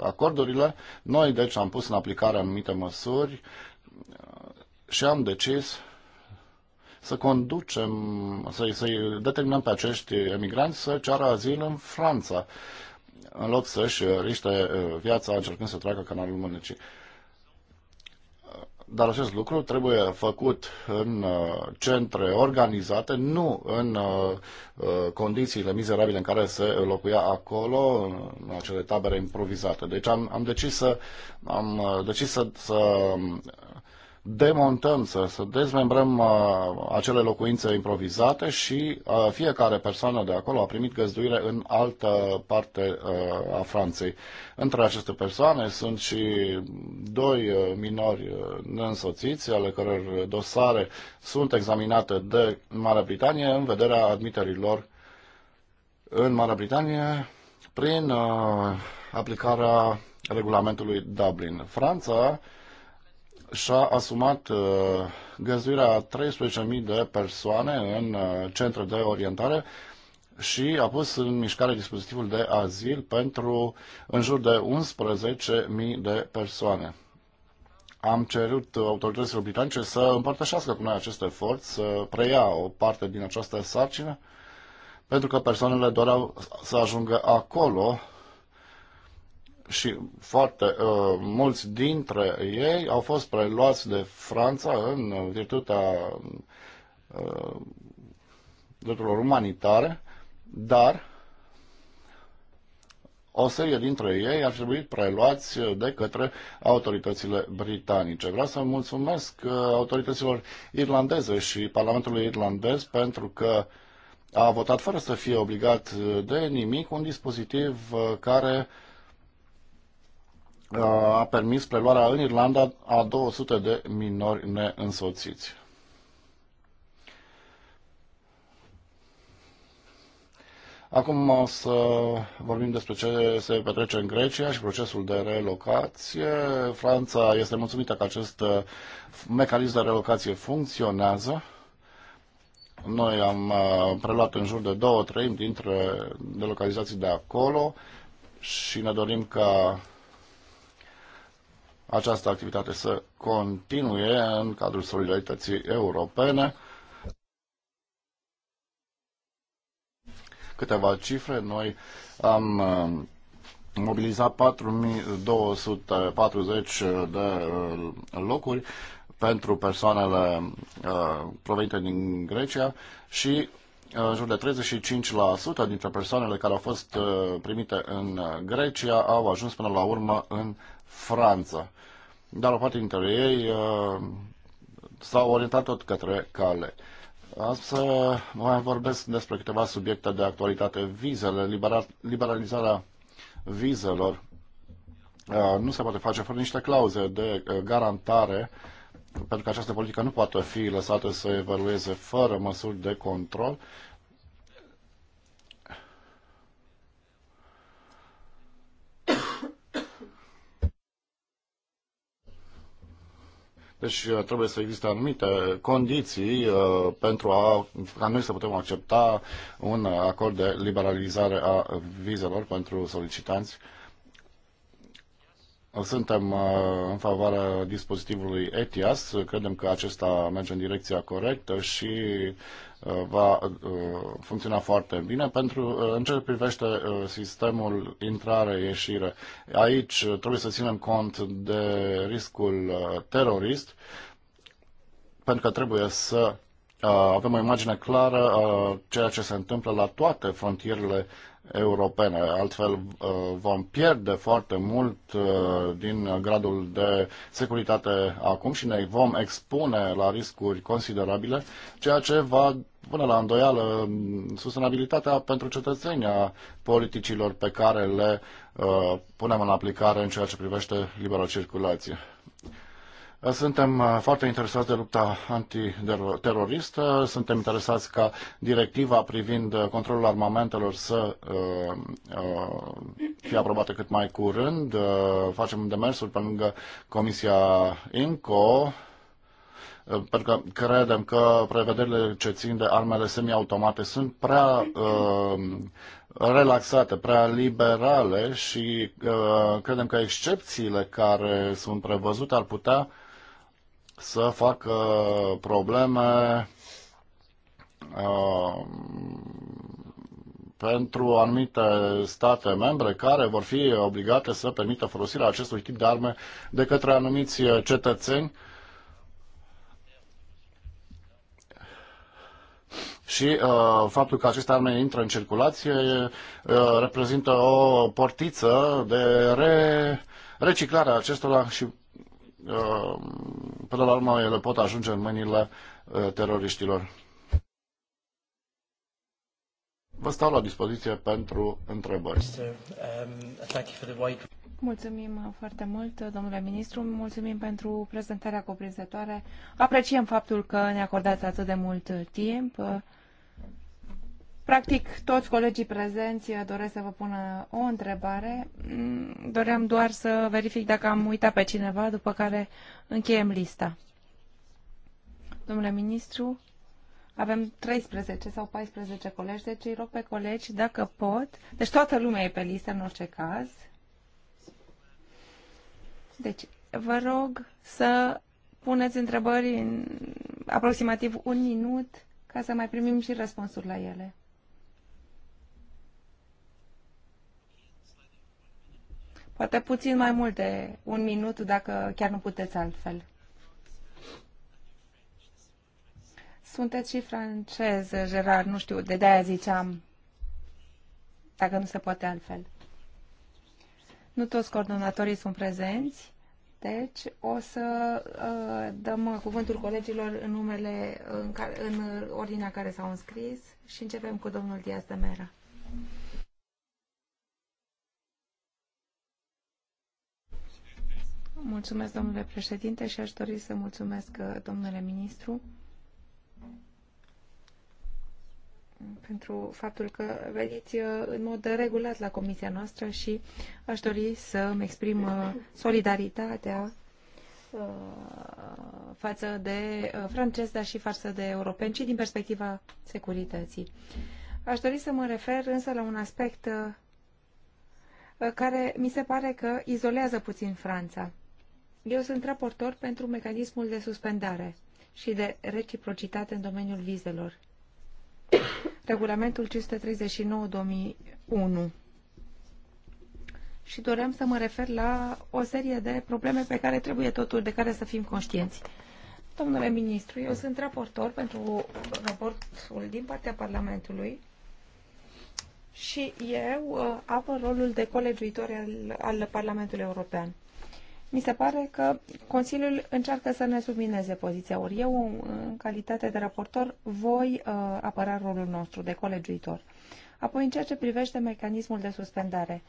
S2: acordurile. Noi, deci, am pus în aplicare anumite măsuri și am decis să conducem, să-i, să, -i, determinăm pe acești emigranți să ceară azil în Franța, în loc să-și riște viața încercând să treacă canalul Mânecii. Dar acest lucru trebuie făcut în uh, centre organizate, nu în uh, uh, condițiile mizerabile în care se locuia acolo, în acele tabere improvizate. Deci am, am decis, să, am decis să, să demontăm, să, să dezmembrăm uh, acele locuințe improvizate și uh, fiecare persoană de acolo a primit găzduire în altă parte uh, a Franței. Între aceste persoane sunt și doi uh, minori uh, neînsoțiți, ale căror dosare sunt examinate de Marea Britanie în vederea admiterii lor în Marea Britanie prin uh, aplicarea regulamentului Dublin. Franța uh, și-a asumat uh, găzuirea 13.000 de persoane în uh, centre de orientare și a pus în mișcare dispozitivul de azil pentru în jur de 11.000 de persoane. Am cerut autorităților britanice să împărtășească cu noi acest efort, să preia o parte din această sarcină, pentru că persoanele doreau să ajungă acolo și foarte uh, mulți dintre ei au fost preluați de Franța în virtutea uh, drepturilor umanitare, dar o serie dintre ei ar trebui preluați de către autoritățile britanice. Vreau să mulțumesc uh, autorităților irlandeze și Parlamentului irlandez pentru că a votat fără să fie obligat de nimic un dispozitiv uh, care uh, Uh, a permis preluarea în Irlanda a 200 de minori neînsoțiți. Acum o să vorbim despre ce se petrece în Grecia și procesul de relocație. Franța este mulțumită că acest uh, mecanism de relocație funcționează. Noi am uh, preluat în jur de două treimi dintre delocalizații de acolo și ne dorim ca această activitate să continue în cadrul solidarității europene. Câteva cifre, noi am uh, mobilizat 4240 de uh, locuri pentru persoanele uh, provenite din Grecia și în jur de 35% dintre persoanele care au fost primite în Grecia au ajuns până la urmă în Franța. Dar o parte dintre ei uh, s-au orientat tot către cale. Am să mai vorbesc despre câteva subiecte de actualitate. Vizele, libera, liberalizarea vizelor uh, nu se poate face fără niște clauze de uh, garantare pentru că această politică nu poate fi lăsată să evolueze fără măsuri de control. Uh, Deci uh, trebuie să existe anumite condiții uh, pentru a, ca noi să putem accepta un acord de liberalizare a vizelor pentru solicitanți. Suntem uh, în favoarea dispozitivului ETIAS, credem că acesta merge în direcția corectă și Uh, va uh, funcționa foarte bine pentru uh, în ce privește sistemul intrare-ieșire. Aici trebuie să ținem cont de riscul terorist pentru că trebuie să avem o imagine clară a ceea ce se întâmplă la toate frontierele europene. Altfel uh, vom pierde foarte mult uh, din gradul de securitate acum și ne vom expune la riscuri considerabile, ceea ce va pune la îndoială um, sustenabilitatea pentru cetățenii a politicilor pe care le uh, punem în aplicare în ceea ce privește libera circulație. Suntem uh, foarte interesați de lupta antiteroristă, uh, suntem interesați ca directiva privind uh, controlul armamentelor să uh, uh, fie aprobată cât mai curând. Uh, facem demersuri pe lângă Comisia INCO, pentru că credem că prevederile ce țin de armele semiautomate sunt prea uh, relaxate, prea liberale și uh, credem că excepțiile care sunt prevăzute ar putea uh, să facă probleme uh, pentru anumite state membre care vor fi obligate să permită folosirea acestui tip de arme de către anumiți cetățeni și uh, faptul că aceste arme intră în circulație uh, reprezintă o portiță de re reciclare a acestora și Ehm, până la urmă ele pot ajunge în mâinile eh, teroriștilor. Vă stau la dispoziție pentru întrebări.
S5: Mulțumim foarte mult, domnule ministru. Mulțumim pentru prezentarea cuprinzătoare. Apreciem faptul că ne acordați atât de mult timp. Practic, toți colegii prezenți uh, doresc să vă pună o întrebare. Mm, doream doar să verific dacă am uitat pe cineva, după care încheiem lista. Domnule ministru, avem 13 sau 14 colegi, deci îi rog pe colegi dacă pot. Deci toată lumea e pe listă în orice caz. Deci, vă rog să puneți întrebări în aproximativ un minut ca să mai primim și răspunsuri la ele. Poate puțin mai mult de un minut, dacă chiar nu puteți altfel. Sunteți și francez, Gerard, nu știu, de de-aia ziceam, dacă nu se poate altfel. Nu toți coordonatorii sunt prezenți, deci o să uh, dăm cuvântul colegilor în numele, în, care, în ordinea care s-au înscris și începem cu domnul Diaz de Mera. Mulțumesc, domnule președinte, și aș dori să mulțumesc, uh, domnule ministru, pentru faptul că veniți uh, în mod regulat la comisia noastră și aș dori să îmi exprim uh, solidaritatea față de francezi, dar și față de europeni, și din perspectiva securității. Aș dori să mă refer însă la un aspect care mi se pare că izolează puțin Franța. Eu sunt raportor pentru mecanismul de suspendare și de reciprocitate în domeniul vizelor. Regulamentul 539-2001 și doream să mă refer la o serie de probleme pe care trebuie totul de care să fim conștienți. Domnule ministru, eu sunt raportor pentru raportul din partea Parlamentului și eu uh, am rolul de colegiuitor al, al Parlamentului European mi se pare că Consiliul încearcă să ne submineze poziția, ori eu, în calitate de raportor, voi uh, apăra rolul nostru de colegiuitor. Apoi, în ceea ce privește mecanismul de suspendare,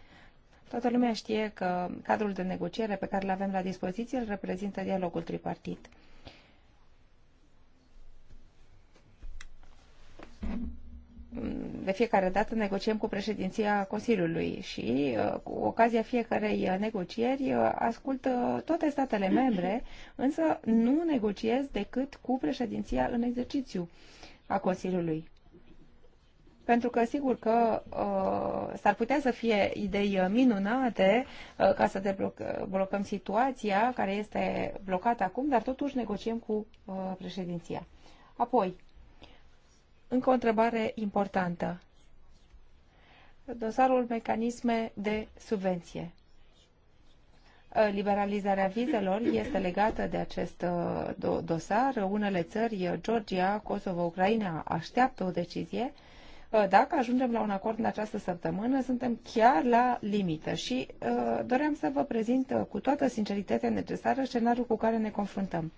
S5: toată lumea știe că cadrul de negociere pe care îl avem la dispoziție îl reprezintă dialogul tripartit. de fiecare dată negociem cu președinția Consiliului și uh, cu ocazia fiecarei negocieri uh, ascult uh, toate statele membre, însă nu negociez decât cu președinția în exercițiu a Consiliului. Pentru că sigur că uh, s-ar putea să fie idei minunate uh, ca să deblocăm situația care este blocată acum, dar totuși negociem cu uh, președinția. Apoi, încă o întrebare importantă. Dosarul mecanisme de subvenție. Ă, liberalizarea vizelor este legată de acest ă, dosar. Unele țări, ă, Georgia, Kosovo, Ucraina, așteaptă o decizie. Dacă ajungem la un acord în această săptămână, suntem chiar la limită și doream să vă prezint cu toată sinceritatea necesară scenariul cu care ne confruntăm.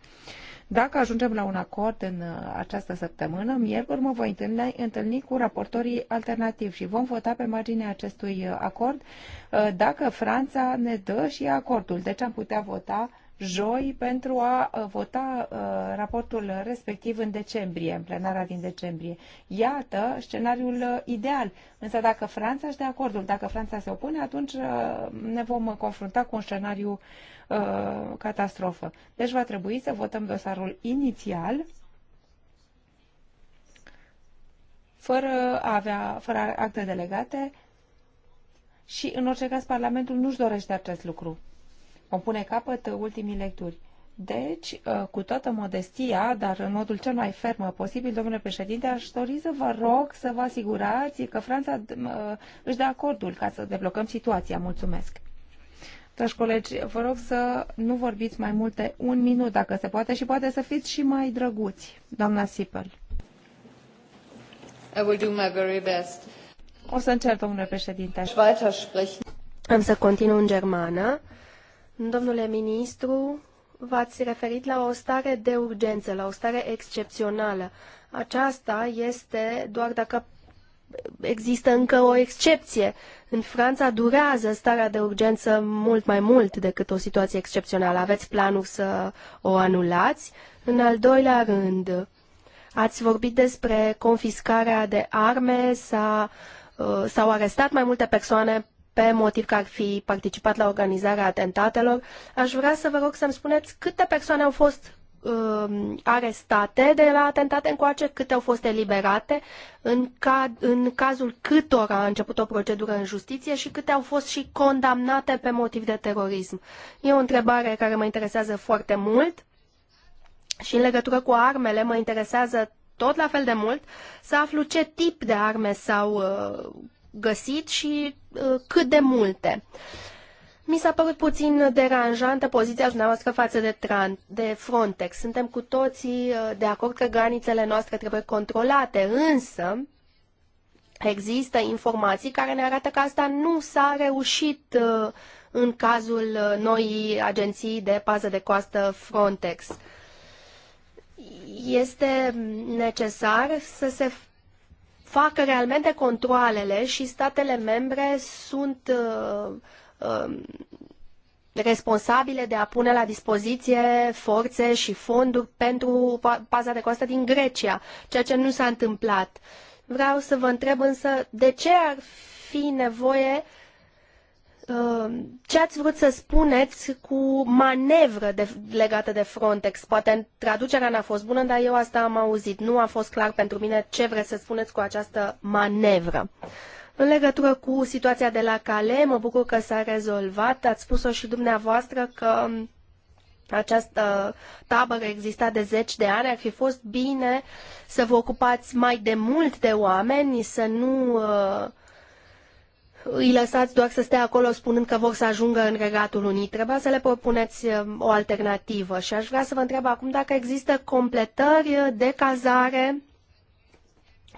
S5: Dacă ajungem la un acord în uh, această săptămână, miercuri mă voi întâlni, întâlni cu raportorii alternativi și vom vota pe marginea acestui uh, acord uh, dacă Franța ne dă și acordul. Deci am putea vota joi pentru a uh, vota uh, raportul respectiv în decembrie, în plenara din decembrie. Iată scenariul uh, ideal. Însă dacă Franța își de acordul, dacă Franța se opune, atunci ne vom confrunta cu un scenariu catastrofă. Deci va trebui să votăm dosarul inițial fără a avea fără acte delegate și în orice caz Parlamentul nu-și dorește acest lucru vom pune capăt ultimii lecturi. Deci, uh, cu toată modestia, dar în modul cel mai ferm posibil, domnule președinte, aș dori să vă rog să vă asigurați că Franța uh, își dă acordul ca să deblocăm situația. Mulțumesc! Dragi colegi, vă rog să nu vorbiți mai multe un minut, dacă se poate, și poate să fiți și mai drăguți, doamna Sipel. I will do my very best. O să încerc, domnule președinte. Am
S4: să continu în germană. Uh,
S5: Domnule ministru, v-ați referit la
S4: o stare de urgență, la o stare excepțională. Aceasta este doar dacă există încă o excepție. În Franța durează starea de urgență mult mai mult decât o situație excepțională. Aveți planul să o anulați? În al doilea rând, ați vorbit despre confiscarea de arme, sau uh, s-au arestat mai multe persoane pe motiv că ar fi participat la organizarea atentatelor, aș vrea să vă rog să-mi spuneți câte persoane au fost uh, arestate de la atentate încoace, câte au fost eliberate, în, ca, în cazul câtora a început o procedură în justiție și câte au fost și condamnate pe motiv de terorism. E o întrebare care mă interesează foarte mult și în legătură cu armele mă interesează tot la fel de mult să aflu ce tip de arme s-au uh, găsit și uh, cât de multe. Mi s-a părut puțin deranjantă poziția dumneavoastră față de, tran- de Frontex. Suntem cu toții uh, de acord că granițele noastre trebuie controlate, însă există informații care ne arată că asta nu s-a reușit uh, în cazul noii agenții de pază de coastă Frontex. Este necesar să se fac realmente controlele și statele membre sunt uh, uh, responsabile de a pune la dispoziție forțe și fonduri pentru paza de coastă din Grecia, ceea ce nu s-a întâmplat. Vreau să vă întreb însă de ce ar fi nevoie Uh, ce ați vrut să spuneți cu manevră de, legată de Frontex? Poate traducerea n-a fost bună, dar eu asta am auzit. Nu a fost clar pentru mine ce vreți să spuneți cu această manevră. În legătură cu situația de la Cale, mă bucur că s-a rezolvat. Ați spus-o și dumneavoastră că această tabără exista de zeci de ani, ar fi fost bine să vă ocupați mai de mult de oameni, să nu uh, îi lăsați doar să stea acolo spunând că vor să ajungă în Regatul Unit. Trebuia să le propuneți um, o alternativă și aș vrea să vă întreb acum dacă există completări de cazare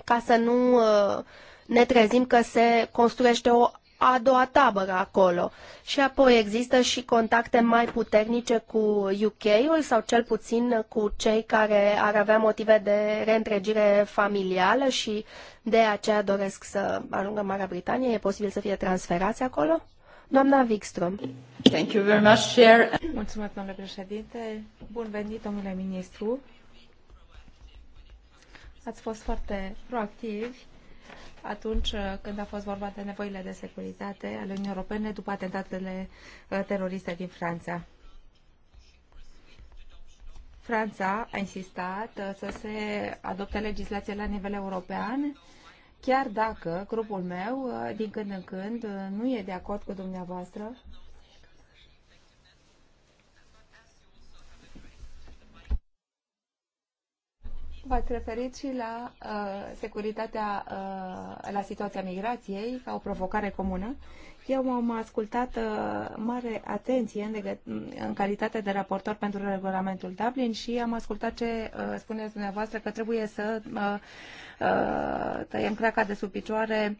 S4: ca să nu uh, ne trezim că se construiește o a doua tabără acolo. Și apoi există și contacte mai puternice cu UK-ul sau cel puțin cu cei care ar avea motive de reîntregire familială și de aceea doresc să ajungă în Marea Britanie. E posibil să fie transferați acolo? Doamna Wikström. Thank you very much, Chair.
S5: Mulțumesc, domnule președinte. Bun venit, domnule ministru. Ați fost foarte proactivi atunci uh, când a fost vorba de nevoile de securitate ale Uniunii Europene după atentatele uh, teroriste din Franța. Franța a insistat uh, să se adopte legislație la nivel european, chiar dacă grupul meu, din când în când, nu e de acord cu dumneavoastră V-ați referit și la uh, securitatea, uh, la situația migrației ca o provocare comună. Eu am ascultat uh, mare atenție în, legă- în calitate de raportor pentru regulamentul Dublin și am ascultat ce uh, spuneți dumneavoastră că trebuie să uh, uh, tăiem craca de sub picioare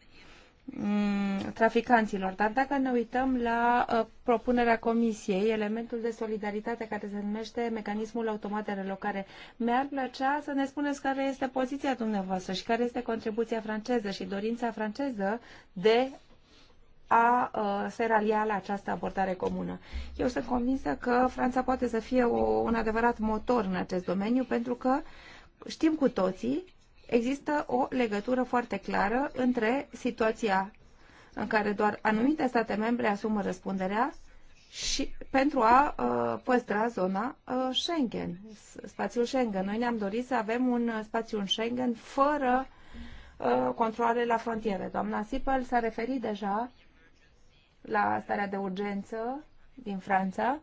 S5: Mm, traficanților. Dar dacă ne uităm la uh, propunerea comisiei, elementul de solidaritate care se numește mecanismul automat de relocare, mi-ar plăcea să ne spuneți care este poziția dumneavoastră și care este contribuția franceză și dorința franceză de a uh, se ralia la această abordare comună. Eu sunt convinsă că Franța poate să fie o, un adevărat motor în acest domeniu pentru că știm cu toții există o legătură foarte clară între situația în care doar anumite state membre asumă răspunderea și pentru a uh, păstra zona uh, Schengen, spațiul Schengen. Noi ne-am dorit să avem un uh, spațiu Schengen fără uh, controle la frontiere. Doamna Sipel s-a referit deja la starea de urgență din Franța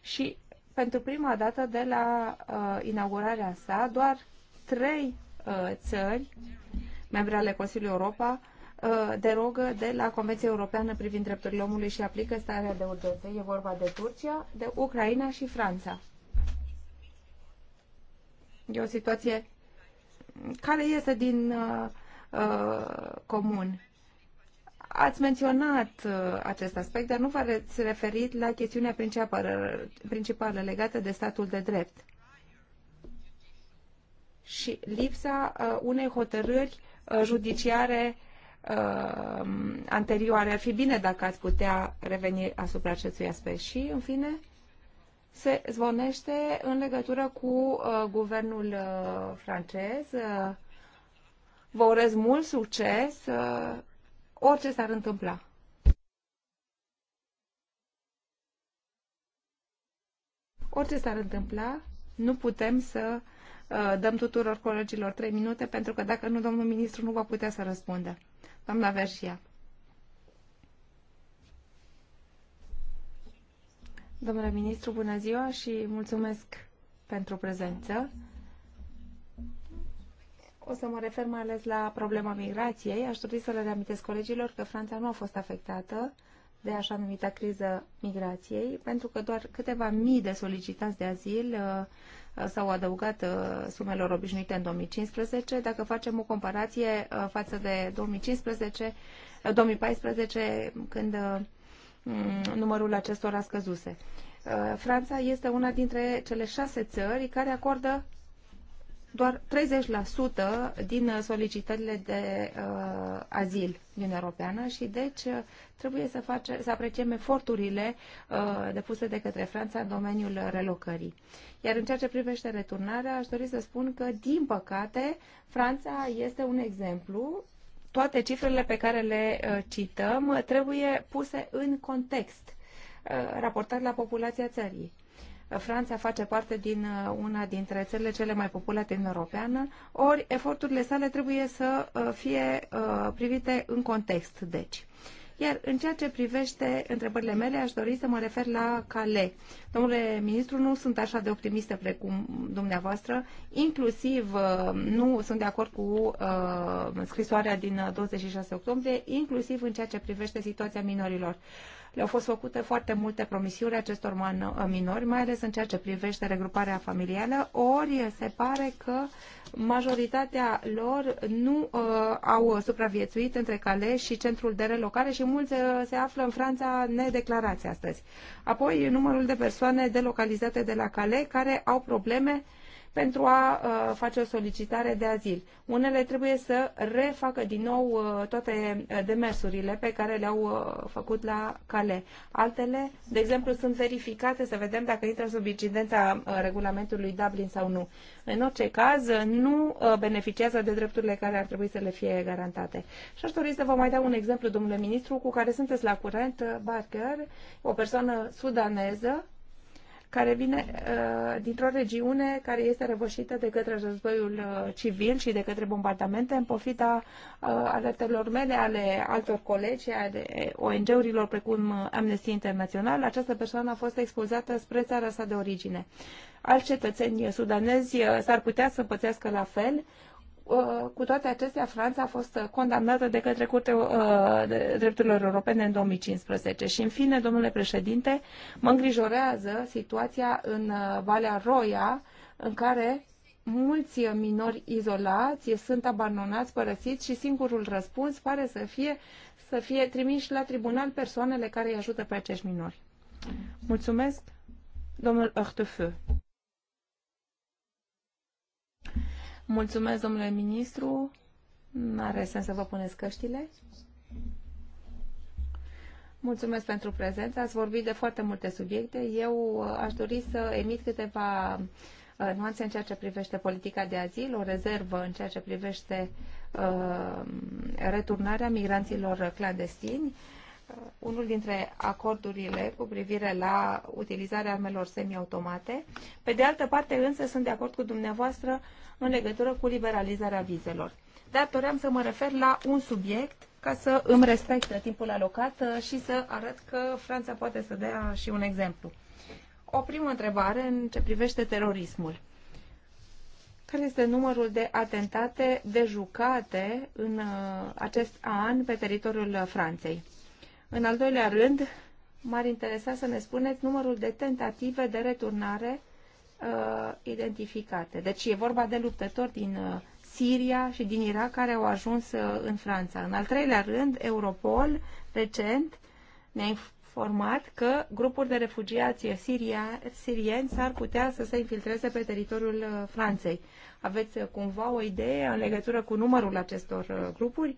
S5: și pentru prima dată de la uh, inaugurarea sa, doar trei Uh, țări, membre ale Consiliului Europa, uh, derogă de la Convenția Europeană privind drepturile omului și aplică starea de urgență. E vorba de Turcia, de Ucraina și Franța. E o situație care iese din uh, uh, comun. Ați menționat uh, acest aspect, dar nu v-ați referit la chestiunea principală, principală legată de statul de drept. Uh, și lipsa uh, unei hotărâri uh, judiciare uh, anterioare. Ar fi bine dacă ați putea reveni asupra acestui aspect. Și, în fine, se zvonește în legătură cu guvernul francez. Vă urez mult succes, orice s-ar întâmpla. Orice s-ar întâmpla, nu putem să Eh, dăm tuturor colegilor trei minute, pentru că dacă nu, domnul ministru nu va putea să răspundă. Doamna Versia. Domnule ministru, bună ziua și mulțumesc pentru prezență. O să mă refer mai ales la problema migrației. Aș dori să le reamintesc colegilor că Franța nu a fost afectată de așa numita criză migrației, pentru că doar câteva mii de solicitanți de azil s-au adăugat uh, sumelor obișnuite în 2015. Dacă facem o comparație uh, față de 2015, 2014, uh, când mm, numărul acestora scăzuse. Franța este una dintre cele șase țări care acordă doar 30% din solicitările de uh, azil din Europeană și deci uh, trebuie să, face, să apreciem eforturile uh, depuse de către Franța în domeniul relocării. Iar în ceea ce privește returnarea, aș dori să spun că, din păcate, Franța este un exemplu. Toate cifrele pe care le uh, cităm trebuie puse în context, uh, raportat la populația țării. Uh, Franța face parte din uh, una dintre țările cele mai populate în Europeană, ori eforturile sale trebuie să uh, fie uh, privite în context, deci. Iar în ceea ce privește întrebările mele, aș dori să mă refer la cale. Domnule ministru, nu sunt așa de optimistă precum dumneavoastră, inclusiv nu sunt de acord cu uh, scrisoarea din 26 octombrie, inclusiv în ceea ce privește situația minorilor. Uh, le-au fost făcute foarte multe promisiuni acestor minori, mai ales în ceea ce privește regruparea familială, ori se pare că majoritatea lor nu uh, au supraviețuit între cale și centrul de relocare și mulți uh, se află în Franța nedeclarați astăzi. Apoi, numărul de persoane delocalizate de la cale care au probleme uh, pentru a uh, face o solicitare de azil. Unele trebuie să refacă din nou uh, toate uh, demersurile pe care le-au făcut la cale. Altele, de exemplu, sunt verificate să vedem dacă intră sub incidența regulamentului Dublin sau nu. În orice caz, nu beneficiază de drepturile care ar trebui să le fie garantate. Și aș dori să vă mai dau un exemplu, domnule ministru, cu care sunteți la curent, Barker, o persoană sudaneză care vine uh, dintr-o regiune care este răvășită de către războiul uh, civil și de către bombardamente, în pofita uh, alertelor mele, ale altor colegi, ale ONG-urilor precum Amnesty International, această persoană a fost expulzată spre țara sa de origine. Alți cetățeni sudanezi s-ar putea să pățească la fel, Uh, cu toate acestea, Franța a fost uh, condamnată de către Curtea uh, Drepturilor Europene în 2015. Și, în fine, domnule președinte, mă îngrijorează situația în Valea Roia, în care mulți minori izolați sunt abandonați, părăsiți și singurul răspuns pare să fie să fie trimiși la tribunal persoanele care îi ajută pe acești minori. Mulțumesc, domnul Ortefeu. Mulțumesc, domnule ministru. Nu are sens să vă puneți căștile. Mulțumesc pentru prezență. Ați vorbit de foarte multe subiecte. Eu uh, aș dori să emit câteva uh, nuanțe în ceea ce privește politica de azil, o rezervă în ceea ce privește uh, returnarea migranților clandestini. Uh, unul dintre acordurile cu privire la utilizarea armelor semiautomate. Pe de altă parte, însă, sunt de acord cu dumneavoastră în legătură cu liberalizarea vizelor. Dar doream să mă refer la un subiect ca să îmi respect timpul alocat uh, și să arăt că Franța poate să dea și un exemplu. O primă întrebare în ce privește terorismul. Care este numărul de atentate dejucate în uh, acest an pe teritoriul Franței? În al doilea rând, m-ar interesa să ne spuneți numărul de tentative de returnare uh, identificate. Deci e vorba de luptători din uh, Siria și din Irak care au ajuns uh, în Franța. În al treilea rând, Europol, recent, ne-a informat că grupuri de refugiați siria, sirieni s-ar putea să se infiltreze pe teritoriul uh, Franței. Aveți uh, cumva o idee în legătură cu numărul acestor uh, grupuri?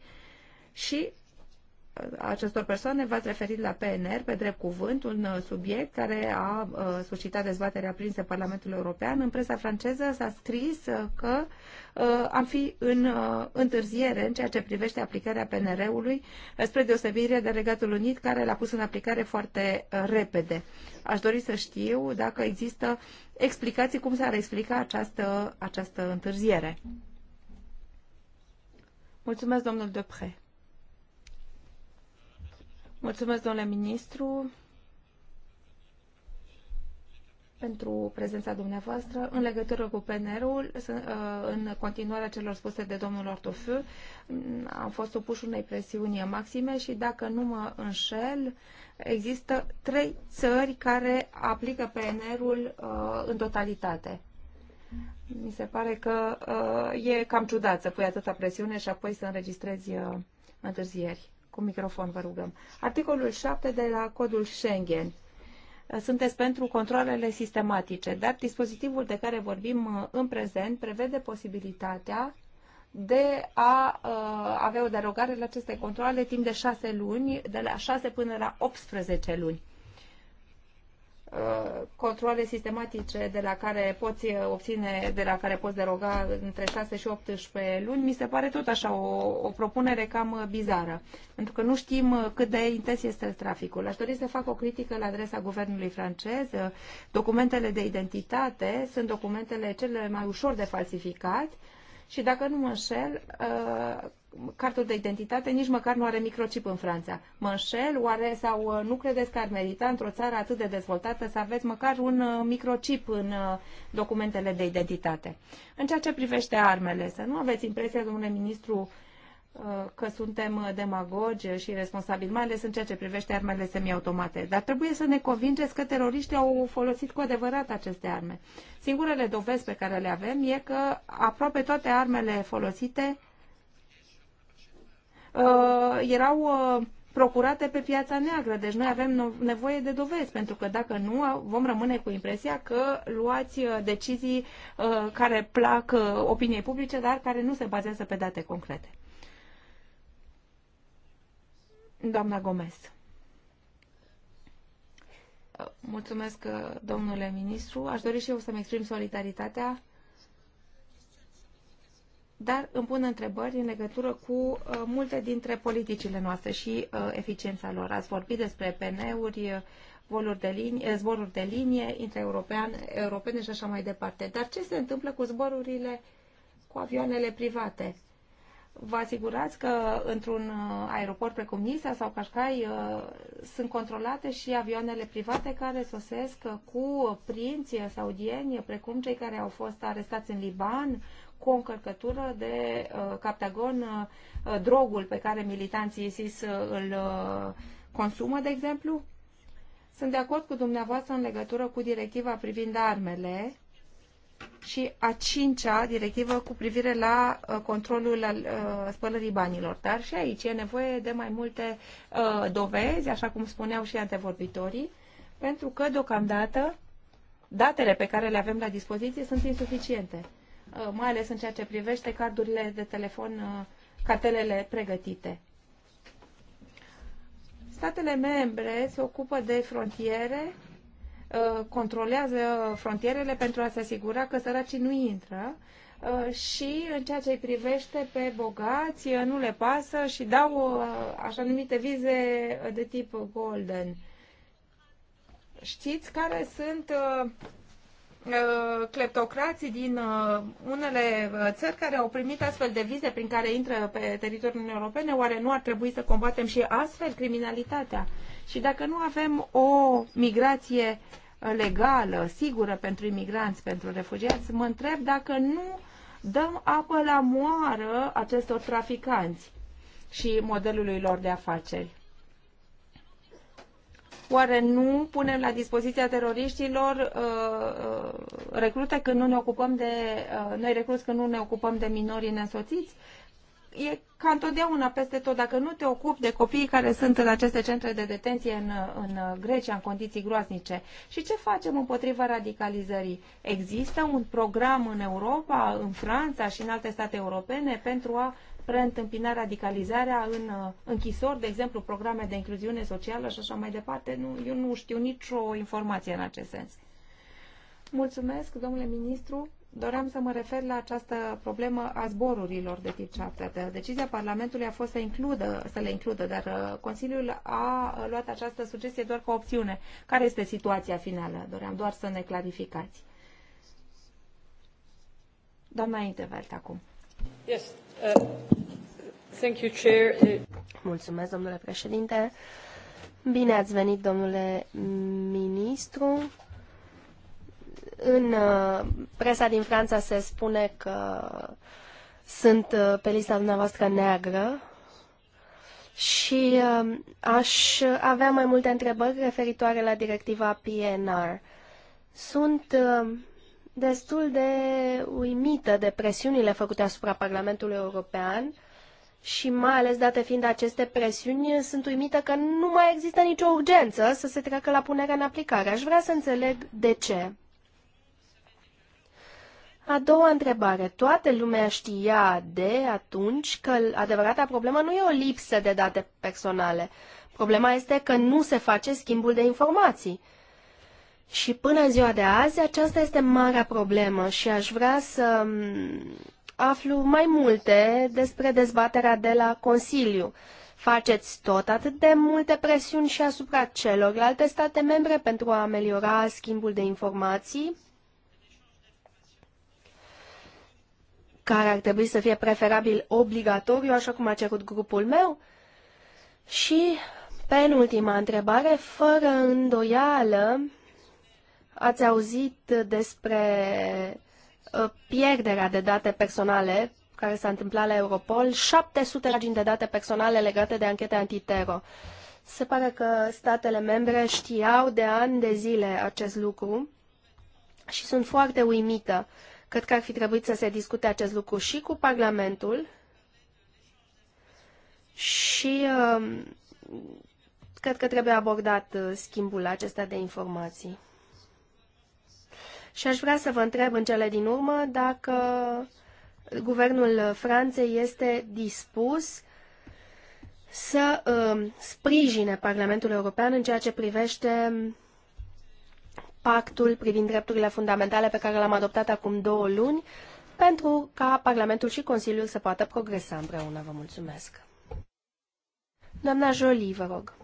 S5: Și acestor persoane v-ați referit la PNR pe drept cuvânt, un uh, subiect care a uh, suscitat dezbaterea aprinsă Parlamentul European. În presa franceză s-a scris uh, că am fi în întârziere în ceea ce privește aplicarea PNR-ului, spre deosebire de Regatul Unit, care l-a pus în aplicare foarte repede. Aș dori să știu dacă există explicații cum s-ar explica această, această întârziere. Mulțumesc, domnul Depre domnule ministru, pentru prezența dumneavoastră. În legătură cu PNR-ul, uh, în continuarea celor spuse de domnul Ortofiu, mm, am fost supuși unei presiuni maxime și, dacă nu mă înșel, există trei țări care aplică PNR-ul uh, în totalitate. Mi se pare că uh, e cam ciudat să pui atâta presiune și apoi să înregistrezi întârzieri. Cu microfon, vă rugăm. Articolul 7 de la Codul Schengen. Sunteți pentru controlele sistematice, dar dispozitivul de care vorbim uh, în prezent prevede posibilitatea de a uh, avea o derogare la aceste controle timp de 6 luni, de la 6 până la 18 luni. Uh, controle sistematice de la care poți obține, de la care poți deroga între 6 și 18 luni, mi se pare tot așa o, o propunere cam bizară, pentru că nu știm uh, cât de intens este traficul. Aș dori să fac o critică la adresa guvernului francez. Documentele de identitate sunt documentele cele mai ușor de falsificat și dacă nu mă înșel, uh, cartul de identitate nici măcar nu are microchip în Franța. Mă înșel? Oare sau uh, nu credeți că ar merita într-o țară atât de dezvoltată să aveți măcar un uh, microchip în uh, documentele de identitate? În ceea ce privește armele, să nu aveți impresia, domnule ministru, că suntem demagogi și responsabili, mai ales în ceea ce privește armele semiautomate. Dar trebuie să ne convingeți că teroriștii au folosit cu adevărat aceste arme. Singurele dovezi pe care le avem e că aproape toate armele folosite Uh, erau uh, procurate pe piața neagră. Deci noi avem nevoie de dovezi, pentru că dacă nu, vom rămâne cu impresia că luați uh, decizii care plac opiniei publice, dar care nu se bazează pe date concrete. Doamna Gomez. Mulțumesc, domnule ministru. Aș dori și eu să-mi exprim solidaritatea dar îmi pun întrebări în legătură cu uh, multe dintre politicile noastre și uh, eficiența lor. Ați vorbit despre PN-uri, eh, zboruri de linie, zboruri de linie intraeuropean, europene și așa mai departe. Dar ce se întâmplă cu zborurile cu avioanele private? Vă asigurați că într-un uh, aeroport precum Nisa sau Cașcai uh, sunt controlate și avioanele private care sosesc uh, cu prinții saudieni, precum cei care au fost arestați în Liban, cu o încărcătură de uh, captagon, uh, drogul pe care militanții ISIS uh, îl consumă, de exemplu? Sunt de acord cu dumneavoastră în legătură cu directiva privind armele și a cincea directivă cu privire la controlul al, spălării banilor. Dar și aici e nevoie de mai multe dovezi, așa cum spuneau și antevorbitorii, pentru că deocamdată datele pe care le avem la dispoziție sunt insuficiente. Uh, mai ales în ceea ce privește cardurile de telefon, uh, cartelele pregătite. Statele membre se ocupă de frontiere, uh, controlează frontierele pentru a se asigura că săracii nu intră și în ceea ce îi privește pe bogați, nu le pasă și dau așa numite vize de tip golden. Știți care sunt cleptocrații uh, din uh, unele uh, țări care au primit astfel de vize prin care intră pe teritoriul Uniunii Europene, oare nu ar trebui să combatem și astfel criminalitatea? Și dacă nu avem o migrație legală, sigură pentru imigranți, pentru refugiați, mă întreb dacă nu dăm apă la moară acestor traficanți și modelului lor de afaceri. Oare nu punem la dispoziția teroriștilor uh, uh, recrute când nu ne ocupăm de, uh, noi recruți când nu ne ocupăm de minorii nesoțiți? E ca întotdeauna peste tot, dacă nu te ocupi de copiii care sunt în aceste centre de detenție în, în Grecia, în condiții groaznice. Și ce facem împotriva radicalizării? Există un program în Europa, în Franța și în alte state europene pentru a uh, preîntâmpina radicalizarea în uh, închisori, de exemplu, programe de incluziune socială și așa mai departe. Nu, eu nu știu nicio informație în acest sens. Mulțumesc, domnule ministru. Doream să mă refer la această problemă a zborurilor de tip charter. Decizia Parlamentului a fost să, includă, să le includă, dar uh, Consiliul a luat această sugestie doar ca opțiune. Care este situația finală? Doream doar să ne clarificați. Doamna Intevelt, acum.
S3: Este.
S4: Mulțumesc, domnule președinte. Bine ați venit, domnule ministru. În uh, presa din Franța se spune că sunt uh, pe lista dumneavoastră neagră și uh, aș avea mai multe întrebări referitoare la directiva PNR. Sunt destul de uimită de presiunile făcute asupra Parlamentului European și mai ales date fiind aceste presiuni, sunt uimită că nu mai există nicio urgență să se treacă la punerea în aplicare. Aș vrea să înțeleg de ce. A doua întrebare. Toată lumea știa de atunci că adevărata problemă nu e o lipsă de date personale. Problema este că nu se face schimbul de informații. Și până ziua de azi, aceasta este marea problemă și aș vrea să mm, aflu mai multe despre dezbaterea de la Consiliu. Faceți tot atât de multe presiuni și asupra celorlalte state membre pentru a ameliora schimbul de informații? care ar trebui să fie preferabil obligatoriu, așa cum a cerut grupul meu? Și penultima întrebare, fără îndoială, Ați auzit despre uh, pierderea de date personale care s-a întâmplat la Europol, 700 pagini de date personale legate de anchete antitero. Se pare că statele membre știau de ani de zile acest lucru și sunt foarte uimită. Cred că ar fi trebuit să se discute acest lucru și cu Parlamentul și uh, cred că trebuie abordat uh, schimbul acesta de informații. Și aș vrea să vă întreb în cele din urmă dacă guvernul Franței este dispus să uh, sprijine Parlamentul European în ceea ce privește pactul privind drepturile fundamentale pe care l-am adoptat acum două luni, pentru ca Parlamentul și Consiliul să poată progresa împreună. Vă mulțumesc. Doamna Jolie, vă rog.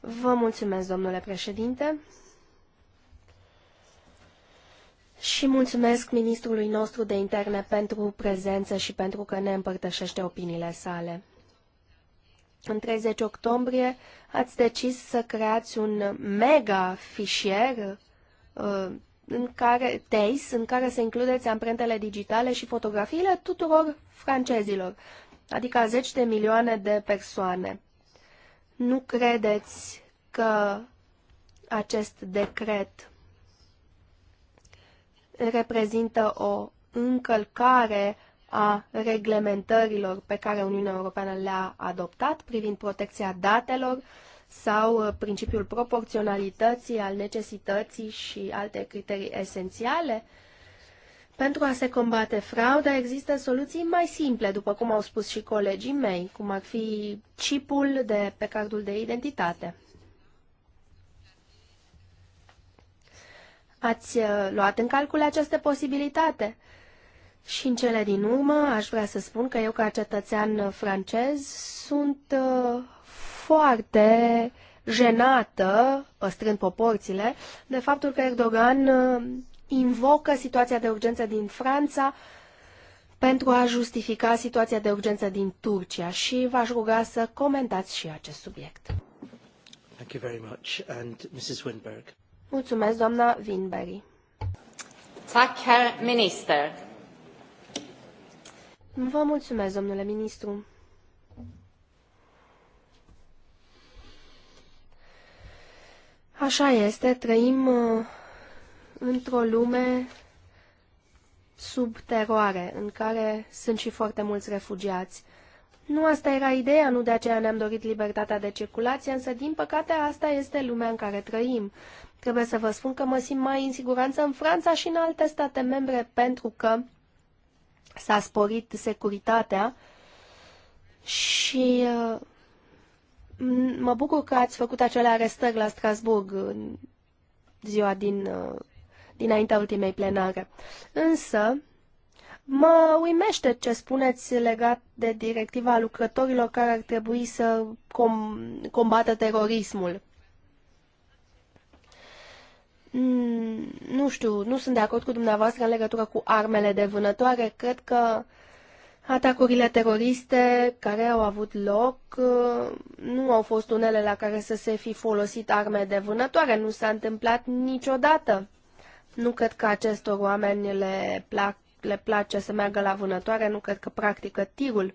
S4: Vă mulțumesc, domnule președinte și mulțumesc ministrului nostru de interne pentru prezență și pentru că ne împărtășește opiniile sale. În 30 octombrie ați decis să creați un mega fișier uh, în care, TACE, în care să includeți amprentele digitale și fotografiile tuturor francezilor, adică a zeci de milioane de persoane. Nu credeți că acest decret reprezintă o încălcare a reglementărilor pe care Uniunea Europeană le-a adoptat privind protecția datelor sau uh, principiul proporționalității, al necesității și alte criterii esențiale. Pentru a se combate frauda există soluții mai simple, după cum au spus și colegii mei, cum ar fi chipul de pe cardul de identitate. Ați uh, luat în calcul această posibilitate? Și în cele din urmă aș vrea să spun că eu ca cetățean francez sunt uh, foarte jenată, păstrând proporțiile, de faptul că Erdogan uh, invocă situația de urgență din Franța pentru a justifica situația de urgență din Turcia și v-aș ruga să comentați și acest subiect.
S1: Thank you very much. And Mrs. Winberg.
S4: Mulțumesc, doamna Winberry.
S5: Tack, herr minister.
S4: Vă mulțumesc, domnule ministru. Așa este, trăim uh, într-o lume sub teroare, în care sunt și foarte mulți refugiați. Nu asta era ideea, nu de aceea ne-am dorit libertatea de circulație, însă din păcate asta este lumea în care trăim. Trebuie să vă spun că mă simt mai în siguranță în Franța și în alte state membre pentru că s-a sporit securitatea și uh, mă bucur că ați făcut acele arestări la Strasburg în ziua din, uh, dinaintea ultimei plenare. Însă, mă uimește ce spuneți legat de directiva lucrătorilor care ar trebui să com- combată terorismul. Mm, nu știu, nu sunt de acord cu dumneavoastră în legătură cu armele de vânătoare. Cred că atacurile teroriste care au avut loc uh, nu au fost unele la care să se fi folosit arme de vânătoare. Nu s-a întâmplat niciodată. Nu cred că acestor oameni le, plac, le place să meargă la vânătoare, nu cred că practică tirul.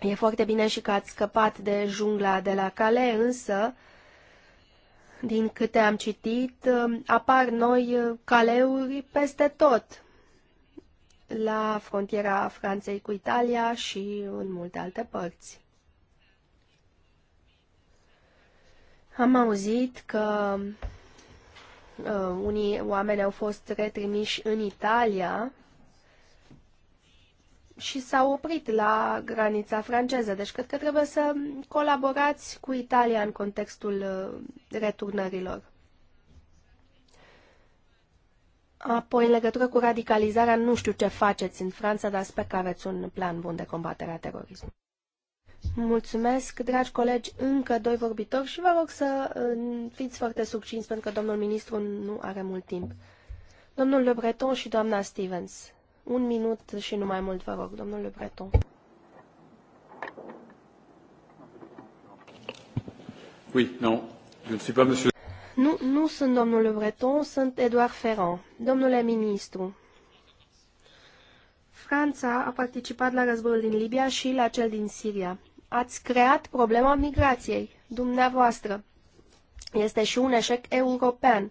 S4: E foarte bine și că ați scăpat de jungla de la cale, însă uh, din câte am citit, um, apar noi uh, caleuri peste tot, la frontiera Franței cu Italia și în multe alte părți. Am auzit că uh, unii oameni au fost retrimiși în Italia și s-au oprit la granița franceză. Deci cred că trebuie să colaborați cu Italia în contextul uh, returnărilor. Apoi, în legătură cu radicalizarea, nu știu ce faceți în Franța, dar sper că aveți un plan bun de combatere a terorismului. Mulțumesc, dragi colegi, încă doi vorbitori și vă rog să uh, fiți foarte succinți, pentru că domnul ministru nu are mult timp. Domnul Le Breton și doamna Stevens. Un minut și nu mai mult, vă rog, domnule Breton.
S2: Oui, non, je ne suis pas monsieur...
S4: Nu, nu sunt domnul Breton, sunt Eduard Ferrand. Domnule ministru, Franța a participat la războiul din Libia și la cel din Siria. Ați creat problema migrației, dumneavoastră. Este și un eșec european.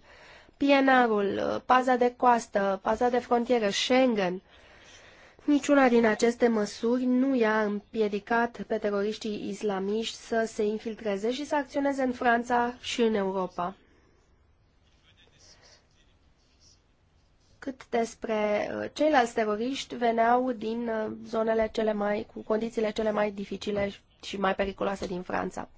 S4: PNR-ul, paza de coastă, paza de frontieră, Schengen. Niciuna din aceste măsuri nu i-a împiedicat pe teroriștii islamiști să se infiltreze și să acționeze în Franța și în Europa. Cât despre uh, ceilalți teroriști, veneau din uh, zonele cele mai, cu condițiile cele mai dificile și mai periculoase din Franța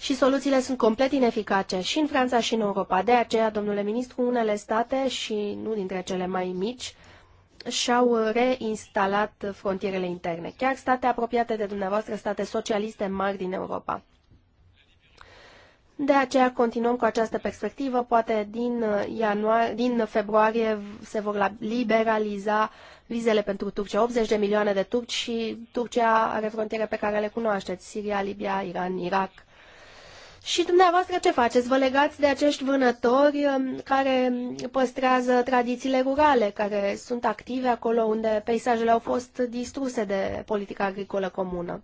S4: și soluțiile sunt complet ineficace și în Franța și în Europa. De aceea, domnule ministru, unele state și nu dintre cele mai mici și-au reinstalat frontierele interne, chiar state apropiate de dumneavoastră, state socialiste mari din Europa. De aceea continuăm cu această perspectivă. Poate din, uh, ianuar, din februarie se vor liberaliza vizele pentru Turcia. 80 de milioane de turci și Turcia are frontiere pe care le cunoașteți. Siria, Libia, Iran, Irak. Și dumneavoastră ce faceți? Vă legați de acești vânători um, care păstrează tradițiile rurale, care sunt active acolo unde peisajele au fost distruse de politica agricolă comună.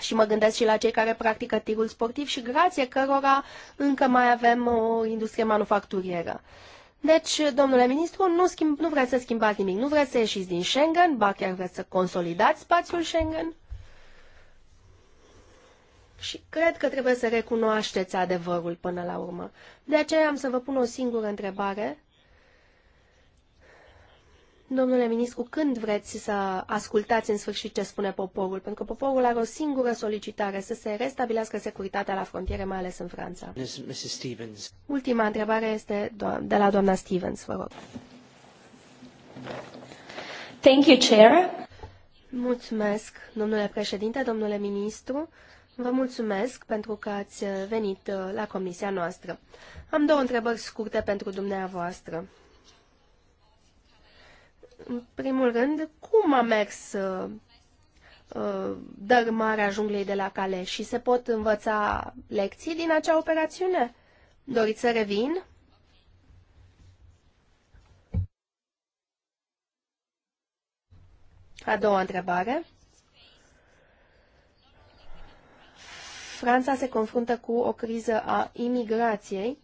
S4: Și mă gândesc și la cei care practică tirul sportiv și grație cărora încă mai avem o industrie manufacturieră. Deci, domnule ministru, nu, schimb, nu vreți să schimbați nimic, nu vreți să ieșiți din Schengen, ba chiar vreți să consolidați spațiul Schengen? Și cred că trebuie să recunoașteți adevărul până la urmă. De aceea am să vă pun o singură întrebare. Domnule ministru, când vreți să ascultați în sfârșit ce spune poporul? Pentru că poporul are o singură solicitare, să se restabilească securitatea la frontiere, mai ales în Franța. Mrs. Stevens. Ultima întrebare este de la doamna Stevens, vă rog. Thank you, Chair. Mulțumesc, domnule președinte, domnule ministru. Vă mulțumesc pentru că ați venit uh, la comisia noastră. Am două întrebări scurte pentru dumneavoastră. În primul rând, cum a mers uh, uh dărmarea junglei de la cale și se pot învăța lecții din acea operațiune? Doriți să revin? A doua întrebare. Franța se confruntă cu o criză a imigrației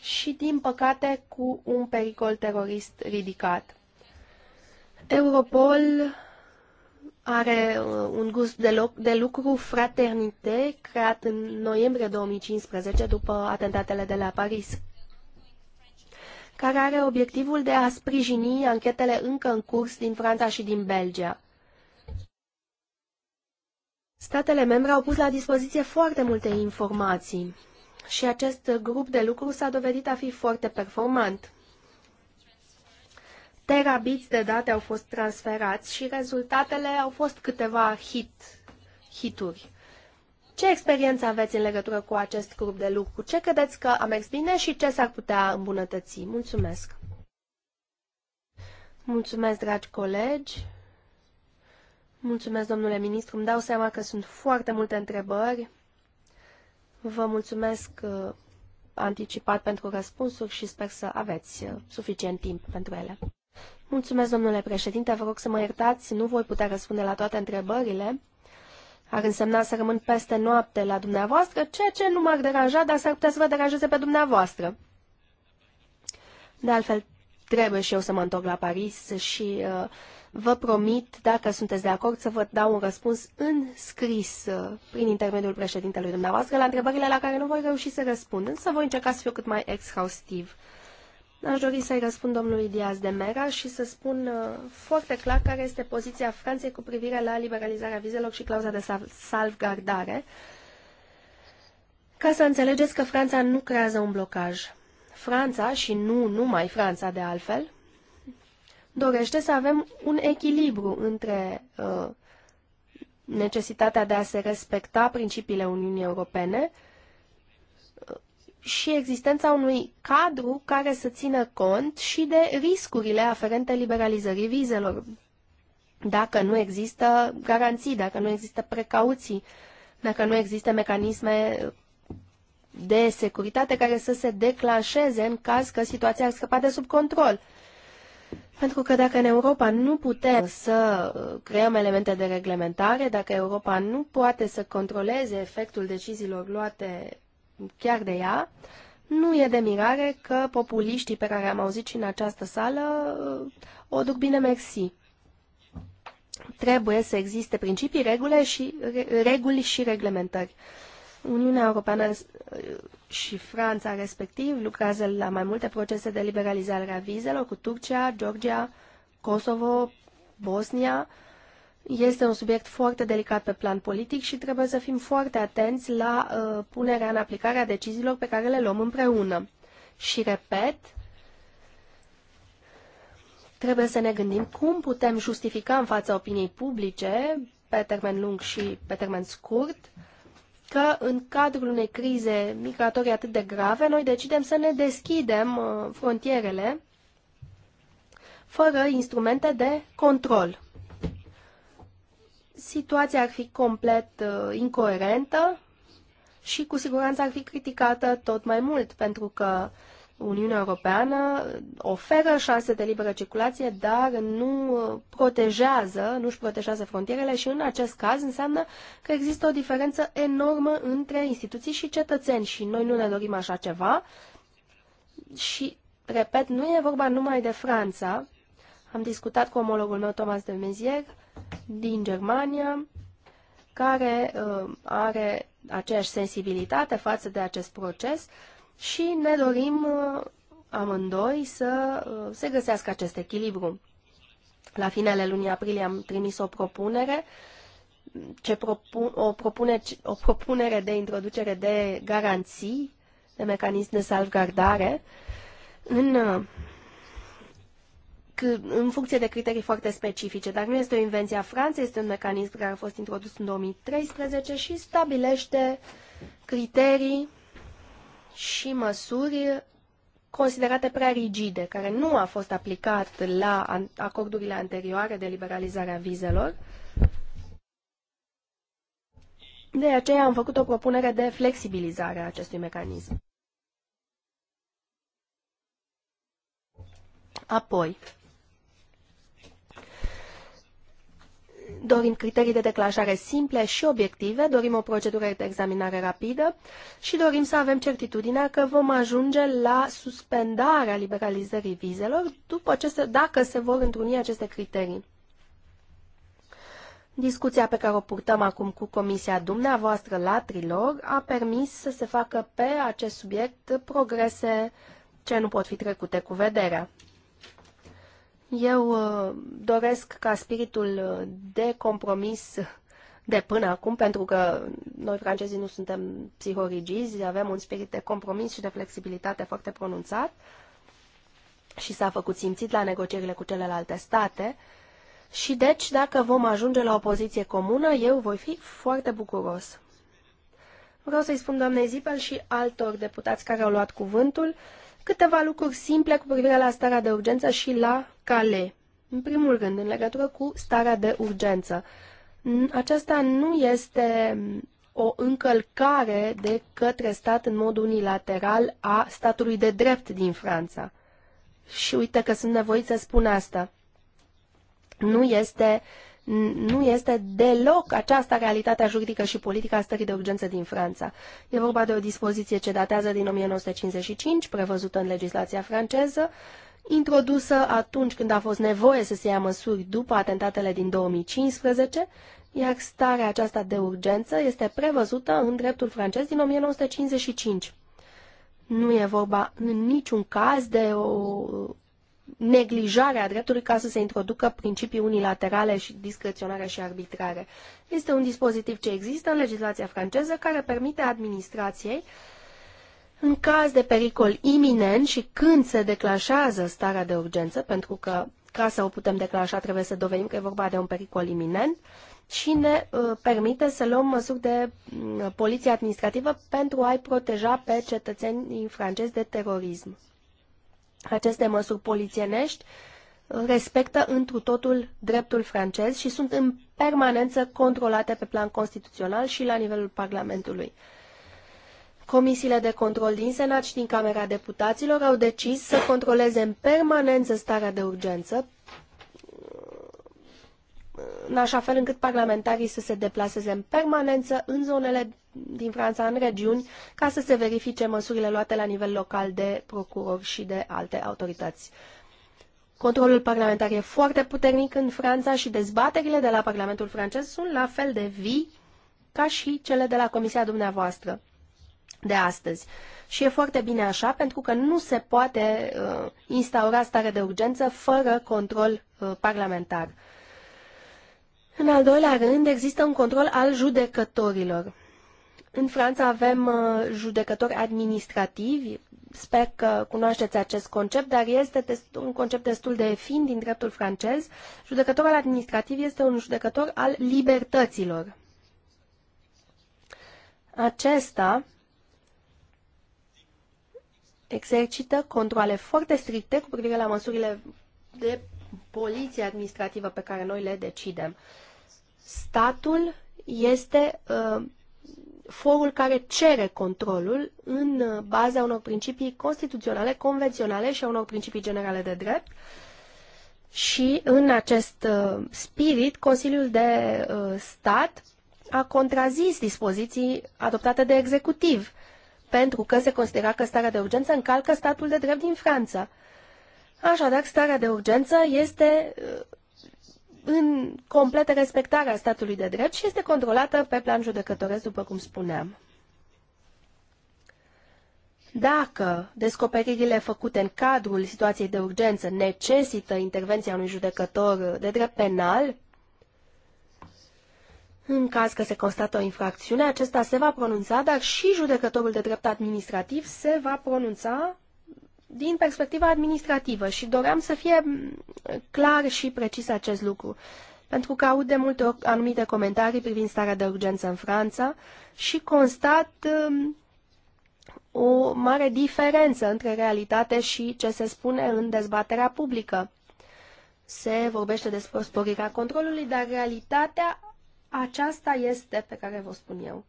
S4: și, din păcate, cu un pericol terorist ridicat. Europol are uh, un gust de, loc, de lucru fraternite creat în noiembrie 2015 după atentatele de la Paris care are obiectivul de a sprijini anchetele încă în curs din Franța și din Belgia. Statele membre au pus la dispoziție foarte multe informații și acest grup de lucru s-a dovedit a fi foarte performant. Terabiți de date au fost transferați și rezultatele au fost câteva hit, hituri. Ce experiență aveți în legătură cu acest grup de lucru? Ce credeți că a mers bine și ce s-ar putea îmbunătăți? Mulțumesc! Mulțumesc, dragi colegi! Mulțumesc, domnule ministru. Îmi dau seama că sunt foarte multe întrebări. Vă mulțumesc uh, anticipat pentru răspunsuri și sper să aveți uh, suficient timp pentru ele. Mulțumesc, domnule președinte. Vă rog să mă iertați, nu voi putea răspunde la toate întrebările. Ar însemna să rămân peste noapte la dumneavoastră, ceea ce nu m-ar deranja, dar s-ar putea să vă deranjeze pe dumneavoastră. De altfel, trebuie și eu să mă întorc la Paris și uh, Vă promit, dacă sunteți de acord, să vă dau un răspuns în scris uh, prin intermediul președintelui dumneavoastră la întrebările la care nu voi reuși să răspund, însă voi încerca să fiu cât mai exhaustiv. Aș dori să-i răspund domnului Diaz de Mera și să spun uh, foarte clar care este poziția Franței cu privire la liberalizarea vizelor și clauza de salvgardare, ca să înțelegeți că Franța nu creează un blocaj. Franța, și nu numai Franța de altfel, dorește să avem un echilibru între uh, necesitatea de a se respecta principiile Uniunii Europene uh, și existența unui cadru care să țină cont și de riscurile aferente liberalizării vizelor. Dacă nu există garanții, dacă nu există precauții, dacă nu există mecanisme de securitate care să se declanșeze în caz că situația ar scăpa de sub control. Pentru că dacă în Europa nu putem să uh, creăm elemente de reglementare, dacă Europa nu poate să controleze efectul deciziilor luate chiar de ea, nu e de mirare că populiștii pe care am auzit și în această sală uh, o duc bine mersi. Trebuie să existe principii, regule și, reguli și reglementări. Uniunea Europeană uh, și Franța respectiv lucrează la mai multe procese de liberalizare a vizelor cu Turcia, Georgia, Kosovo, Bosnia. Este un subiect foarte delicat pe plan politic și trebuie să fim foarte atenți la uh, punerea în aplicare a deciziilor pe care le luăm împreună. Și repet, trebuie să ne gândim cum putem justifica în fața opiniei publice, pe termen lung și pe termen scurt, uh, că în cadrul unei crize migratorii atât de grave, noi decidem să ne deschidem uh, frontierele fără instrumente de control. Situația ar fi complet uh, incoerentă și cu siguranță ar fi criticată tot mai mult, pentru că Uniunea Europeană oferă șanse de liberă circulație, dar nu protejează, nu își protejează frontierele și în acest caz înseamnă că există o diferență enormă între instituții și cetățeni și noi nu ne dorim așa ceva. Și, repet, nu e vorba numai de Franța. Am discutat cu omologul meu, Thomas de Mezier, din Germania, care uh, are aceeași sensibilitate față de acest proces. Uh, și ne dorim uh, amândoi să uh, se găsească acest echilibru. La finele lunii aprilie am trimis o propunere ce propun, o, propune, o propunere de introducere de garanții, de mecanism de salvgardare, în, uh, în funcție de criterii foarte specifice. Dar nu este o invenție a Franței, este un mecanism care a fost introdus în 2013 și stabilește criterii și măsuri considerate prea rigide, care nu a fost aplicat la acordurile anterioare de liberalizare a vizelor. De aceea am făcut o propunere de flexibilizare a acestui mecanism. Apoi, Dorim criterii de declanșare simple și obiective, dorim o procedură de examinare rapidă și dorim să avem certitudinea că vom ajunge la suspendarea liberalizării vizelor după ce se, dacă se vor întruni aceste criterii. Discuția pe care o purtăm acum cu Comisia dumneavoastră la Trilog a permis să se facă pe acest subiect progrese ce nu pot fi trecute cu vederea. Eu uh, doresc ca spiritul de compromis de până acum, pentru că noi francezii nu suntem psihorigizi, avem un spirit de compromis și de flexibilitate foarte pronunțat și s-a făcut simțit la negocierile cu celelalte state. Și deci, dacă vom ajunge la o poziție comună, eu voi fi foarte bucuros. Vreau să-i spun doamnei Zipel și altor deputați care au luat cuvântul Câteva lucruri simple cu privire la starea de urgență și la cale. În primul rând, în legătură cu starea de urgență. Aceasta nu este o încălcare de către stat în mod unilateral a statului de drept din Franța. Și uite că sunt nevoit să spun asta. Nu este uh, nu este deloc aceasta realitatea juridică și politică a stării de urgență din Franța. E vorba de o dispoziție ce datează din 1955, prevăzută în legislația franceză, introdusă atunci când a fost nevoie să se ia măsuri după atentatele din 2015, iar starea aceasta de urgență este prevăzută în dreptul francez din 1955. Nu e vorba în niciun caz de o neglijare a dreptului ca să se introducă principii unilaterale și discreționare și arbitrare. Este un dispozitiv ce există în legislația franceză care permite administrației în caz de pericol iminent și când se declanșează starea de urgență, pentru că ca să o putem declanșa trebuie să dovedim că e vorba de un pericol iminent și ne uh, permite să luăm măsuri de uh, poliție administrativă pentru a-i proteja pe cetățenii francezi de terorism. Aceste măsuri polițienești respectă întru totul dreptul francez și sunt în permanență controlate pe plan constituțional și la nivelul Parlamentului. Comisiile de control din Senat și din Camera Deputaților au decis să controleze în permanență starea de urgență în așa fel încât parlamentarii să se deplaseze în permanență în zonele din Franța, în regiuni, ca să se verifice măsurile luate la nivel local de procurori și de alte autorități. Controlul parlamentar e foarte puternic în Franța și dezbaterile de la Parlamentul francez sunt la fel de vii ca și cele de la Comisia dumneavoastră de astăzi. Și e foarte bine așa, pentru că nu se poate uh, instaura stare de urgență fără control uh, parlamentar. În al doilea rând, există un control al judecătorilor. În Franța avem uh, judecători administrativi. Sper că cunoașteți acest concept, dar este un concept destul de fin din dreptul francez. Judecătorul administrativ este un judecător al libertăților. Acesta exercită controle foarte stricte cu privire la măsurile de poliție administrativă pe care noi le decidem. Uh, Statul este uh, forul care cere controlul în uh, baza unor principii constituționale, convenționale și a unor principii generale de drept. Și în acest uh, spirit, Consiliul de uh, Stat a contrazis dispoziții adoptate de executiv, pentru că se considera că starea de urgență încalcă statul de drept din Franța. Așadar, starea de urgență este uh, în completă respectare a statului de drept și este controlată pe plan judecătoresc, după cum spuneam. Dacă descoperirile făcute în cadrul situației de urgență necesită intervenția unui judecător de drept penal, în caz că se constată o infracțiune, acesta se va pronunța, dar și judecătorul de drept administrativ se va pronunța din perspectiva administrativă și doream să fie clar și precis acest lucru, pentru că aud de multe ori anumite comentarii privind starea de urgență în Franța și constat um, o mare diferență între realitate și ce se spune în dezbaterea publică. Se vorbește despre sporirea controlului, dar realitatea aceasta este pe care vă spun eu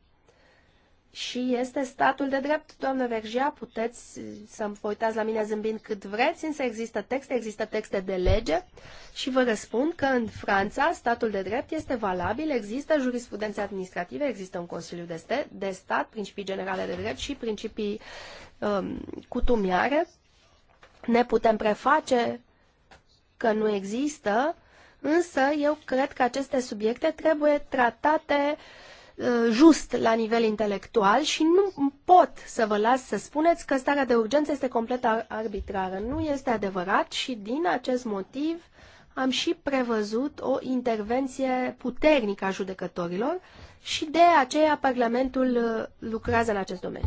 S4: și este statul de drept, doamnă Vergea, puteți să-mi uitați la mine zâmbind cât vreți, însă există texte, există texte de lege și vă răspund că în Franța statul de drept este valabil, există jurisprudențe administrative, există un Consiliu de, stat, de Stat, principii generale de drept și principii um, cutumiare. Ne putem preface că nu există, însă eu cred că aceste subiecte trebuie tratate uh, Uh, just la nivel intelectual și nu pot să vă las să spuneți că starea de urgență este complet arbitrară. Nu este adevărat și din acest motiv am și prevăzut o intervenție puternică a judecătorilor și de aceea Parlamentul uh, lucrează în acest domeniu.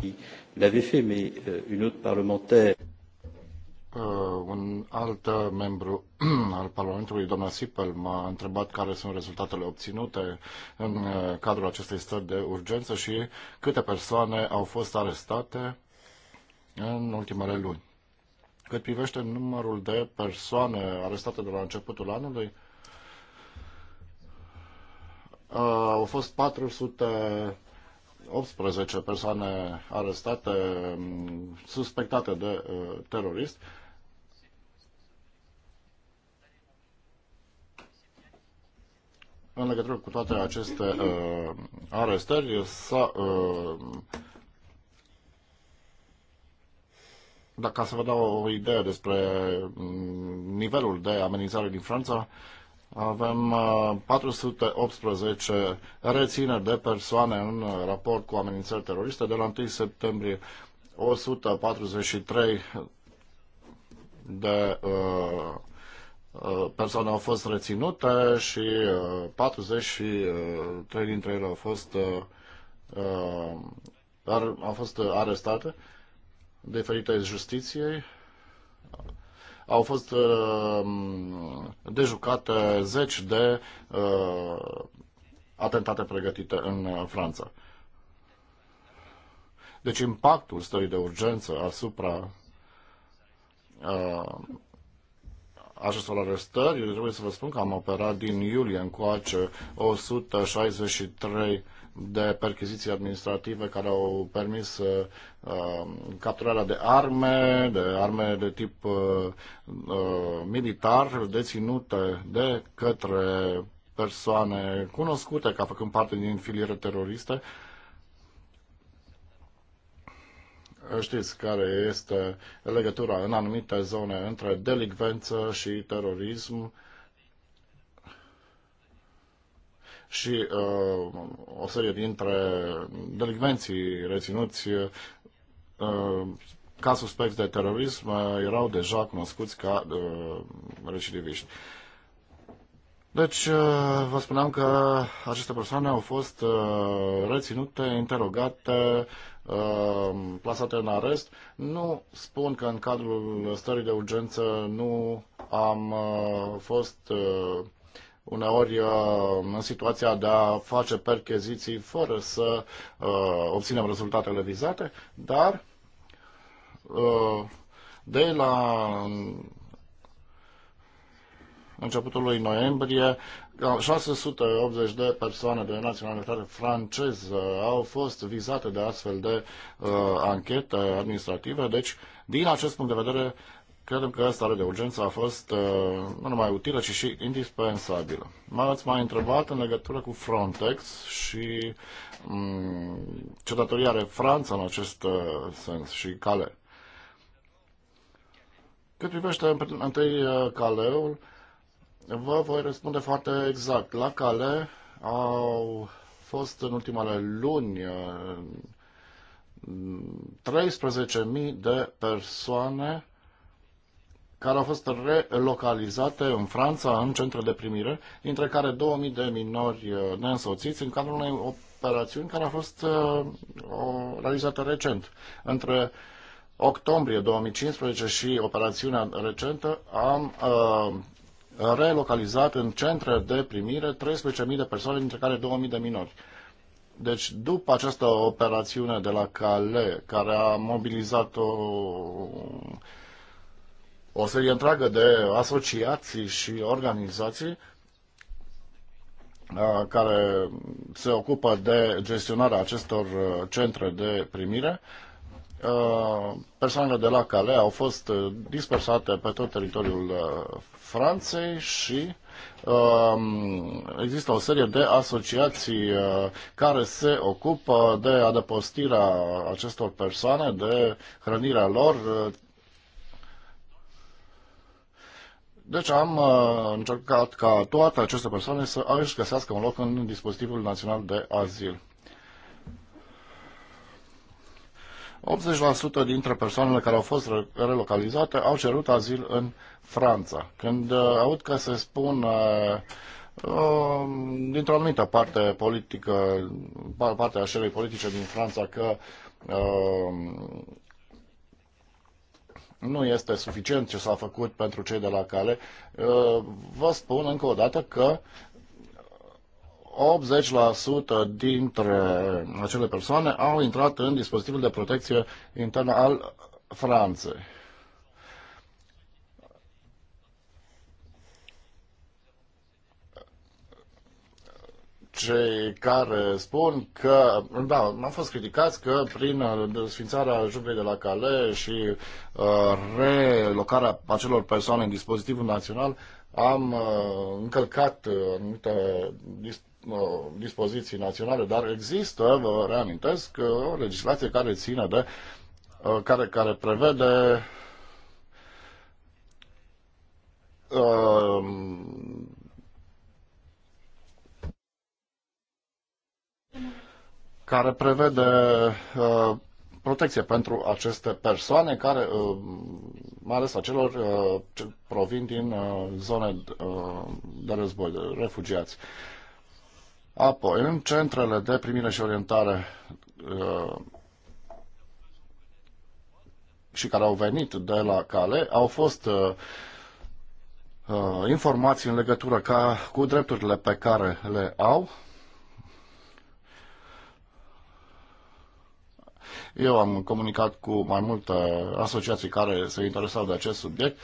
S2: Uh, un alt membru al Parlamentului, doamna Sipel, m-a întrebat care sunt rezultatele obținute în uh, cadrul acestei stări de urgență și câte persoane au fost arestate în ultimele luni. Cât privește numărul de persoane arestate de la începutul anului, uh, au fost 18 persoane arestate, mm, suspectate de terorist, în legătură cu toate aceste uh, arestări să uh, da, ca să vă dau o idee despre mm, nivelul de amenințare din Franța, avem uh, 418 rețineri de persoane în raport cu amenințări teroriste de la 1 septembrie 143 de uh, Uh, persoane au fost reținute și 43 uh, uh, dintre ele au fost, au fost arestate de ferite justiției. Au fost dejucate zeci de atentate pregătite în Franța. Deci impactul stării de urgență asupra acestor arestări, eu trebuie să vă spun că am operat din iulie încoace 163 de perchiziții administrative care au permis uh, um, capturarea de arme, de arme de tip uh, uh, militar deținute de către persoane cunoscute ca făcând parte din filiere teroriste știți care este legătura în anumite zone între delicvență și terorism și uh, o serie dintre delicvenții reținuți uh, ca suspecți de terorism uh, erau deja cunoscuți ca uh, recidiviști. Deci, uh, vă spuneam că aceste persoane au fost uh, reținute, interogate, Uh, plasate în arest. Nu spun că în cadrul stării de urgență nu am uh, fost uh, uneori în situația de a face percheziții fără să obținem rezultatele vizate, dar de la um, începutul lui noiembrie 680 da, de persoane de naționalitate franceză au fost vizate de astfel de uh, anchete administrative, deci din acest punct de vedere credem că starea de urgență a fost uh, nu numai utilă, ci și indispensabilă. M-ați mai întrebat în legătură cu Frontex și um, mm, ce datorie are Franța în acest uh, sens și cale. Cât privește întâi uh, caleul, uh, Vă voi răspunde foarte exact. La cale au fost în ultimele luni 13.000 uh, de persoane care au fost relocalizate în Franța, în centre de primire, dintre care 2000 de minori uh, neînsoțiți în cadrul unei operațiuni care a fost uh, realizată recent. Între octombrie 2015 și operațiunea recentă am relocalizat în centre de primire 13.000 de persoane, dintre care 2.000 de minori. Deci, după această operațiune de la Cale, care a mobilizat o, o serie întreagă de asociații și organizații care se ocupă de gestionarea acestor uh, centre de primire, Uh, persoanele de la Calais au fost uh, dispersate pe tot teritoriul uh, Franței și um, există o serie de asociații care se ocupă de adăpostirea acestor persoane, de hrănirea lor. Deci am încercat ca toate aceste persoane să își găsească un loc în dispozitivul național de azil. 80% dintre persoanele care au fost relocalizate au cerut azil în Franța. Când uh, aud că se spun uh, um, dintr-o anumită parte politică, partea așelei politice din Franța că um, nu este suficient ce s-a făcut pentru cei de la cale, uh, vă spun încă o dată că 80% dintre acele persoane au intrat în dispozitivul de protecție internă al Franței. cei care spun că, da, am fost criticați că prin uh, desfințarea jubilei de la Calais și uh, relocarea acelor persoane în dispozitivul național am uh, încălcat uh, anumite uh, Uh, dispoziții naționale, dar există, vă reamintesc, uh, o legislație care ține de, uh, care, care prevede care prevede protecție pentru aceste persoane, care, mai ales acelor ce provin din zone de război, de refugiați. Apoi, în centrele de primire și orientare uh, și care au venit de la cale, au fost uh, uh, informații în legătură ca, cu drepturile pe care le au. Eu am comunicat cu mai multe asociații care se interesau de acest subiect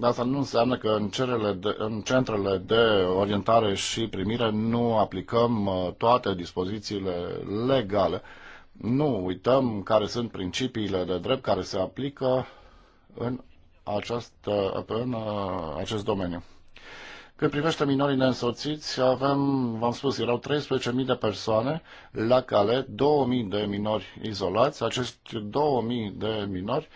S2: Asta nu înseamnă că în, cerele de, în centrele de orientare și primire nu aplicăm uh, toate dispozițiile legale. Nu uităm care sunt principiile de drept care se aplică în, această, în uh, acest domeniu. Când privește minorii neînsoțiți, avem, v-am spus, erau 13.000 de persoane la cale, 2.000 de minori izolați. Acești 2.000 de minori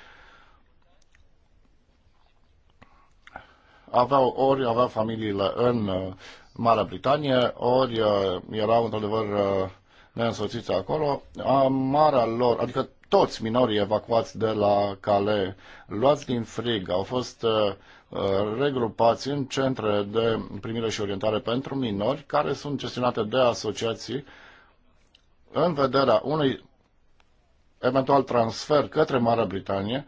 S2: aveau ori aveau familiile în uh, Marea Britanie, ori uh, erau într-adevăr uh, neînsoțiți acolo. Marea lor, adică toți minorii evacuați de la Calais, luați din frig, au fost regrupați în centre de primire și orientare pentru minori, care sunt gestionate de asociații în vederea unui eventual transfer către Marea Britanie,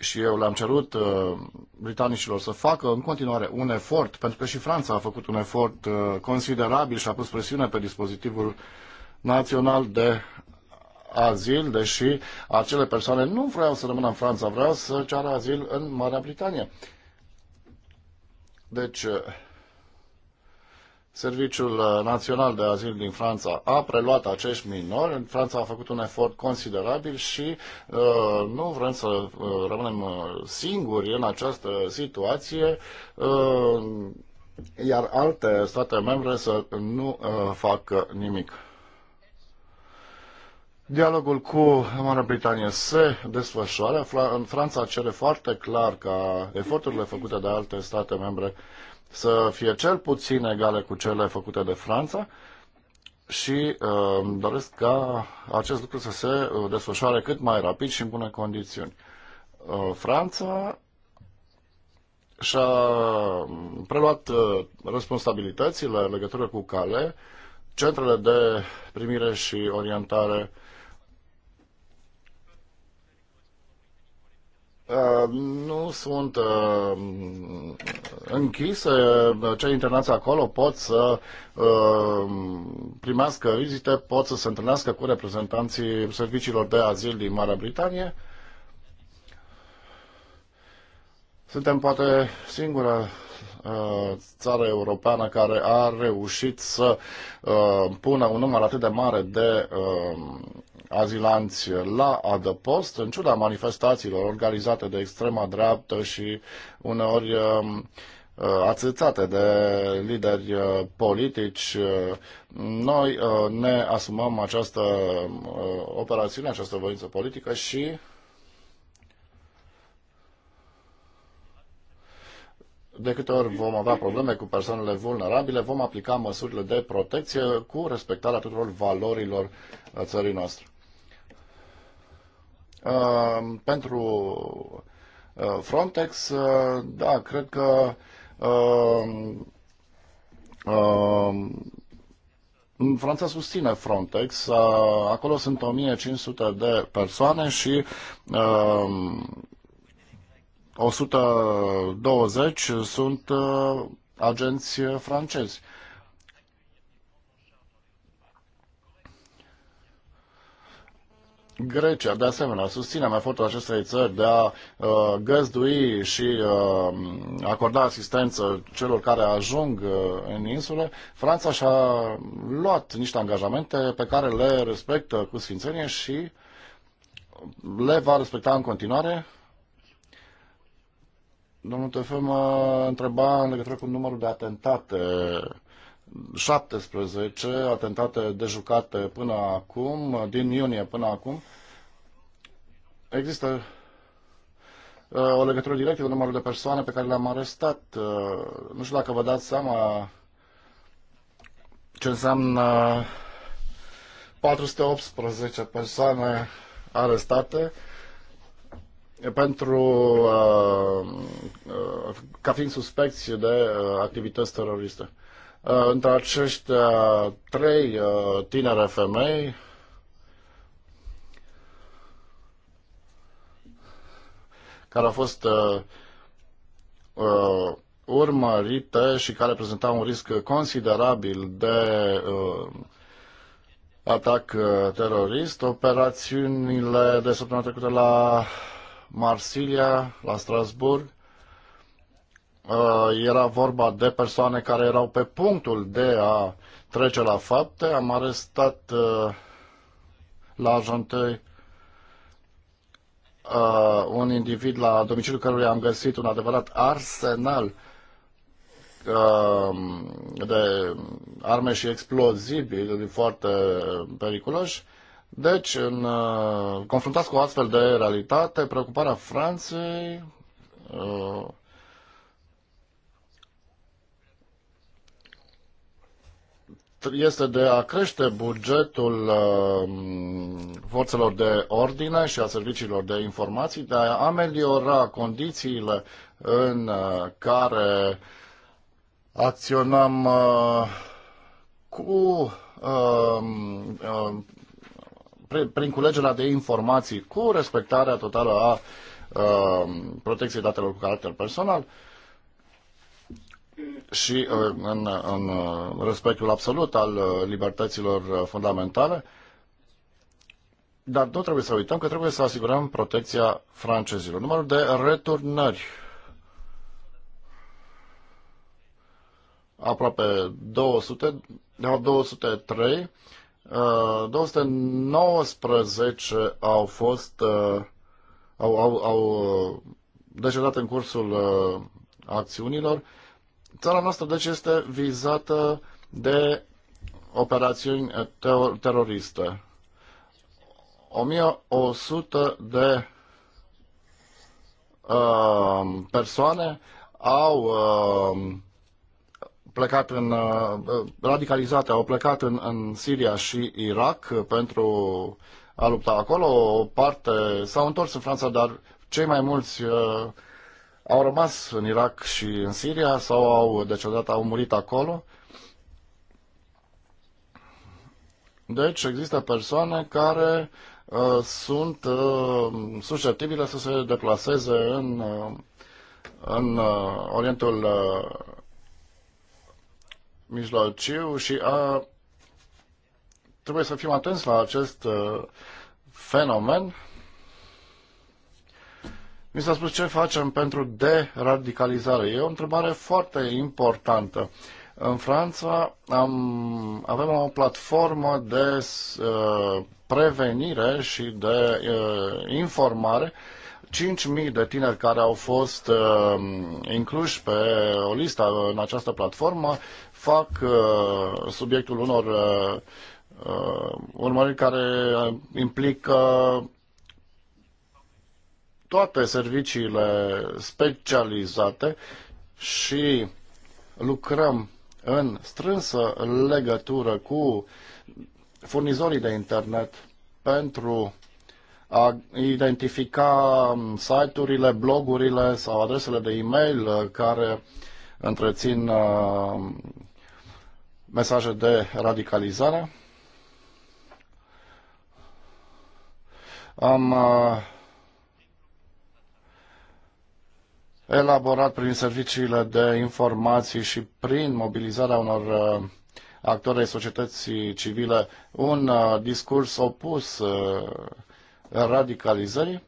S2: și eu le-am cerut uh, britanicilor să facă în continuare un efort, pentru că și Franța a făcut un efort uh, considerabil și a pus presiune pe dispozitivul național de azil, deși acele persoane nu vreau să rămână în Franța, vreau să ceară azil în Marea Britanie. Deci, uh, Serviciul uh, Național de Azil din Franța a preluat acești minori. Franța a făcut un efort considerabil și uh, nu vrem să uh, rămânem uh, singuri în această situație, uh, iar alte state membre să nu uh, facă nimic. Dialogul cu Marea Britanie se desfășoară. În Franța cere foarte clar ca eforturile făcute de alte state membre să fie cel puțin egale cu cele făcute de Franța și uh, doresc ca acest lucru să se uh, desfășoare cât mai rapid și în bune condiții. Uh, Franța și-a preluat uh, responsabilitățile în legătură cu cale, centrele de primire și orientare uh, Uh, nu sunt uh, închise. Uh, cei internați acolo pot să primească vizite, pot să se întâlnească cu reprezentanții serviciilor de azil din Marea Britanie. Suntem poate singura țară europeană care a reușit să pună un număr atât de mare de azilanți la adăpost, în ciuda manifestațiilor organizate de extrema dreaptă și uneori um, uh, atâțate de lideri uh, politici, uh, noi ne asumăm această operațiune, această voință politică și de câte ori vom avea probleme cu persoanele vulnerabile, vom aplica măsurile de protecție cu respectarea tuturor valorilor țării noastre. Ehm, pentru eh, Frontex, eh, da, cred că ehm, ehm, Franța susține Frontex, eh, acolo sunt 1500 de persoane și 120 sunt agenți francezi. Grecia, de asemenea, susținem efortul acestei țări de a uh, găzdui și uh, acorda asistență celor care ajung uh, în insule. Franța și-a luat niște angajamente pe care le respectă cu sfințenie și le va respecta în continuare. Domnul Tefem întreba în legătură cu numărul de atentate 17 atentate dejucate până acum, din iunie până acum. Există uh, o legătură directă cu numărul de persoane pe care le-am arestat. Uh, nu știu dacă vă dați seama ce înseamnă 418 persoane arestate pentru uh, ca fiind suspecți de activități teroriste. Uh, între acești trei uh, tinere femei, care au fost uh, uh, urmărite și care prezentau un risc considerabil de uh, atac uh, terorist. Operațiunile de săptămâna trecută la Marsilia, la Strasburg, Uh, era vorba de persoane care erau pe punctul de a trece la fapte. Am arestat uh, la ajuntei uh, un individ la domiciliul căruia am găsit un adevărat arsenal de arme și explozibili foarte periculoși. Deci, în, confruntați cu astfel de realitate, preocuparea Franței este de a crește bugetul um, forțelor de ordine și a serviciilor de informații, de a ameliora condițiile în uh, care acționăm uh, cu um, um, prin culegerea de informații cu respectarea totală a protecției datelor cu caracter personal și uh, în, în uh, respectul absolut al uh, libertăților fundamentale, dar nu trebuie să uităm că trebuie să asigurăm protecția francezilor. Numărul de returnări. Aproape 200, 203, 219 au fost au, au, au decedat în cursul acțiunilor Țara noastră, deci, este vizată de operațiuni ter- teroriste. 1100 de uh, persoane au uh, plecat în, uh, radicalizate, au plecat în, în Siria și Irak pentru a lupta acolo. O parte s-au întors în Franța, dar cei mai mulți uh, au rămas în Irak și în Siria sau au decedat, au murit acolo. Deci există persoane care uh, sunt uh, susceptibile să se deplaseze în, uh, în uh, Orientul uh, Mijlociu și a, uh, trebuie să fim atenți la acest uh, fenomen mi s-a spus ce facem pentru deradicalizare. E o întrebare foarte importantă. În Franța am, avem o platformă de uh, prevenire și de uh, informare. 5.000 de tineri care au fost uh, incluși pe o listă în această platformă fac uh, subiectul unor uh, uh urmări care implică toate serviciile specializate și lucrăm în strânsă legătură cu furnizorii de internet pentru a identifica site-urile, blogurile sau adresele de e-mail uh, care întrețin uh, mesaje de radicalizare. Am uh, elaborat prin serviciile de informații și prin mobilizarea unor uh, actori ai societății civile un uh, discurs opus uh, radicalizării.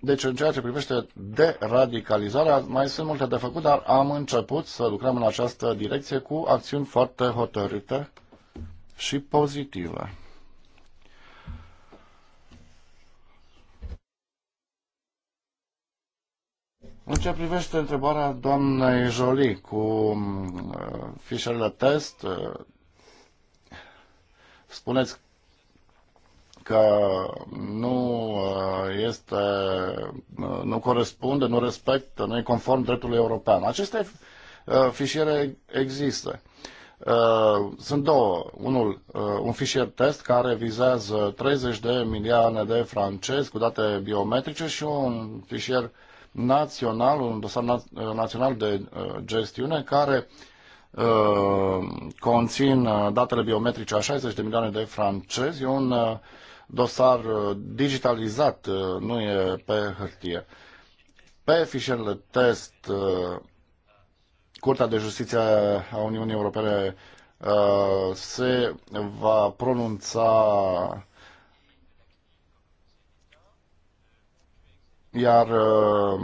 S2: Deci în ceea ce privește deradicalizarea, mai sunt multe de făcut, dar am început să lucrăm în această direcție cu acțiuni foarte hotărâte și pozitive. În ce privește întrebarea doamnei Jolie cu mm, uh, fișele test, uh, spuneți că nu uh, este, nu corespunde, nu respectă, nu e conform dreptului european. Aceste fișiere există. Sunt două. Unul, un fișier test care vizează 30 de milioane de francezi cu date biometrice și un fișier național, un dosar na- național de uh, gestiune care uh, conțin uh, datele biometrice a 60 de milioane de francezi. E un dosar digitalizat, nu e pe hârtie. Pe fișierele test, Curtea de Justiție a Uniunii Europene se va pronunța Iar uh,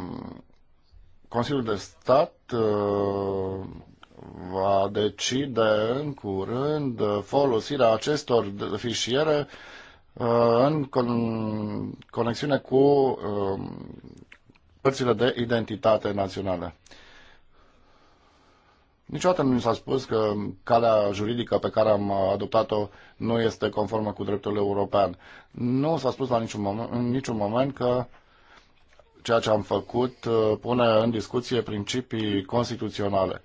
S2: Consiliul de Stat uh, va decide în curând uh, folosirea acestor fișiere în conexiune cu um, părțile de identitate naționale. Niciodată nu mi s-a spus că calea juridică pe care am adoptat-o nu este conformă cu dreptul european. Nu s-a spus la niciun moment, în niciun moment că uh, ceea ce am făcut uh, pune în discuție principii constituționale.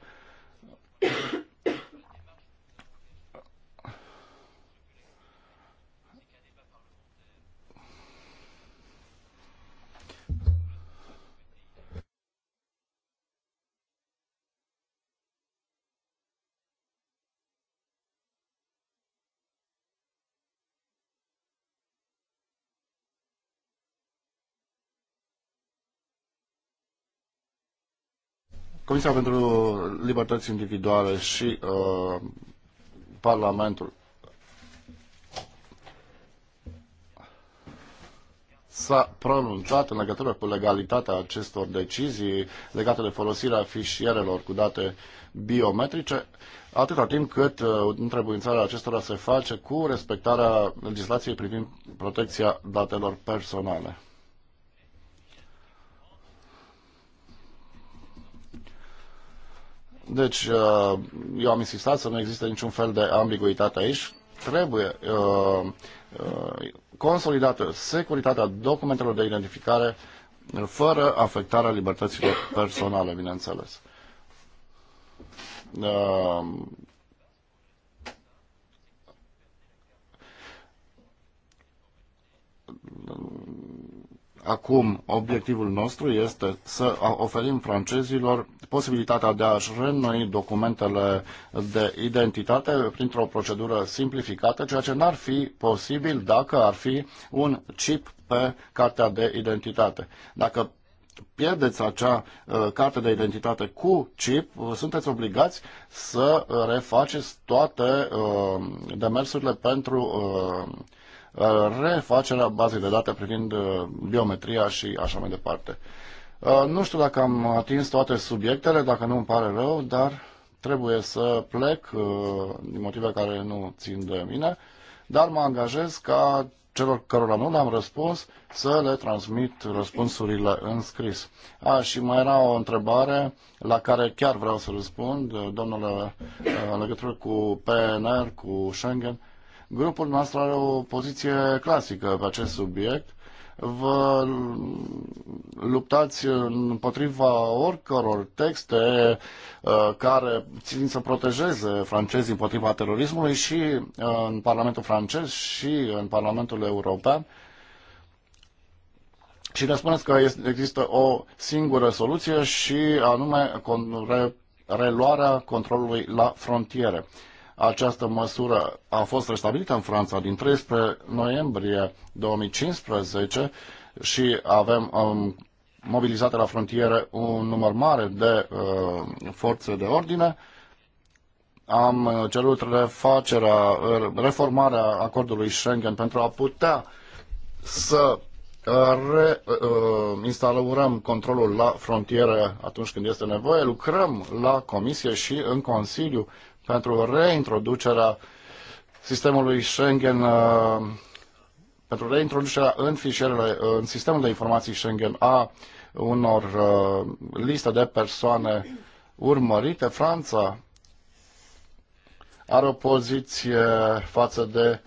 S2: Comisia pentru Libertăți Individuale și uh, Parlamentul s-a pronunțat în legătură cu legalitatea acestor decizii legate de folosirea fișierelor cu date biometrice, atâta timp cât uh, întrebuințarea acestora se face cu respectarea legislației privind protecția datelor personale. Deci, uh, eu am insistat să nu existe niciun fel de ambiguitate aici. Trebuie uh, uh, consolidată securitatea documentelor de identificare fără afectarea libertăților personale, bineînțeles. Acum, obiectivul nostru este să oferim francezilor posibilitatea de a-și reînnoi documentele de identitate printr-o procedură simplificată, ceea ce n-ar fi posibil dacă ar fi un chip pe cartea de identitate. Dacă pierdeți acea uh, carte de identitate cu chip, uh, sunteți obligați să refaceți toate uh, demersurile pentru refacerea bazei de date privind biometria și așa mai departe. Uh, nu știu dacă am atins toate subiectele, dacă nu îmi pare rău, dar trebuie să plec uh, din motive care nu țin de mine, dar mă angajez ca celor cărora nu le-am răspuns să le transmit răspunsurile în scris. A, și mai era o întrebare la care chiar vreau să răspund, uh, domnule, în legătură cu PNR, cu Schengen. Grupul nostru are o poziție clasică pe acest subiect vă luptați împotriva oricăror texte uh, care țin să protejeze francezii împotriva terorismului și uh, în Parlamentul francez și în Parlamentul European. Și ne spuneți că există o singură soluție și anume reluarea controlului la frontiere. Această măsură a fost restabilită în Franța din 13 noiembrie 2015 și avem um, mobilizate la frontieră un număr mare de uh, forțe de ordine. Am uh, cerut refacerea, uh, reformarea acordului Schengen pentru a putea să uh, reinstalăm controlul la frontieră atunci când este nevoie, lucrăm la Comisie și în Consiliu pentru reintroducerea sistemului Schengen, uh, pentru reintroducerea în fișierele, uh, în sistemul de informații Schengen a unor uh, liste de persoane urmărite. Franța are o poziție față de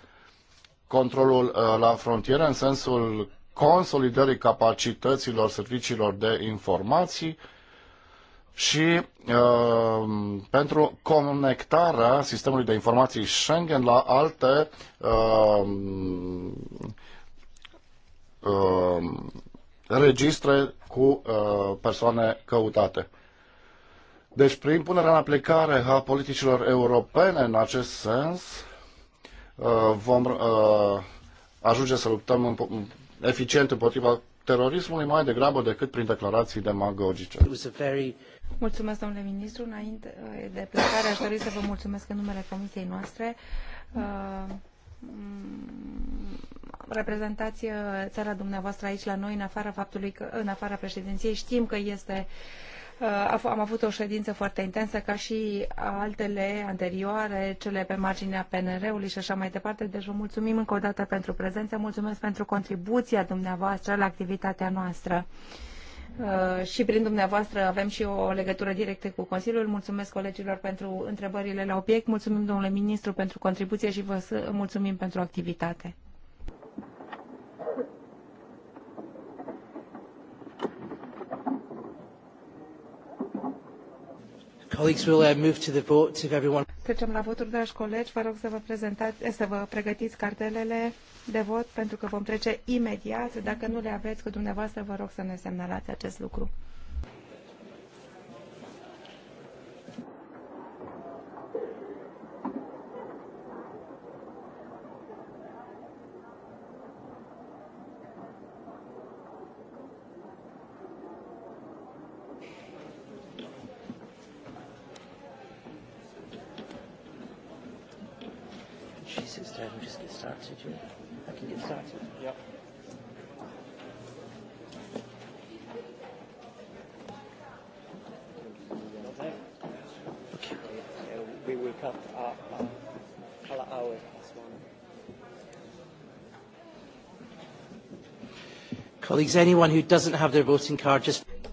S2: controlul la frontieră în sensul consolidării capacităților serviciilor de informații și uh, pentru conectarea sistemului de informații Schengen la alte uh, uh, registre cu uh, persoane căutate. Deci, prin punerea în aplicare a politicilor europene în acest sens, uh, vom uh, ajunge să luptăm eficient împotriva terorismului mai degrabă decât prin declarații demagogice. It was a very
S5: Mulțumesc, domnule ministru. Înainte eh, de plecare, aș dori să vă mulțumesc în numele comisiei noastre. Uh, reprezentați eh, țara dumneavoastră aici la noi, în afara faptului că, în afara președinției, știm că este am avut o ședință foarte intensă, ca și altele anterioare, cele pe marginea PNR-ului și așa mai departe. Deci vă mulțumim încă o dată pentru prezență, mulțumesc pentru contribuția dumneavoastră la activitatea noastră. Uh, și prin dumneavoastră avem și o legătură directă cu Consiliul. Mulțumesc colegilor pentru întrebările la obiect, mulțumim domnule ministru pentru contribuție și vă mulțumim pentru activitate.
S1: Uh,
S5: Trecem la voturi, dragi colegi. Vă rog să vă, prezentați, să vă pregătiți cartelele de vot pentru că vom trece imediat. Dacă nu le aveți cu dumneavoastră, vă rog să ne semnalați acest lucru.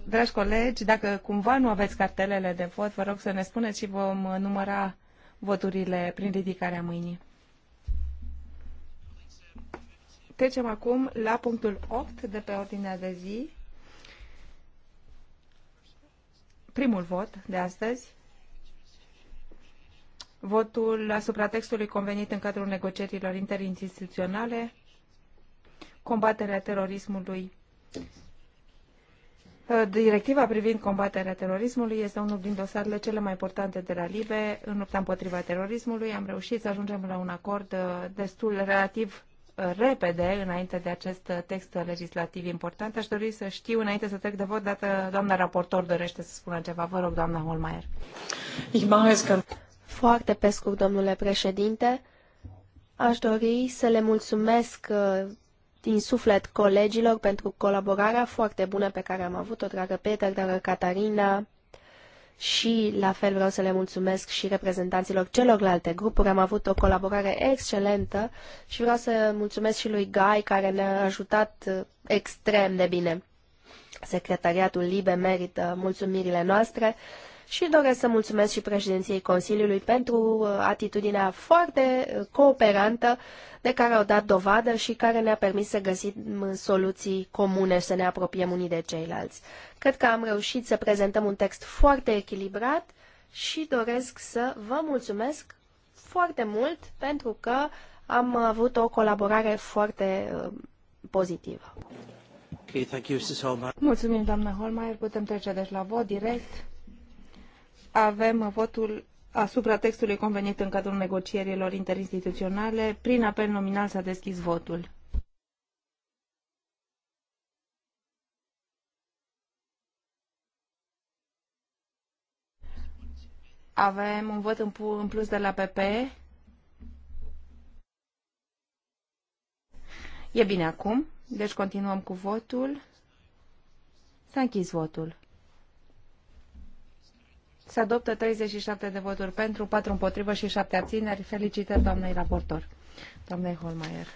S5: Dragi colegi, dacă cumva nu aveți cartelele de vot, vă rog să ne spuneți și vom uh, număra voturile prin ridicarea mâinii. Trecem acum la punctul 8 de pe ordinea de zi. Primul vot de astăzi. Votul asupra textului convenit în cadrul negocierilor interinstituționale combaterea terorismului. Uh, directiva privind combaterea terorismului este unul din dosarele cele mai importante de la LIBE. În lupta împotriva terorismului am reușit să ajungem la un acord uh, destul relativ uh, repede înainte de acest text legislativ important. Aș dori să știu, înainte să trec de vot, dacă doamna raportor dorește să spună ceva. Vă rog, doamna Holmeier.
S4: Foarte pe scurt, domnule președinte. Aș dori să le mulțumesc din suflet colegilor pentru colaborarea foarte bună pe care am avut-o, dragă Peter, dragă Catarina, și la fel vreau să le mulțumesc și reprezentanților celorlalte grupuri. Am avut o colaborare excelentă și vreau să mulțumesc și lui Guy care ne-a ajutat uh, extrem de bine. Secretariatul Libe merită mulțumirile noastre și doresc să mulțumesc și președinției Consiliului pentru uh, atitudinea foarte uh, cooperantă de care au dat dovadă și care ne-a permis să găsim uh, soluții comune și să ne apropiem unii de ceilalți. Cred că am reușit să prezentăm un text foarte echilibrat și doresc să vă mulțumesc foarte mult pentru că am avut o colaborare foarte
S5: pozitivă.
S1: Okay, thank you, Mrs.
S5: Mulțumim, doamna Holmeier. Putem trece deci la vot direct avem votul asupra textului convenit în cadrul negocierilor interinstituționale. Prin apel nominal s-a deschis votul. Avem un vot în plus de la PP. E bine acum, deci continuăm cu votul. S-a închis votul. Se adoptă 37 de voturi pentru, 4 împotrivă și 7 abțineri. Felicitări doamnei raportor, doamnei Holmaier.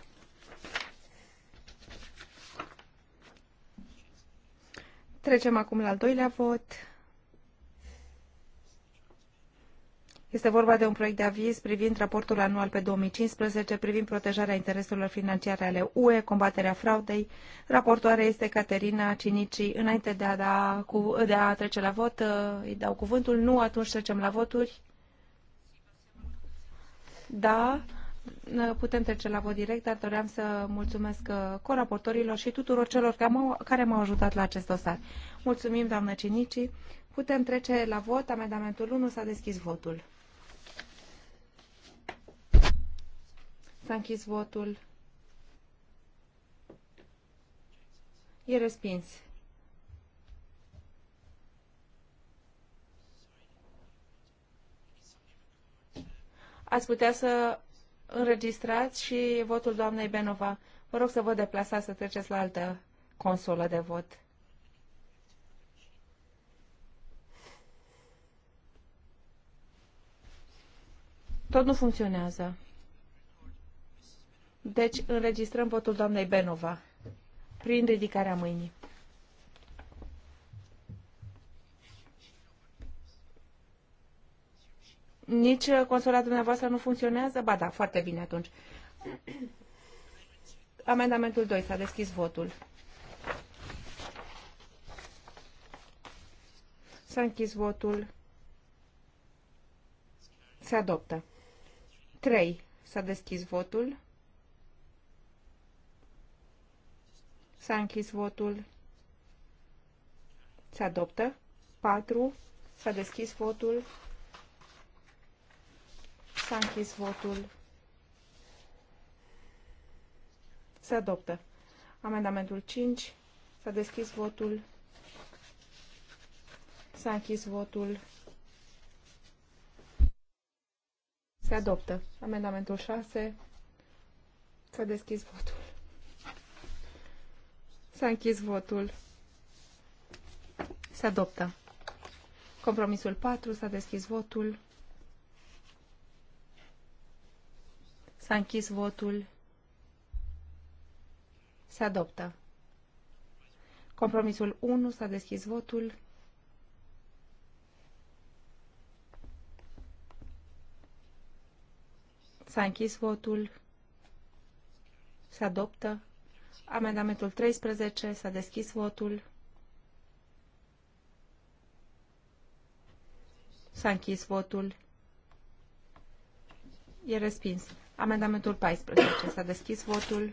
S5: Trecem acum la al doilea vot. Este vorba de un proiect de aviz privind raportul anual pe 2015, privind protejarea intereselor financiare ale UE, combaterea fraudei. Raportoarea este Caterina Cinici. Înainte de a, da, cu, de a trece la vot, uh, îi dau cuvântul. Nu, atunci trecem la voturi. Da, putem trece la vot direct, dar doream să mulțumesc uh, coraportorilor și tuturor celor care m-au ajutat la acest dosar. Mulțumim, doamnă Cinici. Putem trece la vot. Amendamentul 1 s-a deschis votul. S-a închis votul. E respins. Ați putea să înregistrați și votul doamnei Benova. Vă rog să vă deplasați să treceți la altă consolă de vot. Tot nu funcționează. Deci înregistrăm votul doamnei Benova prin ridicarea mâinii. Nici uh, consola dumneavoastră nu funcționează? Ba da, foarte bine atunci. Amendamentul 2. S-a deschis votul. S-a închis votul. Se adoptă. 3. S-a deschis votul. S-a închis votul. Se adoptă. 4. S-a deschis votul. S-a închis votul. Se adoptă. Amendamentul 5. S-a deschis votul. S-a închis votul. Se adoptă. Amendamentul 6. S-a deschis votul. S-a închis votul. Se adoptă. Compromisul 4. S-a deschis votul. S-a închis votul. Se adoptă. Compromisul 1. S-a deschis votul. S-a închis votul. Se adoptă. Amendamentul 13. S-a deschis votul. S-a închis votul. E respins. Amendamentul 14. S-a deschis votul.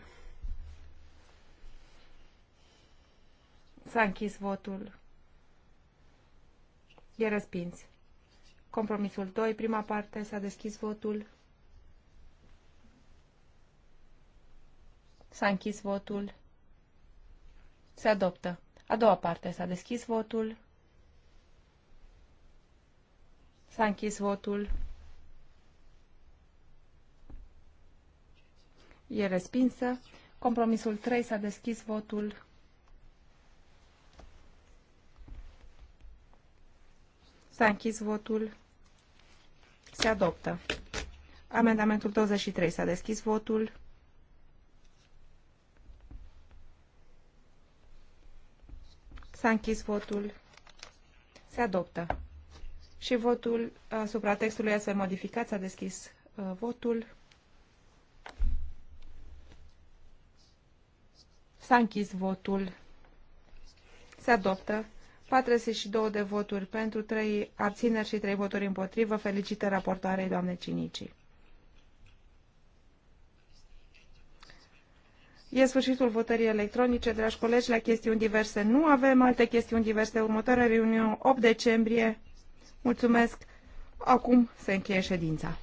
S5: S-a închis votul. E respins. Compromisul 2, prima parte, s-a deschis votul. S-a închis votul. Se adoptă. A doua parte. S-a deschis votul. S-a închis votul. E respinsă. Compromisul 3 s-a deschis votul. S-a închis votul. Se adoptă. Amendamentul 23 s-a deschis votul. S-a închis votul. Se adoptă. Și votul asupra textului astfel modificat s-a deschis uh, votul. S-a închis votul. Se adoptă. 42 de voturi pentru, 3 abțineri și 3 voturi împotrivă. Felicită raportoarei doamne Cinicii. E sfârșitul votării electronice, dragi colegi, la chestiuni diverse nu avem alte chestiuni diverse. Următoarea reuniune 8 decembrie. Mulțumesc. Acum se încheie ședința.